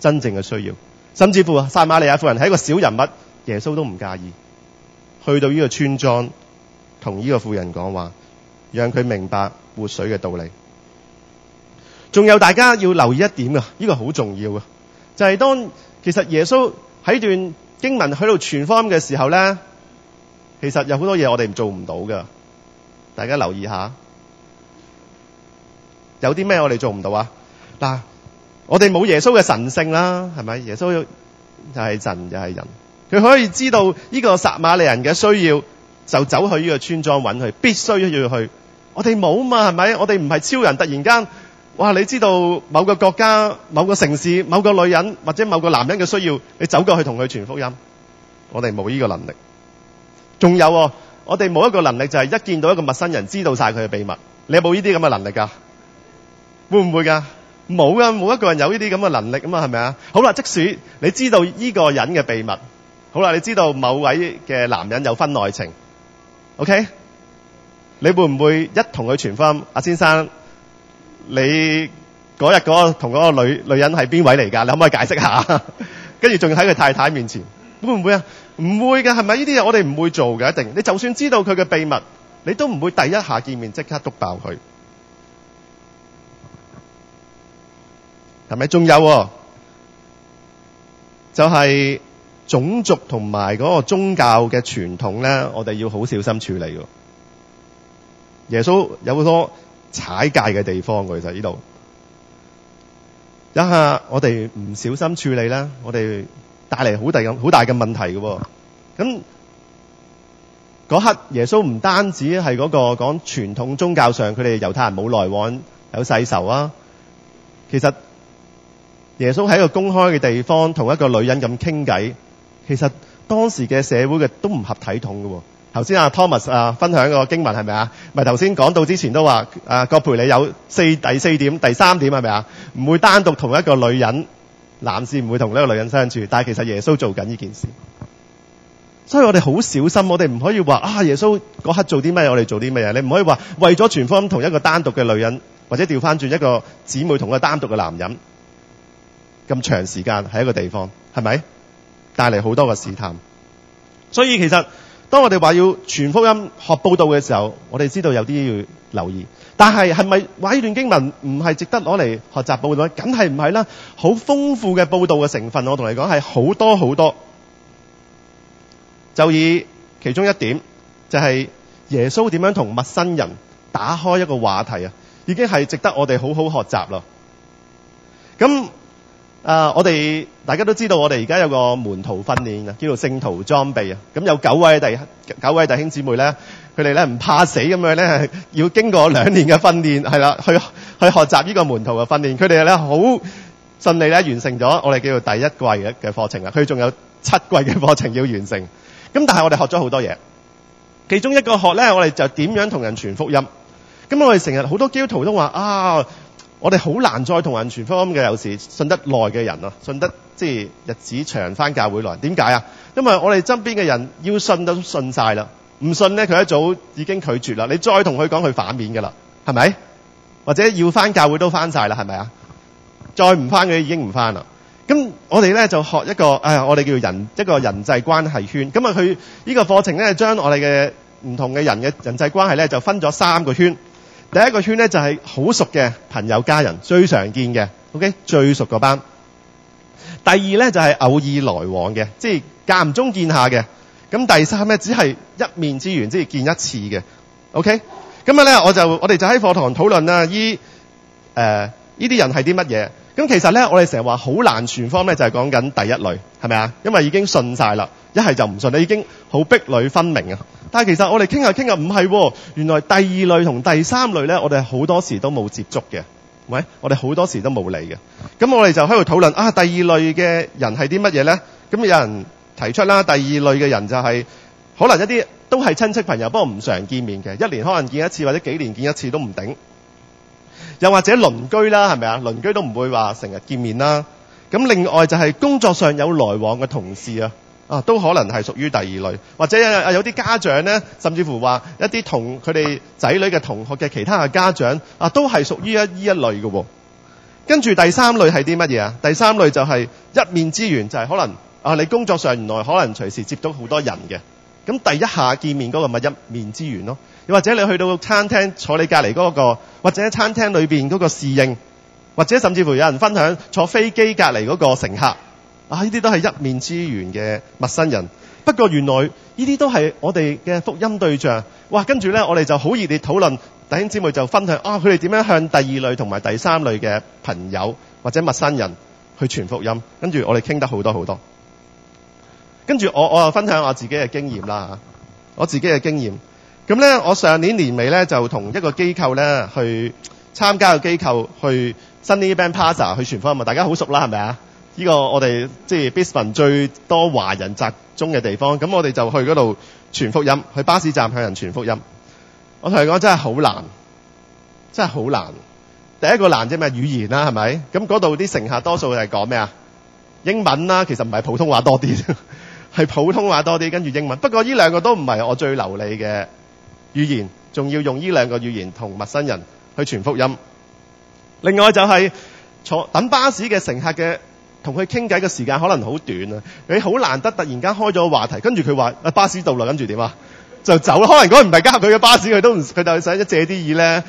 真正嘅需要。甚至乎撒馬利亞婦人係一個小人物，耶穌都唔介意，去到呢個村莊同呢個婦人講話，讓佢明白活水嘅道理。仲有大家要留意一點啊，呢、這個好重要啊，就係、是、當其實耶穌喺段經文喺度傳福音嘅時候咧，其實有好多嘢我哋做唔到噶。大家留意一下，有啲咩我哋做唔到啊？嗱。我哋冇耶穌嘅神性啦，係咪？耶穌又係神又係人，佢可以知道呢個撒瑪利人嘅需要，就走去呢個村莊揾佢，必須要去。我哋冇嘛，係咪？我哋唔係超人，突然間哇！你知道某個國家、某個城市、某個女人或者某個男人嘅需要，你走過去同佢傳福音。我哋冇呢個能力。仲有，我哋冇一個能力就係、是、一見到一個陌生人，知道晒佢嘅秘密。你有冇呢啲咁嘅能力噶？會唔會噶？冇啊，冇一個人有呢啲咁嘅能力啊嘛，係咪啊？好啦，即使你知道呢個人嘅秘密，好啦，你知道某位嘅男人有婚內情，OK？你會唔會一同佢傳婚？阿先生，你嗰日嗰個同嗰個女女人係邊位嚟噶？你可唔可以解釋下？跟住仲要喺佢太太面前，會唔會啊？唔會嘅，係咪？呢啲嘢我哋唔會做嘅，一定。你就算知道佢嘅秘密，你都唔會第一下見面即刻篤爆佢。係咪仲有？就係種族同埋嗰個宗教嘅傳統咧，我哋要好小心處理咯。耶穌有好多踩界嘅地方，其實呢度，一下我哋唔小心處理咧，我哋帶嚟好大嘅好大嘅問題嘅。咁嗰刻耶穌唔單止係嗰個講傳統宗教上，佢哋猶太人冇來往，有世仇啊，其實。耶穌喺一個公開嘅地方，同一個女人咁傾偈。其實當時嘅社會嘅都唔合體統嘅。頭先阿 Thomas 啊，分享個經文係咪啊？咪係頭先講到之前都話啊，葛培理有四第四點，第三點係咪啊？唔會單獨同一個女人，男士唔會同呢個女人相處。但係其實耶穌做緊呢件事，所以我哋好小心，我哋唔可以話啊耶穌嗰刻做啲咩？我哋做啲咩嘢。你唔可以話為咗傳福音同一個單獨嘅女人，或者調翻轉一個姊妹同一個單獨嘅男人。咁長時間喺一個地方，係咪帶嚟好多個試探？所以其實當我哋話要傳福音、學報道嘅時候，我哋知道有啲要留意，但係係咪話呢段經文唔係值得攞嚟學習報道呢？梗係唔係啦，好豐富嘅報道嘅成分。我同你講係好多好多。就以其中一點，就係、是、耶穌點樣同陌生人打開一個話題啊，已經係值得我哋好好學習咯。咁。啊、uh,！我哋大家都知道，我哋而家有個門徒訓練啊，叫做聖徒裝備啊。咁有九位弟九位弟兄姊妹呢，佢哋呢唔怕死咁樣呢要經過兩年嘅訓練，係啦，去去學習呢個門徒嘅訓練。佢哋呢好順利呢完成咗我哋叫做第一季嘅課程啦。佢仲有七季嘅課程要完成。咁但係我哋學咗好多嘢，其中一個學呢，我哋就點樣同人傳福音。咁我哋成日好多基督徒都話啊～我哋好難再同人傳福音嘅。有時信得耐嘅人咯，信得，信得即係日子長翻教會來。點解啊？因為我哋身邊嘅人要信都信晒啦，唔信咧佢一早已經拒絕啦。你再同佢講，佢反面嘅啦，係咪？或者要翻教會都翻晒啦，係咪啊？再唔翻嘅已經唔翻啦。咁我哋咧就學一個，唉、哎，我哋叫人一個人際關係圈。咁啊，佢呢個課程咧將我哋嘅唔同嘅人嘅人際關係咧就分咗三個圈。第一個圈咧就係好熟嘅朋友家人，最常見嘅，OK，最熟嗰班。第二咧就係偶爾來往嘅，即係間唔中見下嘅。咁第三咧只係一面之緣，即係見一次嘅，OK。咁啊咧我就我哋就喺課堂討論啦，依、呃、呢啲人係啲乜嘢？咁其實咧我哋成日話好難傳方咧，就係講緊第一類係咪啊？因為已經信晒啦，一係就唔信，你已經好壁壘分明啊。但其實我哋傾下傾下唔係喎，原來第二類同第三類呢，我哋好多時都冇接觸嘅。喂，我哋好多時都冇嚟嘅。咁我哋就喺度討論啊，第二類嘅人係啲乜嘢呢？咁有人提出啦，第二類嘅人就係可能一啲都係親戚朋友，不過唔常見面嘅，一年可能見一次或者幾年見一次都唔頂。又或者鄰居啦，係咪啊？鄰居都唔會話成日見面啦。咁另外就係工作上有來往嘅同事啊。啊，都可能係屬於第二類，或者有啲家長呢，甚至乎話一啲同佢哋仔女嘅同學嘅其他嘅家長啊，都係屬於呢一類嘅喎、哦。跟住第三類係啲乜嘢啊？第三類就係一面之緣，就係、是、可能啊，你工作上原來可能隨時接到好多人嘅，咁第一下見面嗰個咪一面之緣咯、哦。又或者你去到餐廳坐你隔離嗰個，或者餐廳裏面嗰個侍應，或者甚至乎有人分享坐飛機隔離嗰個乘客。啊！呢啲都係一面之緣嘅陌生人。不過原來呢啲都係我哋嘅福音對象。哇！跟住呢，我哋就好熱烈討論。弟兄姊妹就分享啊，佢哋點樣向第二類同埋第三類嘅朋友或者陌生人去傳福音。跟住我哋傾得好多好多。跟住我我又分享我自己嘅經驗啦，我自己嘅經驗。咁呢，我上年年尾呢，就同一個機構呢，去參加個機構去 Sunday Band Plaza 去傳福音。大家好熟啦，係咪啊？呢、這個我哋即係 Brisbane 最多華人集中嘅地方，咁我哋就去嗰度傳福音，去巴士站向人傳福音。我同你講真係好難，真係好難。第一個難啫咩語言啦，係咪？咁嗰度啲乘客多數係講咩啊？英文啦，其實唔係普通話多啲，係普通話多啲，跟住英文。不過呢兩個都唔係我最流利嘅語言，仲要用呢兩個語言同陌生人去傳福音。另外就係、是、坐等巴士嘅乘客嘅。同佢傾偈嘅時間可能好短啊！你好難得突然間開咗個話題，跟住佢話：啊巴士到啦，跟住點啊？就走啦。可能嗰個唔係加佢嘅巴士，佢都唔，佢就想借啲意咧，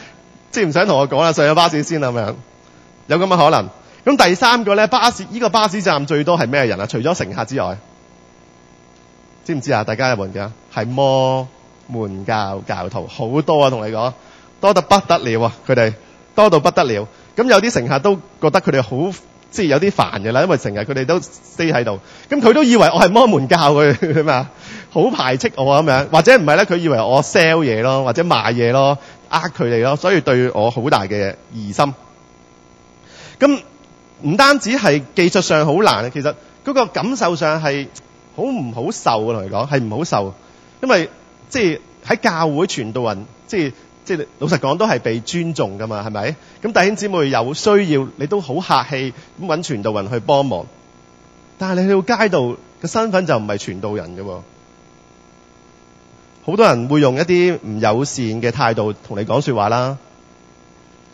即係唔想同我講啦，上咗巴士先啦咁樣？有咁嘅可能。咁第三個咧，巴士依個巴士站最多係咩人啊？除咗乘客之外，知唔知啊？大家有冇印象？係摩門教教徒，好多啊！同你講，多得不得了啊！佢哋多到不得了。咁有啲乘客都覺得佢哋好。即係有啲煩嘅啦，因為成日佢哋都 stay 喺度，咁佢都以為我係魔門教佢嘛，好 (laughs) 排斥我咁樣，或者唔係咧，佢以為我 sell 嘢咯，或者賣嘢咯，呃佢哋咯，所以對我好大嘅疑心。咁唔單止係技術上好難，其實嗰個感受上係好唔好受嘅，同佢講係唔好受，因為即係喺教會傳道人，即係。老實講，都係被尊重噶嘛，係咪？咁弟兄姊妹有需要，你都好客氣，咁揾傳道人去幫忙。但係你去到街道，個身份就唔係傳道人嘅喎。好多人會用一啲唔友善嘅態度同你講說話啦，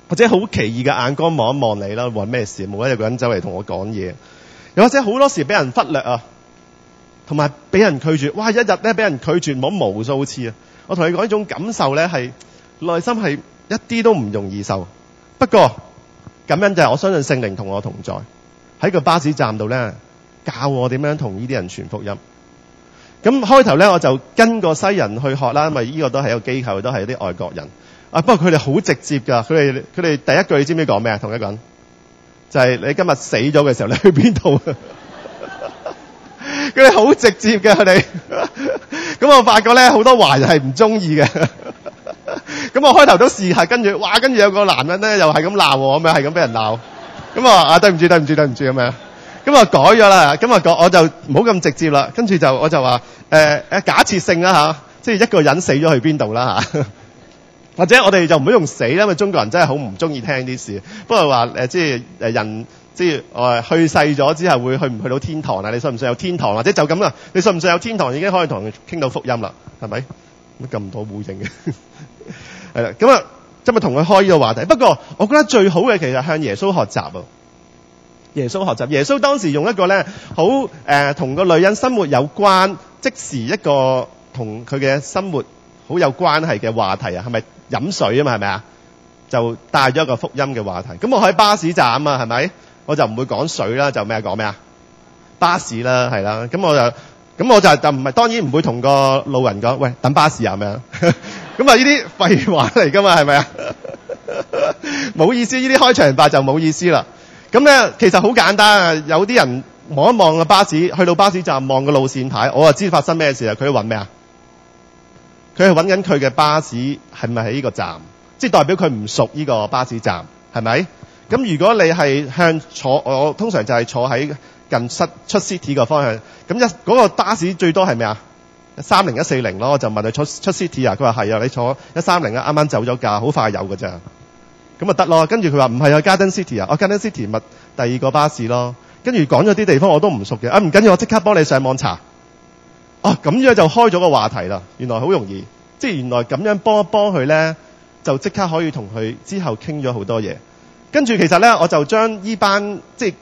或者好奇異嘅眼光望一望你啦，話咩事？冇一日個人走嚟同我講嘢，又或者好多時俾人忽略啊，同埋俾人拒絕。哇！一日咧俾人拒絕冇無數次啊！我同你講，呢種感受咧係～內心係一啲都唔容易受，不過咁樣就係、是、我相信聖靈同我同在，喺個巴士站度咧教我點樣同呢啲人傳福音。咁開頭咧我就跟個西人去學啦，因為呢個都係一個機構，都係一啲外國人。啊，不過佢哋好直接噶，佢哋佢哋第一句你知唔知講咩啊？同一個人就係、是、你今日死咗嘅時候，你去邊度？佢哋好直接㗎。佢哋咁我發覺咧好多華人係唔中意嘅。咁 (laughs) 我開頭都試下，跟住哇，跟住有個男人咧又係咁鬧，咁樣係咁俾人鬧，咁啊啊對唔住對唔住對唔住咁樣，咁啊改咗啦，咁啊我我就唔好咁直接啦，跟住就我就話誒誒假設性啦吓，即係一個人死咗去邊度啦吓，或者我哋就唔好用死啦，因為中國人真係好唔中意聽啲事，不過話誒即係誒人即係去世咗之後會去唔去到天堂啊？你信唔信有天堂？或者就咁啦，你信唔信有天堂已經可以同佢傾到福音啦？係咪？乜咁多呼應嘅？係 (laughs) 啦，咁啊，今日同佢開呢個話題。不過我覺得最好嘅其實向耶穌學習啊，耶穌學習。耶穌當時用一個咧好誒同個女人生活有關，即時一個同佢嘅生活好有關係嘅話題啊，係咪飲水啊嘛，係咪啊？就帶咗一個福音嘅話題。咁我喺巴士站啊嘛，係咪？我就唔會講水啦，就咩啊講咩啊？巴士啦，係啦。咁我就。咁我就就唔係當然唔會同個路人講，喂等巴士啊，咪咁啊？呢啲廢話嚟㗎嘛，係咪啊？冇 (laughs) 意思，呢啲開場白就冇意思啦。咁咧其實好簡單，有啲人望一望個巴士，去到巴士站望個路線牌，我就知發生咩事啊。佢搵咩啊？佢係搵緊佢嘅巴士係咪喺呢個站？即係代表佢唔熟呢個巴士站係咪？咁如果你係向坐，我通常就係坐喺近出出 city 個方向。咁一嗰個巴士最多係咩啊？三零一四零咯，我就問佢坐出 City 啊？佢話係啊，你坐一三零啊，啱啱走咗架，好快有㗎咋。咁咪得咯。跟住佢話唔係啊，Garden City 啊，我 Garden City 咪第二個巴士咯。跟住講咗啲地方我都唔熟嘅。啊，唔緊要，我即刻幫你上網查。哦、啊，咁樣就開咗個話題啦。原來好容易，即係原來咁樣幫一幫佢咧，就即刻可以同佢之後傾咗好多嘢。跟住其實咧，我就將依班即係。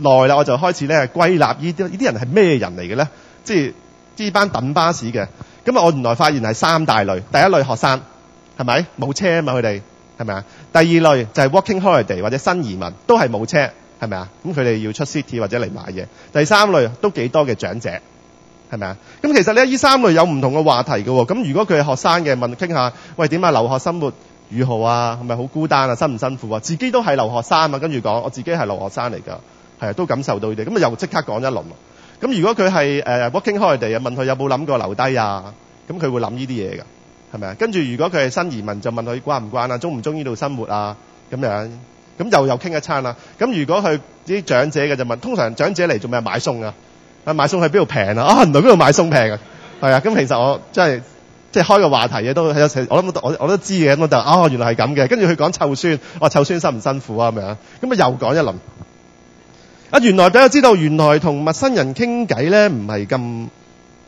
耐啦，我就開始咧，歸納呢啲呢啲人係咩人嚟嘅咧？即係呢班等巴士嘅咁啊。我原來發現係三大類，第一類學生，係咪冇車啊嘛？佢哋係咪啊？第二類就係 working holiday 或者新移民，都係冇車，係咪啊？咁佢哋要出 city 或者嚟買嘢。第三類都幾多嘅長者，係咪啊？咁其實咧，呢三類有唔同嘅話題嘅喎。咁如果佢係學生嘅，問傾下喂，點啊？留學生活如何啊？係咪好孤單啊？辛唔辛苦啊？自己都係留學生啊，跟住講我自己係留學生嚟㗎。係啊，都感受到佢哋咁啊，又即刻講一輪咯。咁如果佢係誒，working holiday，問佢有冇諗過留低啊？咁佢會諗呢啲嘢㗎，係咪啊？跟住如果佢係新移民，就問佢慣唔慣啊，鍾唔鍾意度生活啊？咁樣咁又又傾一餐啦。咁如果佢啲長者嘅就問，通常長者嚟做咩買餸啊？啊買餸喺邊度平啊？啊原來邊度買餸平啊？係啊，咁其實我真係即係開個話題嘅都有時我諗我我都知嘅，我就啊、哦、原來係咁嘅。跟住佢講湊孫，我、哦、湊孫辛唔辛苦啊？咁咪咁啊又講一輪。啊！原來大家知道，原來同陌生人傾偈咧，唔係咁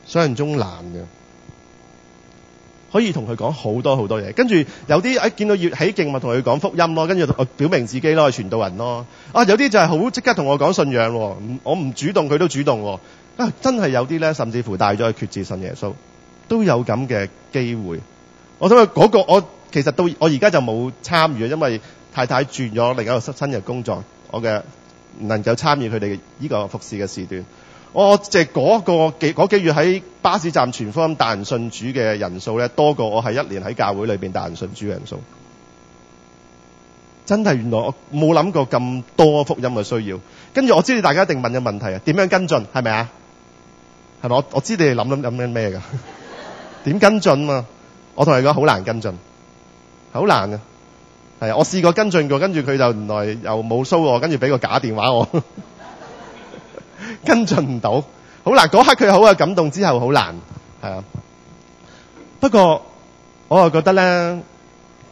想像中難嘅，可以同佢講好多好多嘢。跟住有啲誒、啊，見到越起勁，咪同佢講福音咯。跟、啊、住表明自己咯，係傳道人咯。啊！有啲就係好即刻同我講信仰，我唔主動，佢都主動啊！真係有啲咧，甚至乎帶咗去決志信耶穌，都有咁嘅機會。我想話嗰個我其實到我而家就冇參與，因為太太轉咗另一個新嘅工作，我嘅。能夠參與佢哋呢個服事嘅時段，我就係嗰、嗰個幾，嗰幾月喺巴士站傳福音、帶人信主嘅人數咧，多過我係一年喺教會裏邊帶人信主嘅人數。真係原來我冇諗過咁多福音嘅需要。跟住我知道大家一定問嘅問題啊，點樣跟進係咪啊？係咪我我知道你哋諗諗諗緊咩㗎？點 (laughs) 跟進啊？我同你講好難跟進，好難啊！係，我試過跟進過，跟住佢就原來又冇 show 我，跟住俾個假電話我， (laughs) 跟進唔到。好嗱，嗰刻佢好有，感動之後好難，係啊。不過我又覺得咧，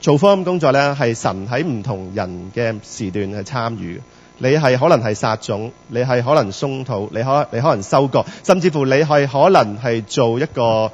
做福音工作咧係神喺唔同人嘅時段去參與。你係可能係撒種，你係可能鬆土，你可你可能收割，甚至乎你係可能係做一個。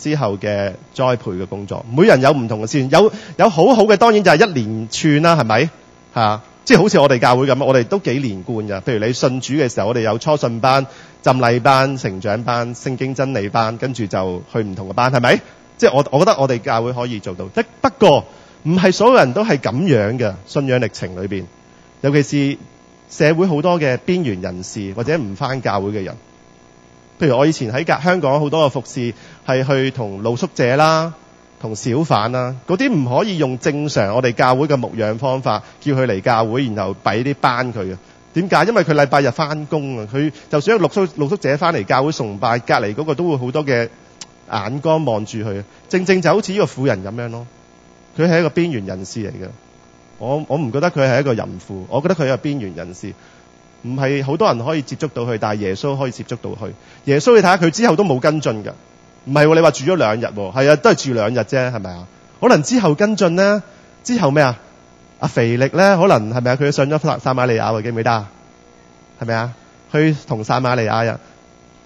之後嘅栽培嘅工作，每人有唔同嘅先有有好好嘅，當然就係一連串啦，係咪？嚇，即係好似我哋教會咁，我哋都幾連貫嘅。譬如你信主嘅時候，我哋有初信班、浸禮班、成長班、聖經真理班，跟住就去唔同嘅班，係咪？即係我我覺得我哋教會可以做到。不過不過唔係所有人都係咁樣嘅信仰歷程裏面，尤其是社會好多嘅邊緣人士或者唔返教會嘅人。譬如我以前喺隔香港好多嘅服侍是去跟叔，係去同露宿者啦、同小販啦，嗰啲唔可以用正常我哋教會嘅牧養方法叫佢嚟教會，然後俾啲班佢嘅。點解？因為佢禮拜日返工啊，佢就算露宿露宿者返嚟教會崇拜，隔離嗰個都會好多嘅眼光望住佢。啊，正正就好似呢個婦人咁樣咯，佢係一個邊緣人士嚟嘅。我我唔覺得佢係一個淫婦，我覺得佢係一個邊緣人士。唔係好多人可以接觸到佢，但係耶穌可以接觸到佢。耶穌你睇下佢之後都冇跟進㗎，唔係你話住咗兩日係啊，都係住兩日啫，係咪啊？可能之後跟進咧，之後咩啊？阿腓力咧，可能係咪啊？佢上咗撒撒瑪利亞，記唔記得啊？係咪啊？去同撒瑪利亞的人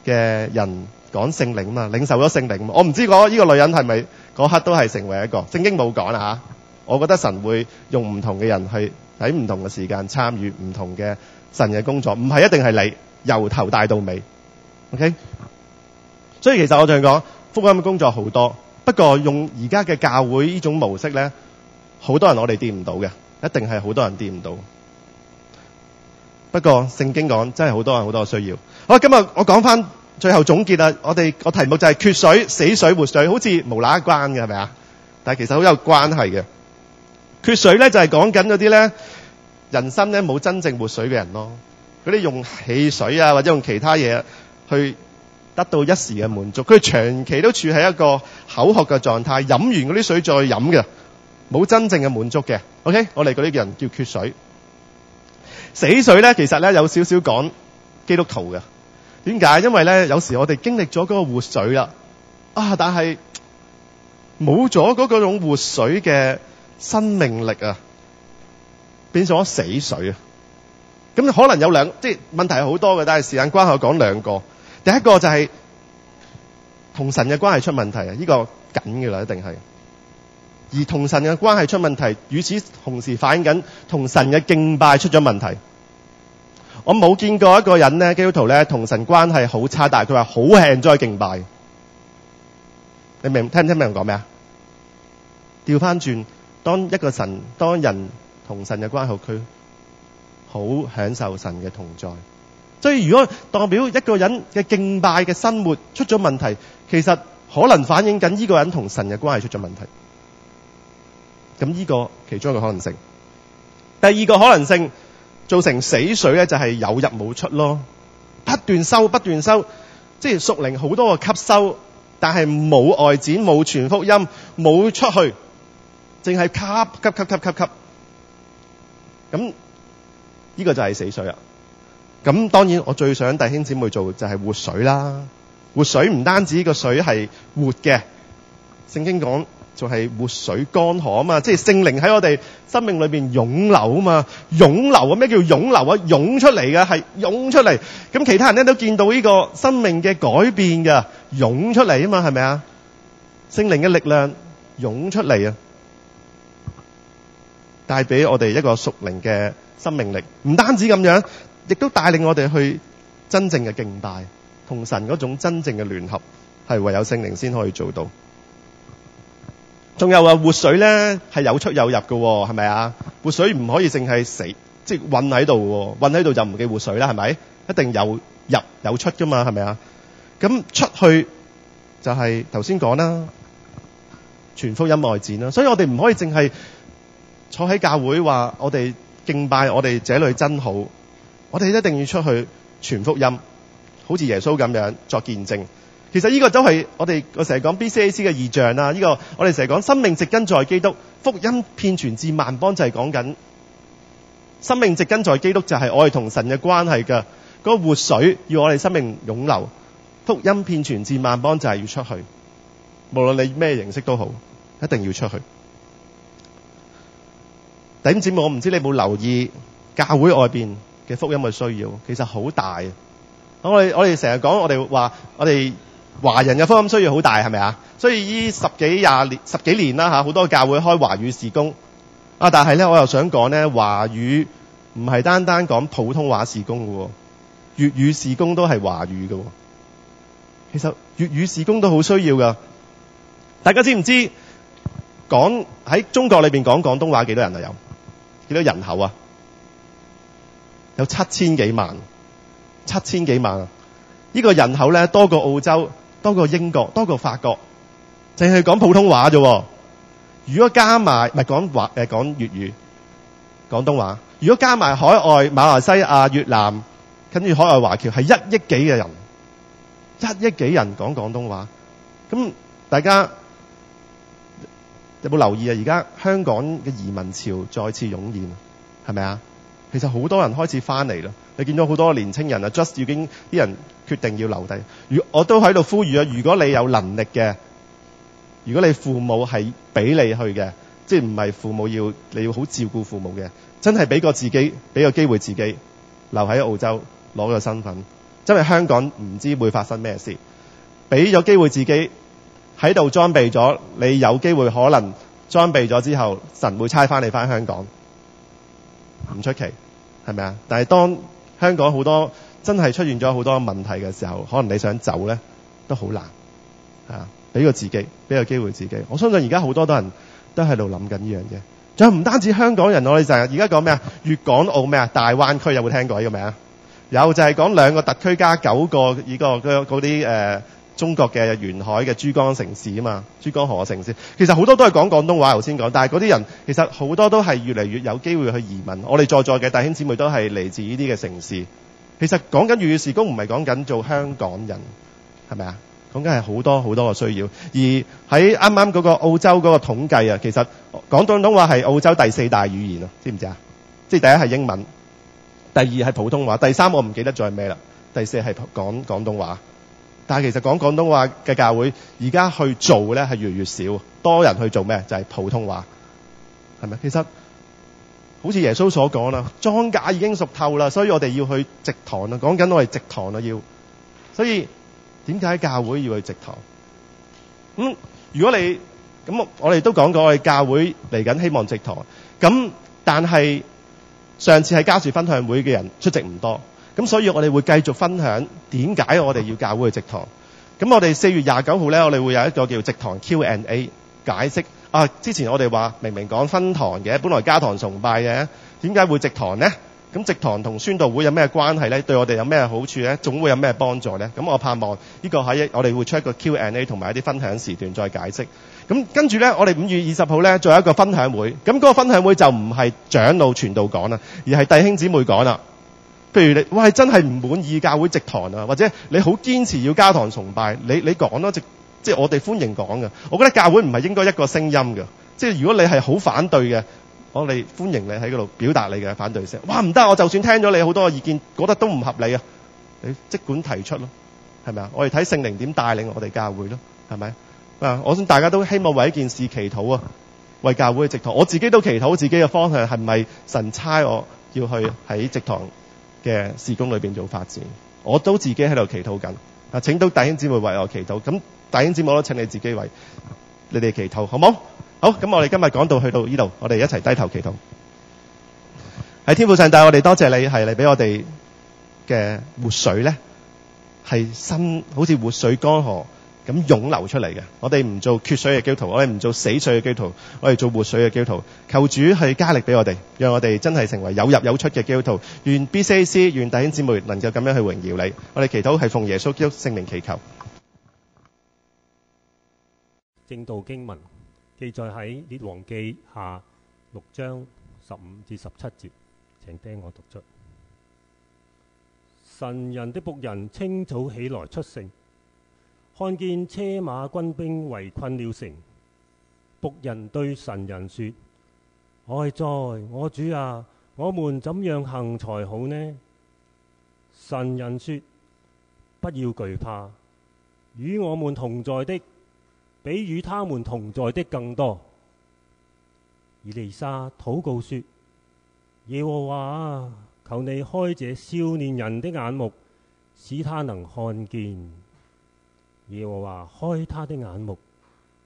嘅人講聖靈嘛，領受咗聖靈嘛。我唔知嗰依個女人係咪嗰刻都係成為一個聖經冇講啦嚇。我覺得神會用唔同嘅人去喺唔同嘅時間參與唔同嘅。神嘅工作唔係一定係你，由頭帶到尾，OK？所以其實我仲要講福音嘅工作好多，不過用而家嘅教會呢種模式咧，好多人我哋掂唔到嘅，一定係好多人掂唔到。不過聖經講真係好多人好多需要。好，今日我講翻最後總結啦，我哋個題目就係缺水死水活水，好似無喇關嘅係咪啊？但係其實好有關係嘅。缺水咧就係講緊嗰啲咧。人生咧冇真正活水嘅人咯，嗰啲用汽水啊或者用其他嘢，去得到一時嘅滿足，佢哋長期都處喺一個口渴嘅狀態，飲完嗰啲水再飲嘅，冇真正嘅滿足嘅。OK，我哋嗰啲人叫缺水。死水咧，其實咧有少少講基督徒嘅，點解？因為咧有時我哋經歷咗嗰個活水啊，啊，但係冇咗嗰種活水嘅生命力啊。變咗死水啊！咁可能有兩即係問題係好多嘅，但係時間關係，我講兩個。第一個就係、是、同神嘅關係出問題啊！呢個緊嘅啦，一定係。而同神嘅關係出問題，與、這個、此同時反映緊同神嘅敬拜出咗問題。我冇見過一個人咧，基督徒咧，同神關係好差，但係佢話好輕災敬拜。你明白聽唔聽明我講咩啊？調翻轉，當一個神，當人。同神嘅關係，佢，好享受神嘅同在。所以如果代表一個人嘅敬拜嘅生活出咗問題，其實可能反映緊呢個人同神嘅關係出咗問題。咁呢個其中一個可能性。第二個可能性造成死水咧，就係有入冇出咯，不斷收不斷收，不斷收，即係屬靈好多個吸收，但係冇外展冇傳福音冇出去，淨係吸吸吸吸吸吸。吸吸吸吸。咁呢個就係死水啦！咁當然我最想弟兄姊妹做就係活水啦。活水唔單止個水係活嘅，聖經講就係活水江河啊嘛，即係聖靈喺我哋生命裏邊湧流啊嘛，湧流啊，咩叫湧流啊？湧出嚟嘅，係湧出嚟。咁其他人咧都見到呢個生命嘅改變噶，湧出嚟啊嘛，係咪啊？聖靈嘅力量湧出嚟啊！帶俾我哋一個屬靈嘅生命力，唔單止咁樣，亦都帶領我哋去真正嘅敬拜，同神嗰種真正嘅聯合，係唯有聖靈先可以做到。仲有話活水咧，係有出有入嘅喎、哦，係咪啊？活水唔可以淨係死，即係困喺度喎，困喺度就唔叫活水啦，係咪？一定有入有出噶嘛，係咪啊？咁出去就係頭先講啦，傳福音外展啦，所以我哋唔可以淨係。坐喺教會話我哋敬拜，我哋這裏真好，我哋一定要出去傳福音，好似耶穌咁樣作見證。其實呢個都係我哋我成日講 B C A C 嘅異象啦。呢個我哋成日講，生命植根在基督，福音遍傳至萬邦，就係講緊生命植根在基督就係我哋同神嘅關係嘅嗰個活水，要我哋生命湧流，福音遍傳至萬邦就係要出去，無論你咩形式都好，一定要出去。頂節我唔知你有冇留意教會外邊嘅福音嘅需要，其實好大。咁我哋我哋成日講，我哋話我哋華人嘅福音需要好大，係咪啊？所以依十幾廿年、十幾年啦嚇，好多教會開華語事工。啊，但係咧，我又想講咧，華語唔係單單講普通話事工嘅喎，粵語事工都係華語嘅喎。其實粵語事工都好需要㗎。大家知唔知講喺中國裏邊講,講廣東話幾多人啊？有？這個、人口啊，有七千幾萬，七千幾萬啊！呢、這個人口咧多過澳洲，多過英國，多過法國，淨係講普通話啫。如果加埋唔係講華誒講粵語、廣東話，如果加埋海外馬來西亞、越南，跟住海外華僑，係一億幾嘅人，一億幾人講廣東話，咁大家。有冇留意啊？而家香港嘅移民潮再次湧現，係咪啊？其實好多人開始翻嚟啦。你見到好多年青人啊，just 已經啲人決定要留低。如我都喺度呼籲啊，如果你有能力嘅，如果你父母係俾你去嘅，即係唔係父母要，你要好照顧父母嘅，真係俾個自己，俾個機會自己留喺澳洲攞個身份，因為香港唔知會發生咩事，俾咗機會自己。喺度裝備咗，你有機會可能裝備咗之後，神會差翻你翻香港，唔出奇，係咪啊？但係當香港好多真係出現咗好多問題嘅時候，可能你想走呢都好難，係啊！俾個自己，俾個機會自己。我相信而家好多都人都喺度諗緊呢樣嘢。仲有唔單止香港人，我哋就係而家講咩啊？粵港澳咩啊？大灣區有冇聽過？呢個名啊？有就係講兩個特區加九個呢、呢個嗰啲誒。中國嘅沿海嘅珠江城市啊嘛，珠江河城市，其實好多都係講廣東話。頭先講，但係嗰啲人其實好多都係越嚟越有機會去移民。我哋在座嘅弟兄姊妹都係嚟自呢啲嘅城市。其實講緊粵語事工唔係講緊做香港人，係咪啊？講緊係好多好多個需要。而喺啱啱嗰個澳洲嗰個統計啊，其實講廣東話係澳洲第四大語言啊，知唔知啊？即係第一係英文，第二係普通話，第三我唔記得咗係咩啦，第四係講廣東話。但係其實講廣東話嘅教會而家去做咧，係越嚟越少，多人去做咩？就係、是、普通話，係咪？其實好似耶穌所講啦，莊稼已經熟透啦，所以我哋要去植堂啦，講緊我係植堂啦要。所以點解教會要去植堂？咁、嗯、如果你咁我哋都講過，我哋教會嚟緊希望植堂。咁但係上次係家事分享會嘅人出席唔多。咁所以我哋會繼續分享點解我哋要教會直堂。咁我哋四月廿九號呢，我哋會有一個叫直堂 Q&A 解釋。啊，之前我哋話明明講分堂嘅，本來加堂崇拜嘅，點解會直堂呢？咁直堂同宣道會有咩關係呢？對我哋有咩好處呢？總會有咩幫助呢？咁我盼望呢個喺我哋會出一個 Q&A 同埋一啲分享時段再解釋。咁跟住呢，我哋五月二十號呢，再有一個分享會。咁嗰個分享會就唔係長老傳道講啦，而係弟兄姊妹講啦。譬如你喂，真係唔滿意教會直堂啊，或者你好堅持要加堂崇拜，你你講囉，即即我哋歡迎講嘅。我覺得教會唔係應該一個聲音嘅，即係如果你係好反對嘅，我哋歡迎你喺嗰度表達你嘅反對聲。哇，唔得，我就算聽咗你好多意見，覺得都唔合理啊，你即管提出咯，係咪啊？我哋睇聖靈點帶領我哋教會咯，係咪啊？我想大家都希望為一件事祈禱啊，為教會嘅直堂。我自己都祈禱自己嘅方向係咪神差我要去喺直堂。嘅事工裏面做發展，我都自己喺度祈禱緊。啊，請到弟兄姊妹為我祈禱，咁弟兄姊妹都請你自己為你哋祈禱，好冇？好，咁我哋今日講到去到呢度，我哋一齊低頭祈禱。喺天父上帝，我哋多謝你係嚟俾我哋嘅活水咧，係心好似活水江河。咁湧流出嚟嘅，我哋唔做缺水嘅基督徒，我哋唔做死水嘅基督徒，我哋做活水嘅基督徒。求主去加力俾我哋，讓我哋真係成為有入有出嘅基督徒。願 BCC 願弟兄姊妹能夠咁樣去榮耀你。我哋祈禱係奉耶穌基督聖名祈求。正道經文記載喺列王記下六章十五至十七節，請聽我讀出。神人的僕人清早起來出城。看見車馬軍兵圍困了城，僕人對神人說：哀哉，我主啊，我們怎樣行才好呢？神人說：不要懼怕，與我們同在的比與他們同在的更多。以利沙禱告說：耶和華，求你開這少年人的眼目，使他能看見。耶和華開他的眼目，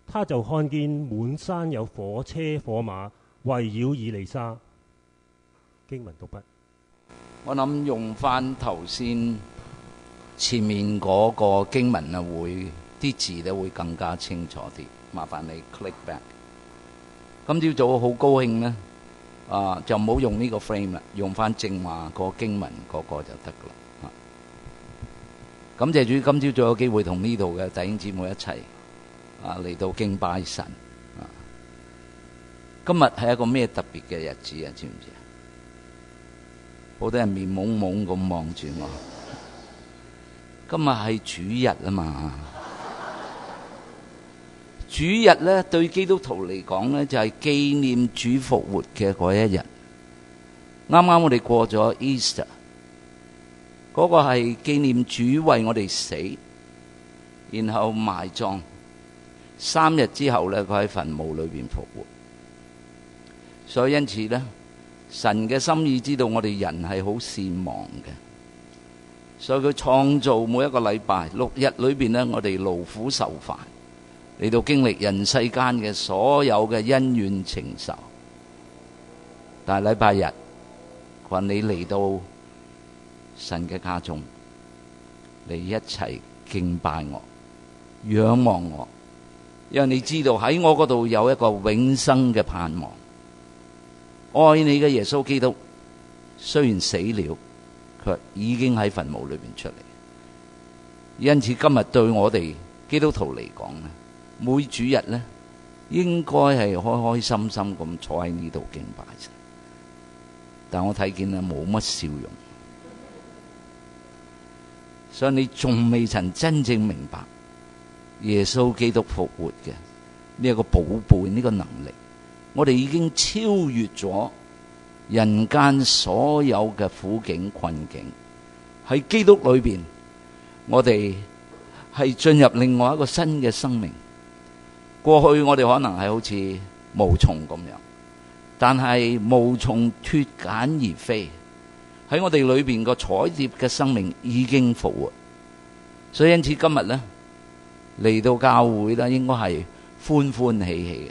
他就看見滿山有火車火馬圍繞以利沙。經文讀畢，我諗用翻頭先前面嗰個經文啊，會啲字都會更加清楚啲。麻煩你 click back。今朝早好高興呢啊就唔好用呢個 frame 啦，用翻正話個經文嗰個就得啦。感謝主今朝再有機會同呢度嘅弟兄姊妹一齊啊嚟到敬拜神啊！今日係一個咩特別嘅日子啊？知唔知啊？好多人面懵懵咁望住我。今日係主日啊嘛！主日呢對基督徒嚟講呢就係紀念主復活嘅嗰一日。啱啱我哋過咗 Easter。嗰個係紀念主為我哋死，然後埋葬，三日之後咧，佢喺墳墓裏邊復活。所以因此咧，神嘅心意知道我哋人係好善忘嘅，所以佢創造每一個禮拜六日裏邊咧，我哋勞苦受煩，嚟到經歷人世間嘅所有嘅恩怨情仇。但係禮拜日，話你嚟到。神嘅家中，你一齊敬拜我、仰望我，因為你知道喺我嗰度有一個永生嘅盼望。愛你嘅耶穌基督雖然死了，卻已經喺墳墓裏邊出嚟。因此今日對我哋基督徒嚟講咧，每主日咧應該係開開心心咁坐喺呢度敬拜。但我睇見咧冇乜笑容。所以你仲未曾真正明白耶穌基督復活嘅呢一個寶貝、呢個能力，我哋已經超越咗人間所有嘅苦境困境。喺基督裏邊，我哋係進入另外一個新嘅生命。過去我哋可能係好似毛蟲咁樣，但係毛蟲脱繭而飛。喺我哋裏邊個彩蝶嘅生命已經復活，所以因此今日咧嚟到教會咧，應該係歡歡喜喜嘅。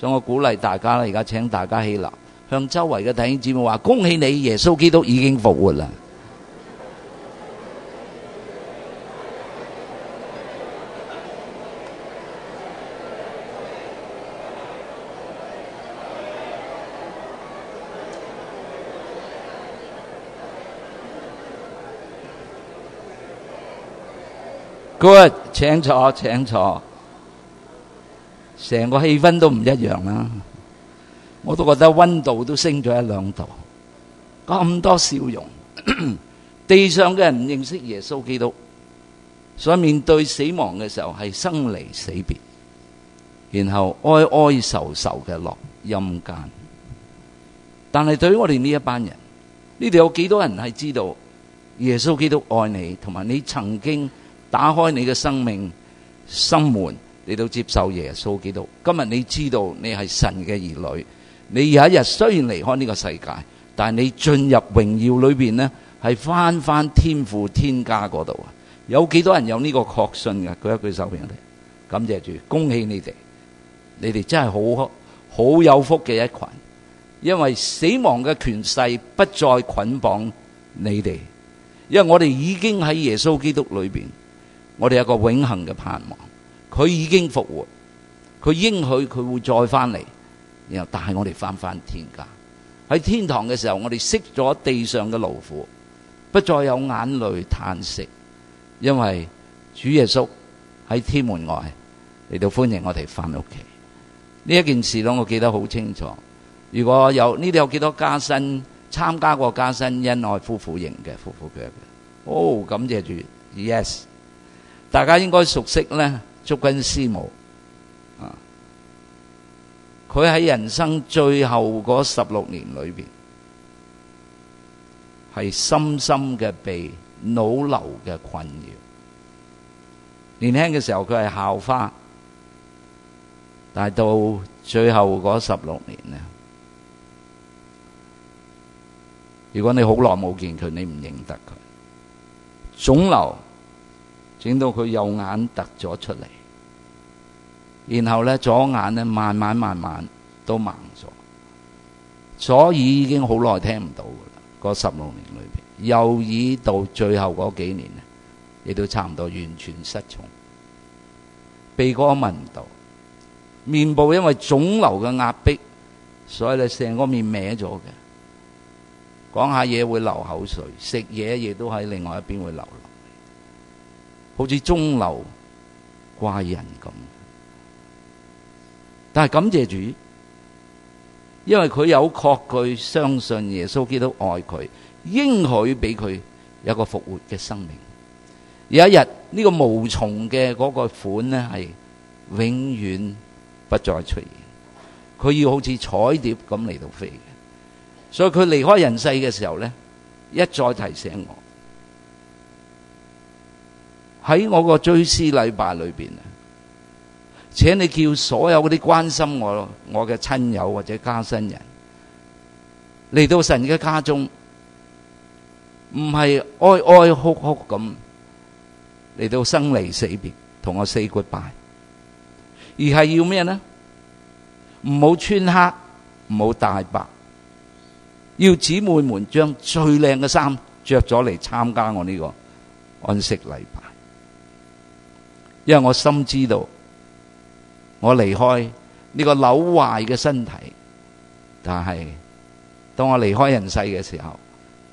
所以我鼓勵大家咧，而家請大家起立，向周圍嘅弟兄姊妹話：恭喜你，耶穌基督已經復活啦！請坐，請坐，成個氣氛都唔一樣啦。我都覺得溫度都升咗一兩度，咁多笑容。地上嘅人唔認識耶穌基督，所以面對死亡嘅時候係生離死別，然後哀哀愁愁嘅落陰間。但係對於我哋呢一班人，呢度有幾多人係知道耶穌基督愛你，同埋你曾經。打開你嘅生命心門，你都接受耶穌基督。今日你知道你係神嘅兒女，你有一日雖然離開呢個世界，但係你進入榮耀裏邊呢係翻翻天父天家嗰度啊！有幾多人有呢個確信嘅？舉一舉手俾我哋，感謝主，恭喜你哋！你哋真係好好有福嘅一群，因為死亡嘅權勢不再捆綁你哋，因為我哋已經喺耶穌基督裏邊。我哋有個永恆嘅盼望，佢已經復活，佢應許佢會再翻嚟，然後帶我哋翻翻天家喺天堂嘅時候，我哋息咗地上嘅勞苦，不再有眼淚嘆息，因為主耶穌喺天門外嚟到歡迎我哋翻屋企呢一件事咯，我記得好清楚。如果有呢度有幾多家新參加過家新恩愛夫婦營嘅夫婦嘅？哦、oh, 感謝主，yes。大家應該熟悉呢，竹根師母啊！佢喺人生最後嗰十六年裏邊，係深深嘅被腦瘤嘅困擾。年輕嘅時候佢係校花，但係到最後嗰十六年呢，如果你好耐冇見佢，你唔認得佢，腫瘤。令到佢右眼突咗出嚟，然後咧左眼咧慢慢慢慢都盲咗，左耳已經好耐聽唔到㗎啦。嗰十六年裏邊，右耳到最後嗰幾年咧，亦都差唔多完全失聰。鼻哥聞唔到，面部因為腫瘤嘅壓迫，所以咧成個面歪咗嘅，講下嘢會流口水，食嘢亦都喺另外一邊會流。好似鐘樓怪人咁，但係感謝主，因為佢有確據相信耶穌基督愛佢，應許俾佢有個復活嘅生命。有一日呢、這個無從嘅嗰個款呢，係永遠不再出現。佢要好似彩蝶咁嚟到飛，所以佢離開人世嘅時候呢，一再提醒我。喺我個追思禮拜裏邊啊，請你叫所有嗰啲關心我我嘅親友或者家親人嚟到神嘅家中，唔係哀哀哭哭咁嚟到生離死別同我 say goodbye，而係要咩呢？唔好穿黑，唔好戴白，要姊妹們將最靚嘅衫着咗嚟參加我呢個安息禮拜。因為我深知道，我離開呢個扭壞嘅身體，但係當我離開人世嘅時候，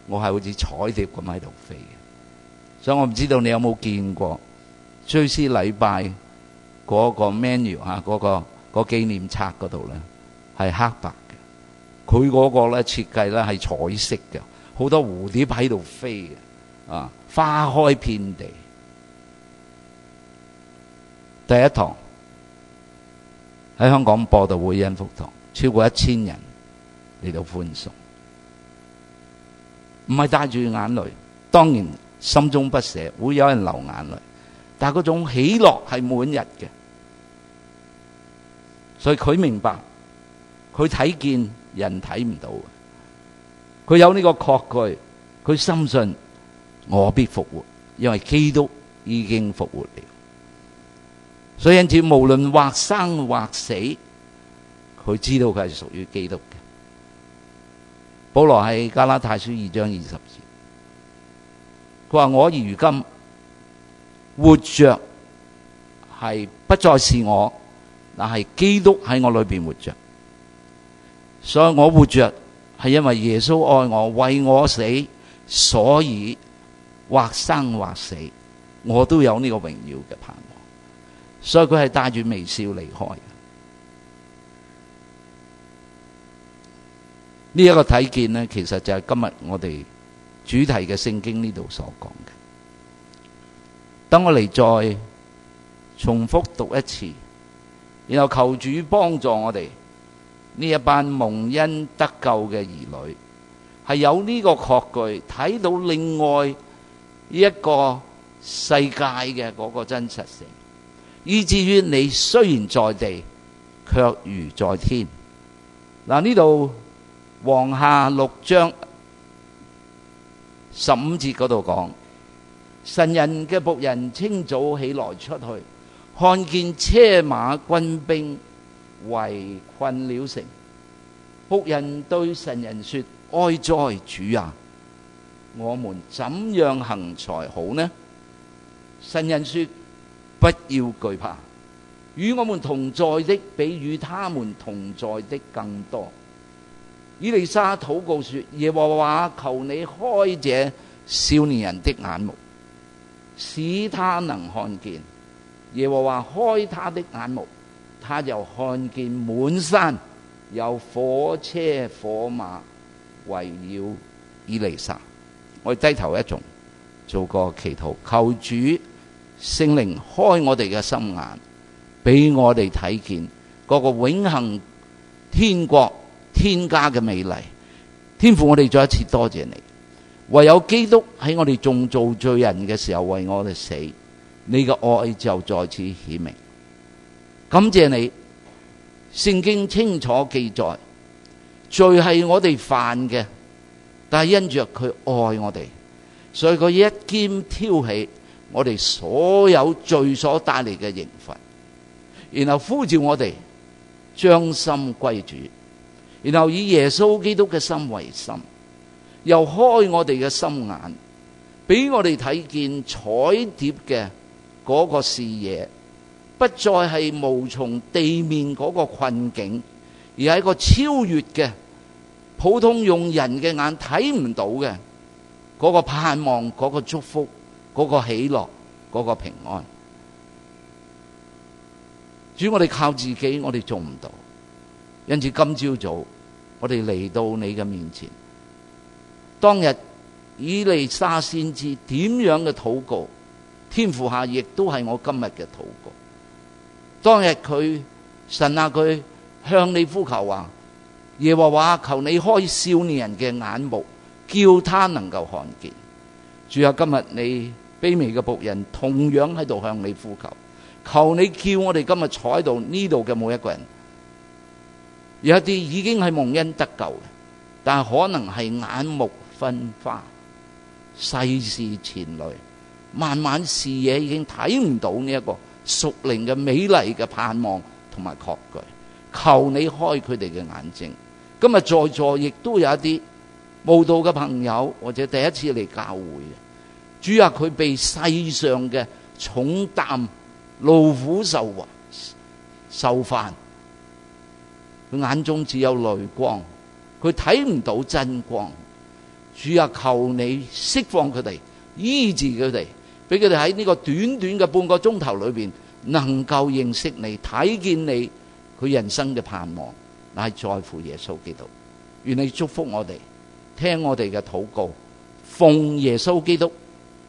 我係好似彩蝶咁喺度飛嘅。所以我唔知道你有冇見過追思禮拜嗰個 menu 啊、那個，嗰、那個紀念冊嗰度咧，係黑白嘅，佢嗰個咧，設計咧，係彩色嘅，好多蝴蝶喺度飛嘅，啊花開遍地。第一堂喺香港播道會恩福堂，超過一千人嚟到歡送，唔係帶住眼淚，當然心中不捨，會有人流眼淚，但係嗰種喜樂係滿溢嘅，所以佢明白，佢睇見人睇唔到，佢有呢個確據，佢深信我必復活，因為基督已經復活了。所以因此，無論或生或死，佢知道佢係屬於基督嘅。保羅喺《加拉太書》二章二十節，佢話：我如今活着係不再是我，但係基督喺我裏面活着。所以我活着係因為耶穌愛我，為我死，所以或生或死，我都有呢個榮耀嘅盼望。所以佢係帶住微笑離開呢一個睇見咧，其實就係今日我哋主題嘅聖經呢度所講嘅。等我哋再重複讀一次，然後求主幫助我哋呢一班蒙恩得救嘅兒女，係有呢個確據睇到另外一個世界嘅嗰個真實性。以至於你雖然在地，却如在天。嗱，呢度王下六章十五節嗰度講，神人嘅僕人清早起來出去，看見車馬軍兵圍困了城。僕人對神人說：哀哉，主啊！我們怎樣行才好呢？神人說：不要懼怕，與我們同在的比與他們同在的更多。以利沙禱告說：耶和華，求你開這少年人的眼目，使他能看見。耶和華開他的眼目，他就看見滿山有火車火馬圍繞以利沙。我低頭一眾，做個祈禱，求主。聖靈開我哋嘅心眼，俾我哋睇見嗰個永恆天國天家嘅美麗，天父，我哋再一次多謝你。唯有基督喺我哋仲做罪人嘅時候為我哋死，你嘅愛就在此顯明。感謝你，聖經清楚記載，罪係我哋犯嘅，但係因着佢愛我哋，所以佢一肩挑起。我哋所有罪所帶嚟嘅刑罰，然後呼召我哋將心歸主，然後以耶穌基督嘅心為心，又開我哋嘅心眼，俾我哋睇見彩蝶嘅嗰個視野，不再係無從地面嗰個困境，而係一個超越嘅，普通用人嘅眼睇唔到嘅嗰個盼望，嗰個祝福。嗰、那個喜樂，嗰、那個平安。主，我哋靠自己，我哋做唔到。因此今朝早，早，我哋嚟到你嘅面前。當日以利沙先知點樣嘅禱告，天父下亦都係我今日嘅禱告。當日佢神啊佢向你呼求話：耶和華，求你開少年人嘅眼目，叫他能夠看見。主啊，今日你。卑微嘅僕人同樣喺度向你呼求，求你叫我哋今日坐喺度呢度嘅每一個人，有一啲已經係蒙恩得救嘅，但可能係眼目昏花，世事纏累，慢慢視野已經睇唔到呢一個屬靈嘅美麗嘅盼望同埋確據，求你開佢哋嘅眼睛。今日在座亦都有一啲慕道嘅朋友或者第一次嚟教會主啊，佢被世上嘅重擔勞苦受受犯，佢眼中只有淚光，佢睇唔到真光。主啊，求你釋放佢哋，醫治佢哋，俾佢哋喺呢個短短嘅半個鐘頭裏邊能夠認識你，睇見你，佢人生嘅盼望乃係在乎耶穌基督。願你祝福我哋，聽我哋嘅禱告，奉耶穌基督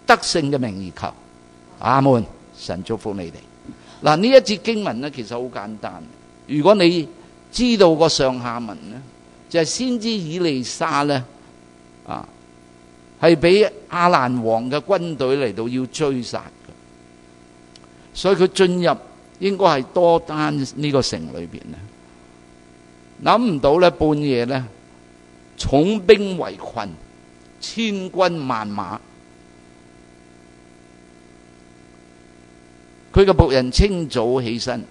得勝嘅名義求，阿們，神祝福你哋嗱。呢一節經文咧，其實好簡單。如果你知道個上下文咧，就係先知以利沙咧啊，係俾亞蘭王嘅軍隊嚟到要追殺，所以佢進入應該係多單呢個城裏邊咧，諗唔到咧，半夜咧，重兵圍困，千軍萬馬。佢嘅僕人清早起身，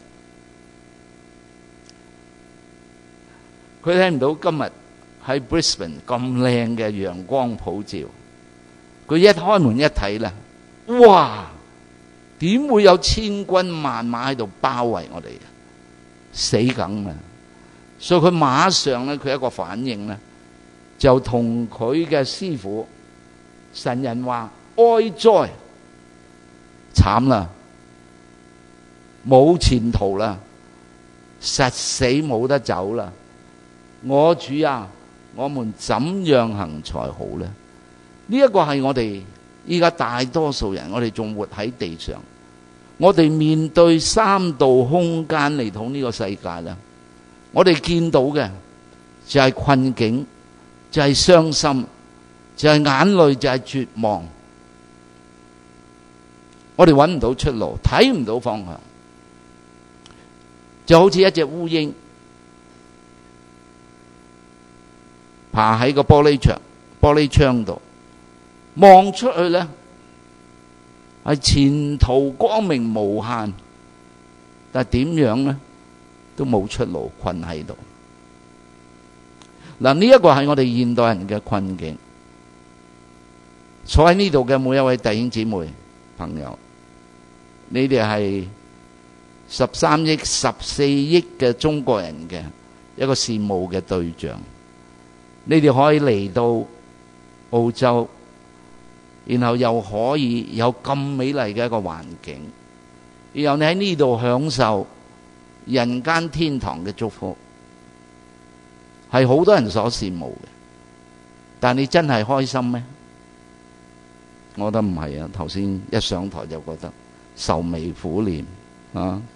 佢睇唔到今日喺 Brisbane 咁靚嘅陽光普照，佢一開門一睇咧，哇！點會有千軍萬馬喺度包圍我哋啊？死梗啦！所以佢馬上咧，佢一個反應咧，就同佢嘅師傅神人話：哀哉，慘啦！冇前途啦，實死冇得走啦！我主啊，我們怎樣行才好呢？呢、這、一個係我哋依家大多數人，我哋仲活喺地上，我哋面對三度空間嚟到呢個世界啦。我哋見到嘅就係困境，就係、是、傷心，就係、是、眼淚，就係、是、絕望。我哋搵唔到出路，睇唔到方向。就好似一隻烏蠅，爬喺個玻璃牆、玻璃窗度望出去咧，係前途光明無限，但係點樣咧都冇出路，困喺度。嗱，呢一個係我哋現代人嘅困境。坐喺呢度嘅每一位弟兄姊妹、朋友，你哋係。十三億、十四億嘅中國人嘅一個羨慕嘅對象，你哋可以嚟到澳洲，然後又可以有咁美麗嘅一個環境，然後你喺呢度享受人間天堂嘅祝福，係好多人所羨慕嘅。但你真係開心咩？我覺得唔係啊！頭先一上台就覺得愁眉苦臉啊～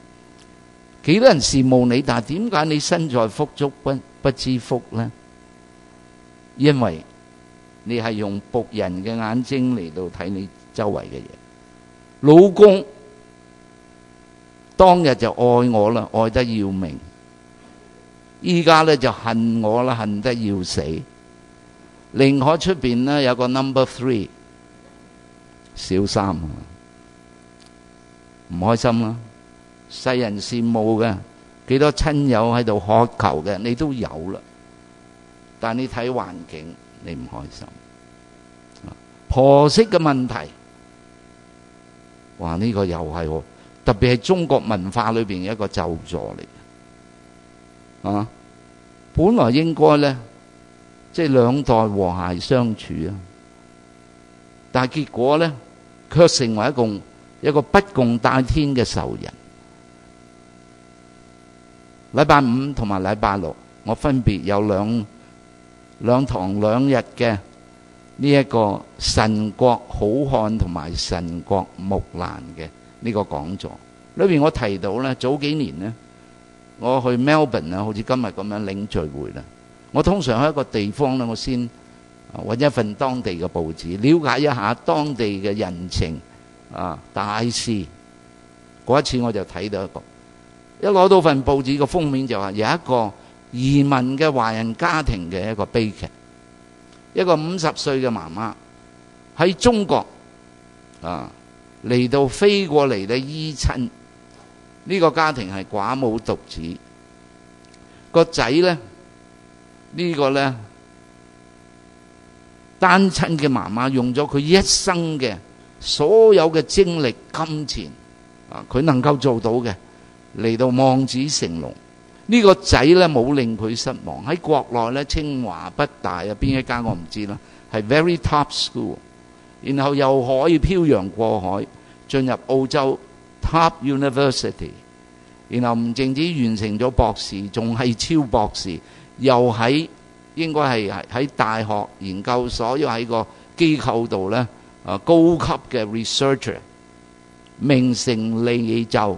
幾多人羨慕你，但係點解你身在福中不不知福呢？因為你係用僕人嘅眼睛嚟到睇你周圍嘅嘢。老公當日就愛我啦，愛得要命；依家咧就恨我啦，恨得要死。另外出邊呢有個 number three，小三唔開心啦。世人羨慕嘅幾多親友喺度渴求嘅，你都有啦。但你睇環境，你唔開心。婆媳嘅問題，哇！呢個又係特別係中國文化裏邊一個咒詛嚟嘅啊。本來應該呢，即係兩代和諧相處啊。但係結果呢，卻成為一個一個不共戴天嘅仇人。禮拜五同埋禮拜六，我分別有兩,兩堂兩日嘅呢一個神國好漢同埋神國木蘭嘅呢個講座。裏邊我提到呢，早幾年呢，我去 Melbourne 啊，好似今日咁樣領聚會啦。我通常喺一個地方呢，我先揾一份當地嘅報紙，了解一下當地嘅人情啊大事。嗰一次我就睇到一個。一攞到份報紙嘅封面就話、是、有一個移民嘅華人家庭嘅一個悲劇，一個五十歲嘅媽媽喺中國啊嚟到飛過嚟嘅醫親呢、呢個家庭係寡母獨子個仔咧，這個、呢個咧單親嘅媽媽用咗佢一生嘅所有嘅精力、金錢啊，佢能夠做到嘅。嚟到望子成龍，呢個仔呢冇令佢失望。喺國內呢，清華北大啊，邊一間我唔知啦，係 very top school。然後又可以漂洋過海進入澳洲 top university。然後唔淨止完成咗博士，仲係超博士，又喺應該係喺大學研究所要喺個機構度呢，啊高級嘅 researcher，名成利就。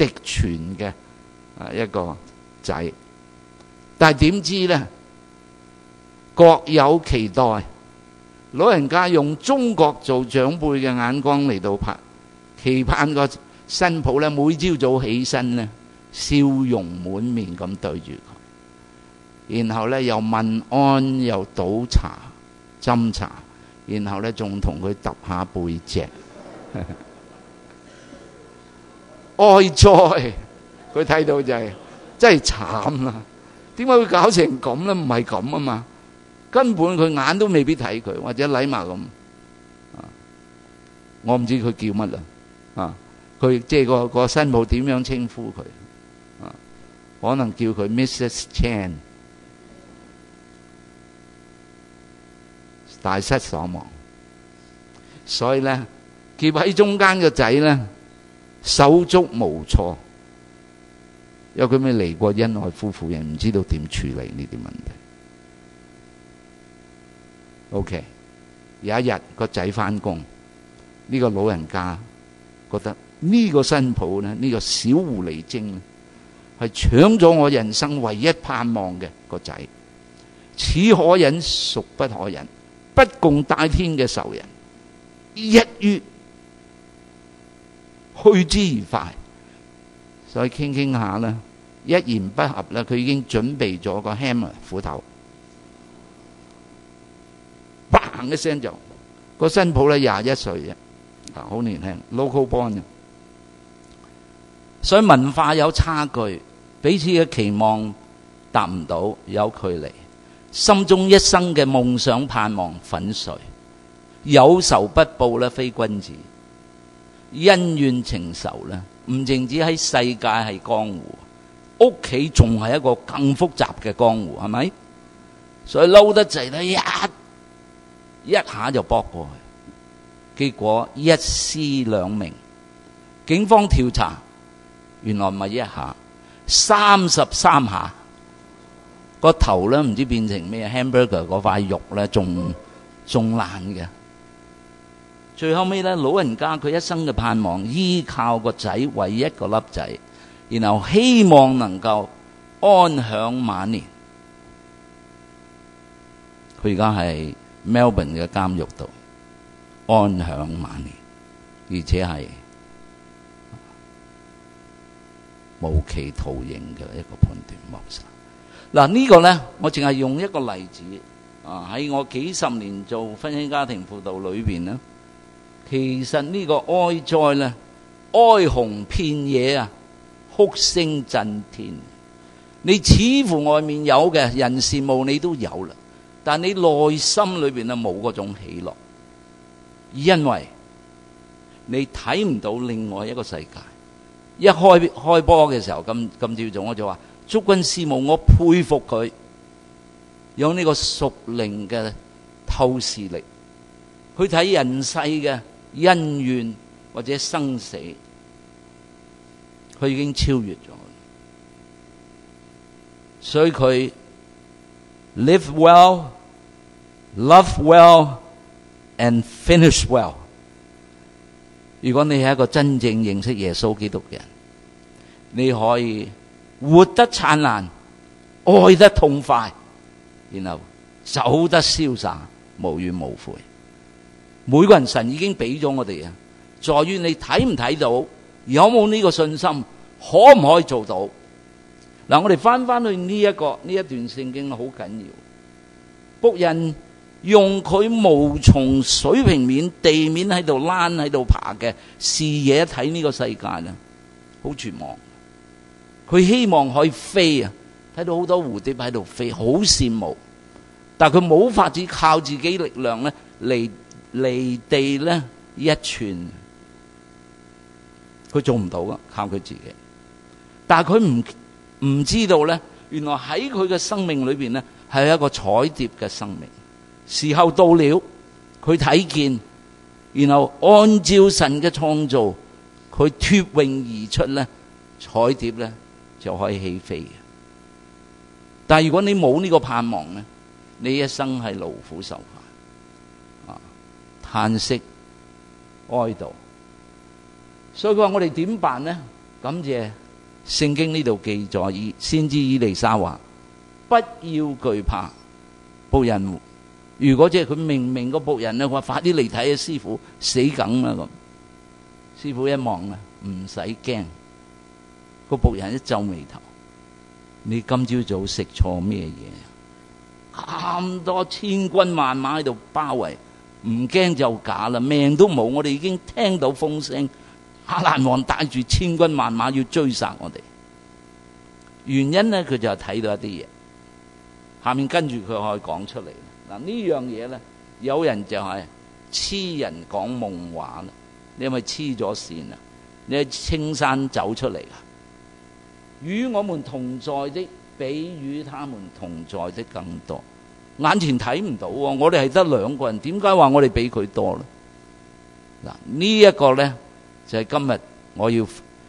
嫡傳嘅一個仔，但係點知呢？各有期待，老人家用中國做長輩嘅眼光嚟到拍，期盼個新抱呢，每朝早起身咧，笑容滿面咁對住佢，然後呢，又問安又倒茶斟茶，然後呢，仲同佢揼下背脊。 (laughs) 哀哉！佢睇到就係真係慘啦，點解會搞成咁咧？唔係咁啊嘛，根本佢眼都未必睇佢，或者禮貌咁。我唔知佢叫乜啦，啊，佢即係個個新抱點樣稱呼佢？啊，可能叫佢 Mrs. Chan，大失所望。所以咧，夾喺中間嘅仔咧。手足無措，因為佢未離過恩愛夫婦，人唔知道點處理呢啲問題。OK，有一日個仔翻工，呢、這個老人家覺得、這個、呢個新抱咧，呢、這個小狐狸精咧，係搶咗我人生唯一盼望嘅個仔，此可忍孰不可忍？不共戴天嘅仇人，一於。去之愉快，所以傾傾下咧，一言不合咧，佢已經準備咗個 hammer 斧頭，嘭一聲就個新抱咧廿一歲啊，啊好年輕，local born 嘅，所以文化有差距，彼此嘅期望達唔到，有距離，心中一生嘅夢想盼望粉碎，有仇不報咧，非君子。恩怨情仇咧，唔淨止喺世界係江湖，屋企仲係一個更複雜嘅江湖，係咪？所以嬲得滯咧，一一下就搏過去，結果一屍兩命。警方調查，原來唔係一下，三十三下，個頭咧唔知變成咩，hamburger 嗰塊肉咧仲仲爛嘅。最後尾呢，老人家佢一生嘅盼望，依靠個仔為一個粒仔，然後希望能夠安享晚年。佢而家喺 Melbourne 嘅監獄度安享晚年，而且係無期徒刑嘅一個判斷模式。嗱，呢、呢個呢，我淨係用一個例子啊，喺我幾十年做婚姻家庭輔導裏邊呢其實呢個哀哉呢，哀鴻遍野啊，哭聲震天。你似乎外面有嘅人事務你都有啦，但你內心裏邊啊冇嗰種喜樂，因為你睇唔到另外一個世界。一開開波嘅時候，今今朝早我就話：，祝君師母，我佩服佢有呢個屬靈嘅透視力，去睇人世嘅。恩怨或者生死，佢已經超越咗。所以佢 live well，love well，and finish well。如果你係一個真正認識耶穌基督嘅人，你可以活得燦爛，愛得痛快，然後走得瀟灑，無怨無悔。每個人，神已經俾咗我哋啊，在於你睇唔睇到，有冇呢個信心，可唔可以做到嗱？我哋翻翻去呢一個呢一段聖經，好緊要。僕人用佢無從水平面地面喺度躝喺度爬嘅視野睇呢個世界啊，好絕望。佢希望可以飛啊，睇到好多蝴蝶喺度飛，好羨慕，但佢冇法子靠自己力量呢嚟。離地呢，一寸，佢做唔到噶，靠佢自己。但係佢唔唔知道呢，原來喺佢嘅生命裏邊呢，係一個彩蝶嘅生命。時候到了，佢睇見，然後按照神嘅創造，佢脱穎而出呢，彩蝶呢，就可以起飛嘅。但係如果你冇呢個盼望呢，你一生係勞苦受難。嘆息哀悼，所以佢話我哋點辦呢？感謝聖經呢度記載以先知以利沙話：不要懼怕僕人。如果即係佢明明個僕人咧，佢話快啲嚟睇啊！師傅死梗啦咁。師傅一望啊，唔使驚。個僕人一皺眉頭：你今朝早食錯咩嘢？咁多千軍萬馬喺度包圍。唔驚就假啦，命都冇。我哋已經聽到風聲，阿蘭王帶住千軍萬馬要追殺我哋。原因呢，佢就睇到一啲嘢。下面跟住佢可以講出嚟。嗱，呢樣嘢呢，有人就係痴人講夢話啦。你係咪痴咗線啊？你喺青山走出嚟啊？與我們同在的，比與他們同在的更多。眼前睇唔到喎，我哋係得兩個人，點解話我哋比佢多呢？嗱，呢一個呢就係今日我要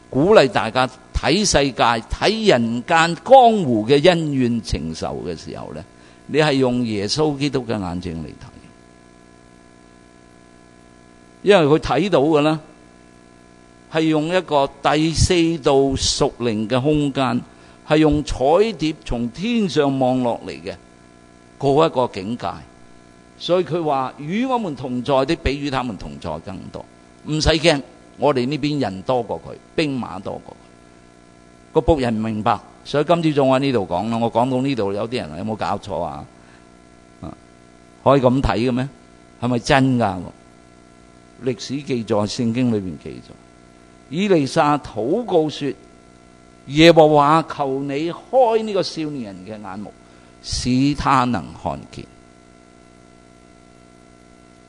鼓勵大家睇世界、睇人間江湖嘅恩怨情仇嘅時候呢，你係用耶穌基督嘅眼睛嚟睇，因為佢睇到嘅咧係用一個第四道屬靈嘅空間，係用彩蝶從天上望落嚟嘅。過一個境界，所以佢話與我們同在的比與他們同在更多，唔使驚，我哋呢邊人多過佢，兵馬多過佢。個僕人唔明白，所以今朝仲喺呢度講啦。我講到呢度，有啲人有冇搞錯啊？可以咁睇嘅咩？係咪真噶？歷史記載，聖經裏邊記載，以利沙禱告說：耶和華求你開呢個少年人嘅眼目。使他能看見，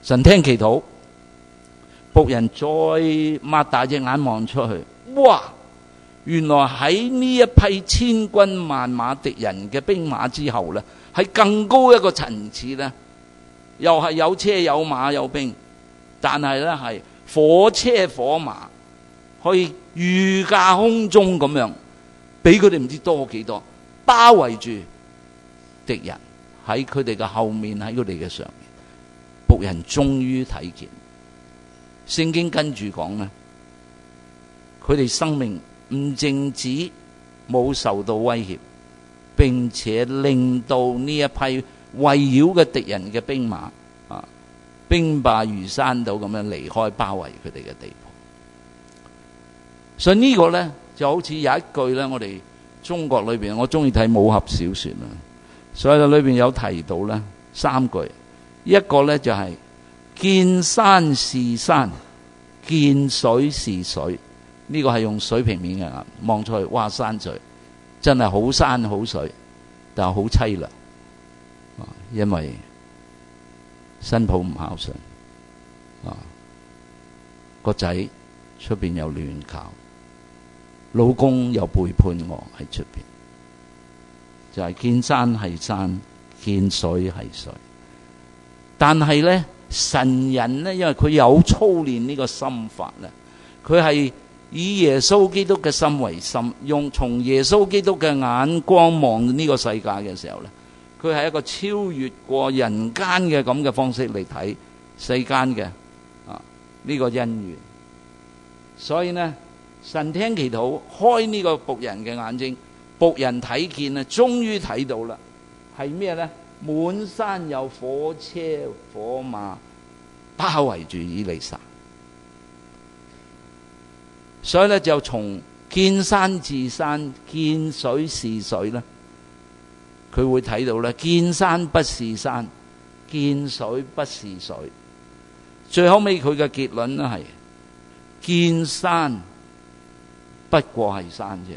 神聽祈禱，僕人再擘大隻眼望出去，哇！原來喺呢一批千軍萬馬敵人嘅兵馬之後呢，喺更高一個層次呢，又係有車有馬有兵，但係呢係火車火馬，可以御駕空中咁樣，畀佢哋唔知多幾多包圍住。敵人喺佢哋嘅後面，喺佢哋嘅上面，僕人終於睇見聖經跟說。跟住講呢，佢哋生命唔淨止冇受到威脅，並且令到呢一批圍繞嘅敵人嘅兵馬啊，兵敗如山倒咁樣離開包圍佢哋嘅地盤。所以呢個呢，就好似有一句呢：「我哋中國裏邊，我中意睇武俠小說啦。所以裏邊有提到呢，三句，一個呢就係、是、見山是山，見水是水，呢個係用水平面嘅望出去，哇，山水真係好山好水，但係好凄涼，因為新抱唔孝順，啊，個仔出邊又亂搞，老公又背叛我喺出邊。就係、是、見山係山，見水係水。但係呢，神人呢，因為佢有操練呢個心法咧，佢係以耶穌基督嘅心為心，用從耶穌基督嘅眼光望呢個世界嘅時候呢，佢係一個超越過人間嘅咁嘅方式嚟睇世間嘅啊呢、這個恩怨。所以呢，神聽祈禱，開呢個僕人嘅眼睛。僕人睇見啊，終於睇到啦，係咩呢？滿山有火車火馬包圍住以利沙，所以呢，就從見山是山，見水是水咧，佢會睇到咧，見山不是山，見水不是水，最後尾，佢嘅結論咧係，見山不過係山啫。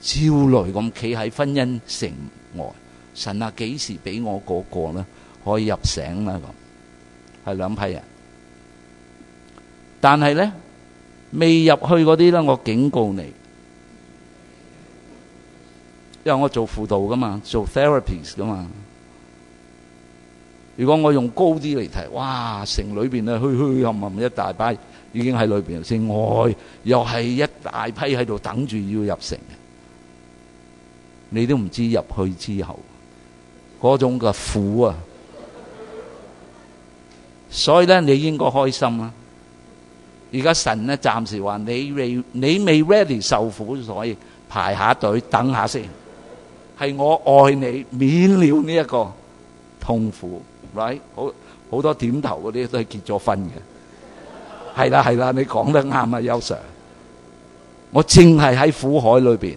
焦慮咁企喺婚姻城外，神啊，幾時俾我嗰個咧可以入城咧咁？係兩批人，但係咧未入去嗰啲咧，我警告你，因為我做輔導噶嘛，做 therapists 噶嘛。如果我用高啲嚟睇，哇，城裏邊咧，虛虛冚冚一大班，已經喺裏邊，城外又係一大批喺度等住要入城。你都唔知入去之後嗰種嘅苦啊，所以咧你應該開心啊。而家神咧暫時話你未你未 ready 受苦，所以排下隊等下先。係我愛你，免了呢一個痛苦，right？好好多點頭嗰啲都係結咗婚嘅。係啦係啦，你講得啱啊，優 sir。我淨係喺苦海裏邊。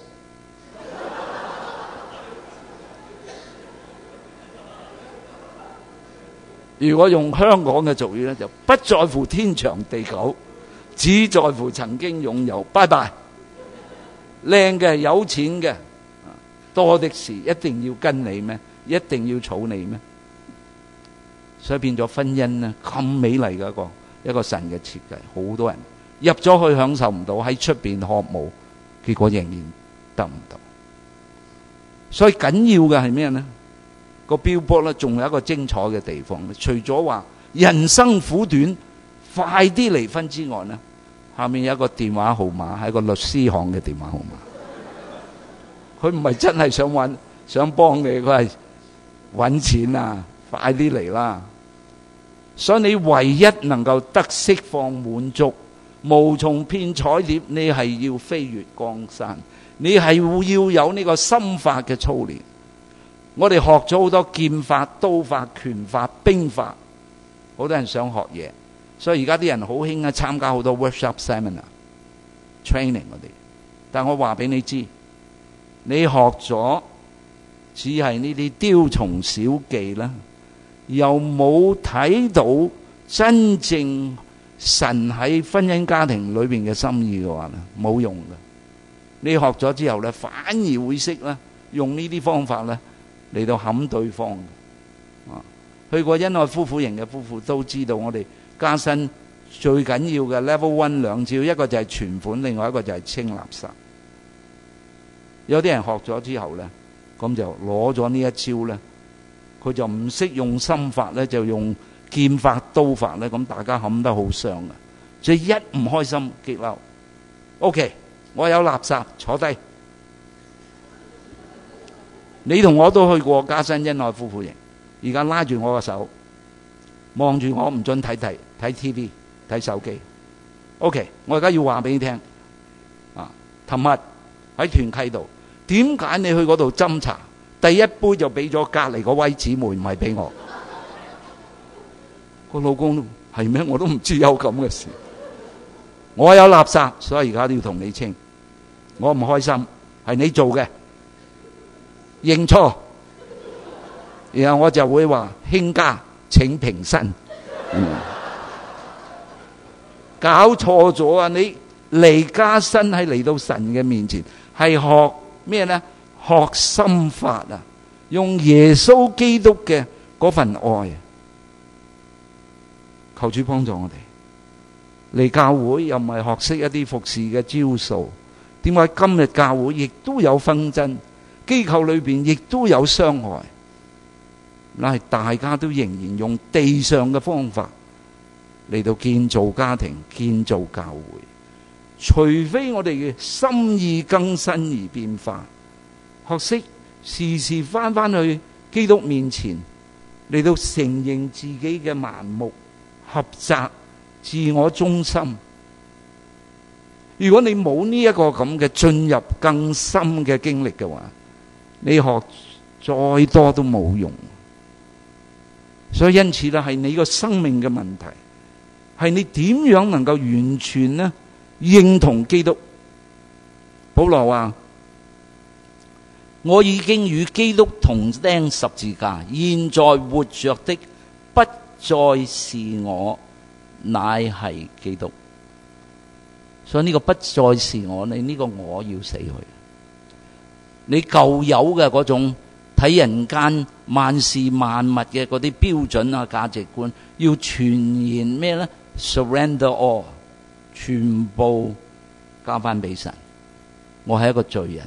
如果用香港嘅俗語呢，就不在乎天長地久，只在乎曾經擁有。拜拜，靚嘅、有錢嘅，多的是，一定要跟你咩？一定要娶你咩？所以變咗婚姻呢，咁美麗嘅一個一個神嘅設計，好多人入咗去享受唔到，喺出邊渴慕，結果仍然得唔到。所以緊要嘅係咩呢？個標榜咧，仲有一個精彩嘅地方，除咗話人生苦短，快啲離婚之外呢，下面有一個電話號碼，係一個律師行嘅電話號碼。佢唔係真係想揾、想幫你，佢係揾錢啊！快啲嚟啦！所以你唯一能夠得釋放滿足、無從片彩蝶，你係要飛越江山，你係要有呢個心法嘅操練。我哋學咗好多劍法、刀法、拳法、兵法，好多人想學嘢，所以而家啲人好興啊，參加好多 workshop、seminar、training 我哋。但我話俾你知，你學咗只係呢啲雕蟲小技啦，又冇睇到真正神喺婚姻家庭裏面嘅心意嘅話咧，冇用嘅。你學咗之後呢，反而會識啦，用呢啲方法呢。嚟到冚對方，啊！去過恩愛夫婦型嘅夫婦都知道，我哋加薪最緊要嘅 level one 兩招，一個就係存款，另外一個就係清垃圾。有啲人學咗之後呢，咁就攞咗呢一招呢，佢就唔識用心法呢，就用劍法刀法呢，咁大家冚得好傷嘅。所以一唔開心激嬲，OK，我有垃圾坐低。你同我都去過加新恩愛夫婦營，而家拉住我嘅手，望住我唔准睇睇睇 TV 睇手機。OK，我而家要話俾你聽啊！琴日喺團契度，點解你去嗰度斟茶，第一杯就俾咗隔離個威姊妹唔係俾我個 (laughs) 老公係咩？我都唔知有咁嘅事。我有垃圾，所以而家都要同你清。我唔開心，係你做嘅。認錯，然後我就會話：卿家請平身。嗯、搞錯咗啊！你離家身喺嚟到神嘅面前，係學咩呢？學心法啊！用耶穌基督嘅嗰份愛，求主幫助我哋。嚟教會又唔係學識一啲服侍嘅招數。點解今日教會亦都有紛爭？機構裏邊亦都有傷害，但係大家都仍然用地上嘅方法嚟到建造家庭、建造教會，除非我哋嘅心意更新而變化，學識時時返返去基督面前嚟到承認自己嘅盲目、狹窄、自我中心。如果你冇呢一個咁嘅進入更深嘅經歷嘅話，你學再多都冇用，所以因此咧係你個生命嘅問題，係你點樣能夠完全呢認同基督？保羅話：我已經與基督同釘十字架，現在活着的不再是我，乃係基督。所以呢個不再是我，你呢個我要死去。你舊有嘅嗰種睇人間萬事萬物嘅嗰啲標準啊、價值觀，要全然咩呢？Surrender all，全部交翻俾神。我係一個罪人，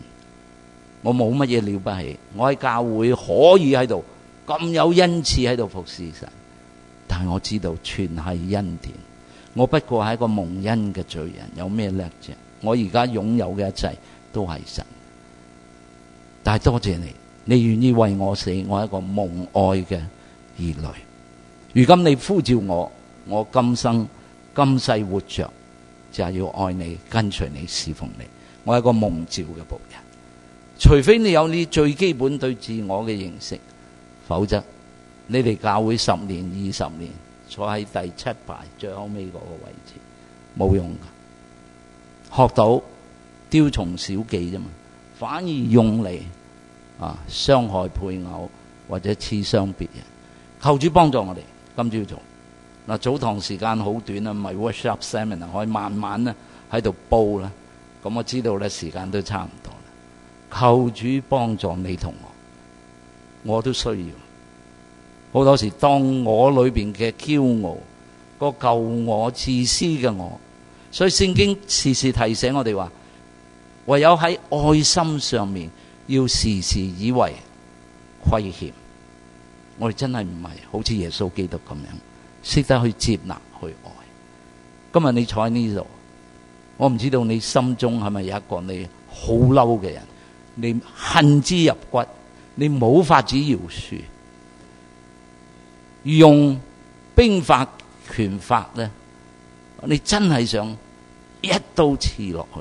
我冇乜嘢了不起。我喺教會可以喺度咁有恩賜喺度服侍神，但係我知道全係恩典。我不過係一個蒙恩嘅罪人，有咩叻啫？我而家擁有嘅一切都係神。但係多謝你，你願意為我死，我一個蒙愛嘅兒女。如今你呼召我，我今生今世活着就係要愛你，跟隨你，侍奉你。我係個蒙召嘅僕人。除非你有你最基本對自我嘅認識，否則你哋教會十年二十年坐喺第七排最後尾嗰個位置冇用噶，學到雕蟲小技啫嘛。反而用嚟啊傷害配偶或者刺傷別人，求主幫助我哋今朝早。做、啊。嗱早堂時間好短啊，唔係 workshop sermon 可以慢慢咧喺度煲啦。咁、啊嗯、我知道咧時間都差唔多啦，求主幫助你同我，我都需要。好多時當我裏邊嘅驕傲、嗰個舊我自私嘅我，所以聖經時時提醒我哋話。唯有喺愛心上面，要時時以為虧欠。我哋真係唔係好似耶穌基督咁樣，識得去接納去愛。今日你坐喺呢度，我唔知道你心中係咪有一個你好嬲嘅人，你恨之入骨，你冇法子饒恕，用兵法、拳法呢，你真係想一刀刺落去。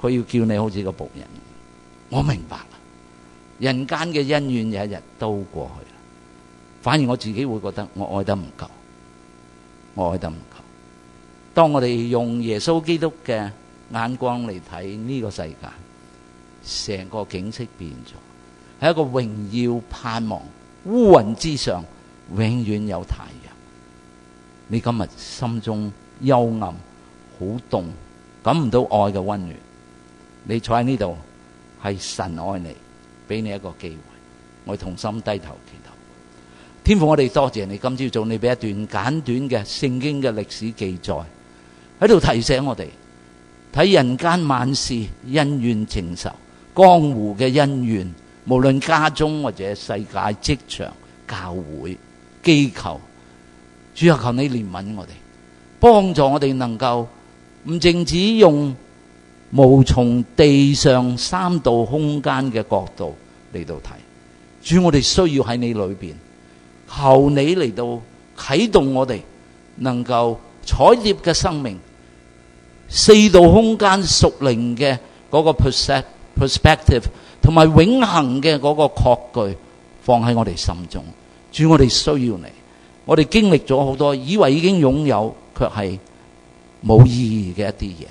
佢要叫你好似個僕人，我明白啦。人間嘅恩怨有一日都過去啦，反而我自己會覺得我愛得唔夠，我愛得唔夠。當我哋用耶穌基督嘅眼光嚟睇呢個世界，成個景色變咗，係一個榮耀盼，盼望。烏雲之上永遠有太陽。你今日心中幽暗、好凍，感唔到愛嘅溫暖。你坐喺呢度，係神愛你，俾你一個機會。我同心低頭祈禱。天父，我哋多謝你今朝早你俾一段簡短嘅聖經嘅歷史記載，喺度提醒我哋睇，人間萬事恩怨情仇，江湖嘅恩怨，無論家中或者世界職場、教會機構，主啊，求你憐憫我哋，幫助我哋能夠唔淨止用。無從地上三度空間嘅角度嚟到睇，主，我哋需要喺你裏邊，求你嚟到啟動我哋，能夠採葉嘅生命，四度空間屬靈嘅嗰個 percent perspective，同埋永恆嘅嗰個確據，放喺我哋心中。主，我哋需要你，我哋經歷咗好多，以為已經擁有，卻係冇意義嘅一啲嘢。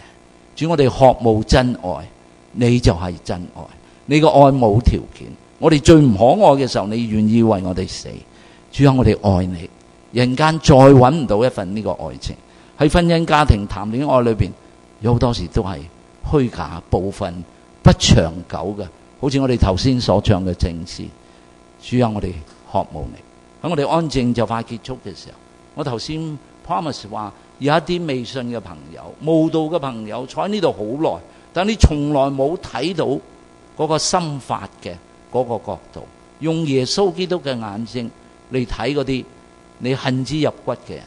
主啊，我哋渴慕真愛，你就係真愛。你個愛冇條件。我哋最唔可愛嘅時候，你願意為我哋死。主啊，我哋愛你。人間再搵唔到一份呢個愛情，喺婚姻家庭談戀愛裏邊，有好多時都係虛假、部分不長久嘅。好似我哋頭先所唱嘅聖詩。主啊，我哋渴慕你。喺我哋安靜就快結束嘅時候，我頭先 promise 話。有一啲未信嘅朋友、無道嘅朋友，坐喺呢度好耐，但你從來冇睇到嗰個心法嘅嗰個角度，用耶穌基督嘅眼睛嚟睇嗰啲你恨之入骨嘅人。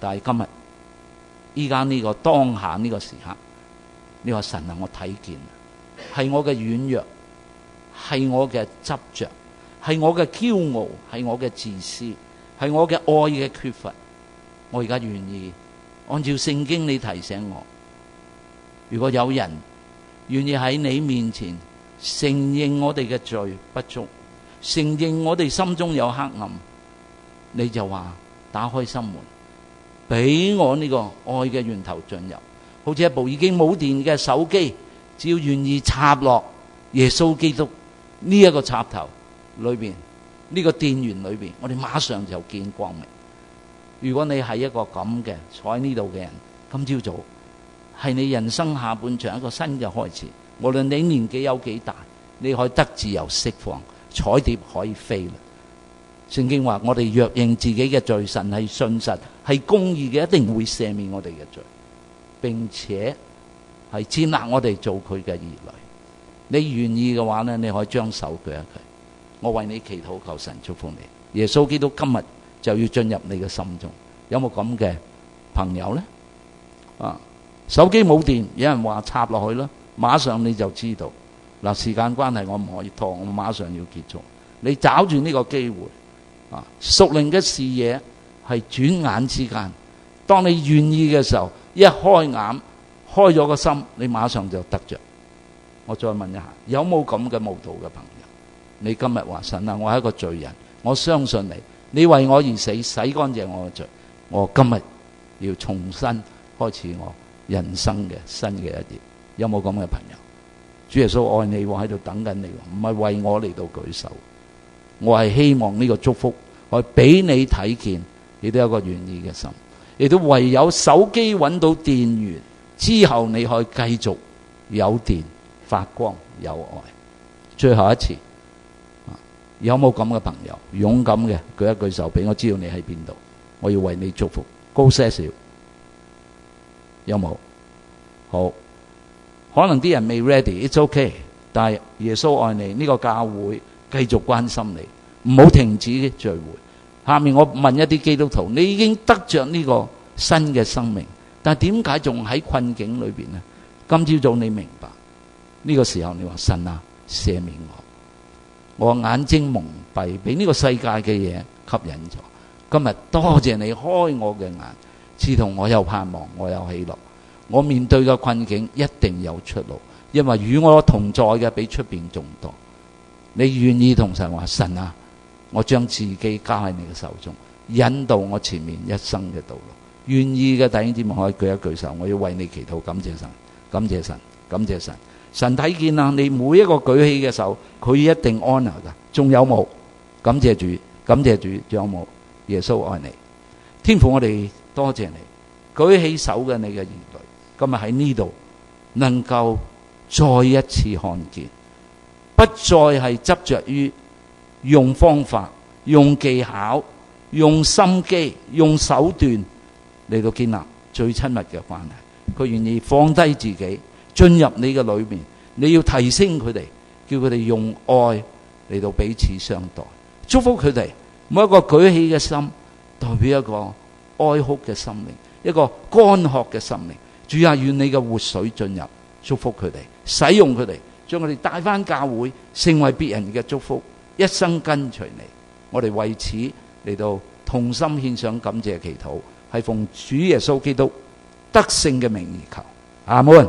但係今日依家呢個當下呢個時刻，呢個神啊，我睇見係我嘅軟弱，係我嘅執着，係我嘅驕傲，係我嘅自私，係我嘅愛嘅缺乏。我而家願意按照聖經你提醒我，如果有人願意喺你面前承認我哋嘅罪不足，承認我哋心中有黑暗，你就話打開心門，俾我呢個愛嘅源頭進入，好似一部已經冇電嘅手機，只要願意插落耶穌基督呢一個插頭裏邊，呢個電源裏邊，我哋馬上就見光明。如果你係一個咁嘅坐喺呢度嘅人，今朝早係你人生下半場一個新嘅開始。無論你年紀有幾大，你可以得自由釋放，彩蝶可以飛啦。聖經話：我哋若認自己嘅罪神，神係信實係公義嘅，一定會赦免我哋嘅罪。並且係接納我哋做佢嘅兒女。你願意嘅話呢，你可以將手舉一舉。我為你祈禱，求神祝福你。耶穌基督今日，就要進入你嘅心中，有冇咁嘅朋友呢？啊，手機冇電，有人話插落去啦，馬上你就知道嗱、啊。時間關係，我唔可以拖，我馬上要結束。你抓住呢個機會啊，屬靈嘅視野係轉眼之間。當你願意嘅時候，一開眼開咗個心，你馬上就得着。我再問一下，有冇咁嘅慕道嘅朋友？你今日話神啊，我係一個罪人，我相信你。你為我而死，洗乾淨我嘅罪。我今日要重新開始我人生嘅新嘅一頁。有冇咁嘅朋友？主耶穌愛你，我喺度等緊你，唔係為我嚟到舉手。我係希望呢個祝福，我俾你睇見，你都有一個願意嘅心。亦都唯有手機揾到電源之後，你可以繼續有電發光有愛。最後一次。有冇咁嘅朋友，勇敢嘅舉一舉手俾我知道你喺邊度，我要為你祝福。高些少有冇？好，可能啲人未 ready，it's okay。但係耶穌愛你，呢個教會，繼續關心你，唔好停止聚會。下面我問一啲基督徒，你已經得着呢個新嘅生命，但係點解仲喺困境裏邊呢？今朝早你明白呢個時候你，你話神啊，赦免我。我眼睛蒙蔽，俾呢個世界嘅嘢吸引咗。今日多謝你開我嘅眼，賜同我有盼望，我有喜樂。我面對嘅困境一定有出路，因為與我同在嘅比出邊仲多。你願意同神話神啊？我將自己交喺你嘅手中，引導我前面一生嘅道路。願意嘅弟兄姊妹可以舉一舉手。我要為你祈禱，感謝神，感謝神，感謝神。神睇見啦，你每一個舉起嘅手，佢一定 honor 㗎，仲有冇？感謝主，感謝主，仲有冇？耶穌愛你，天父我哋多謝你，舉起手嘅你嘅兒女，今日喺呢度能夠再一次看見，不再係執着於用方法、用技巧、用心機、用手段嚟到建立最親密嘅關係，佢願意放低自己。進入你嘅裏面，你要提升佢哋，叫佢哋用愛嚟到彼此相待，祝福佢哋。每一個舉起嘅心，代表一個哀哭嘅心靈，一個乾渴嘅心靈。主啊，願你嘅活水進入，祝福佢哋，使用佢哋，將佢哋帶翻教會，成為別人嘅祝福，一生跟隨你。我哋為此嚟到同心獻上感謝祈禱，係奉主耶穌基督得勝嘅名義求。阿門。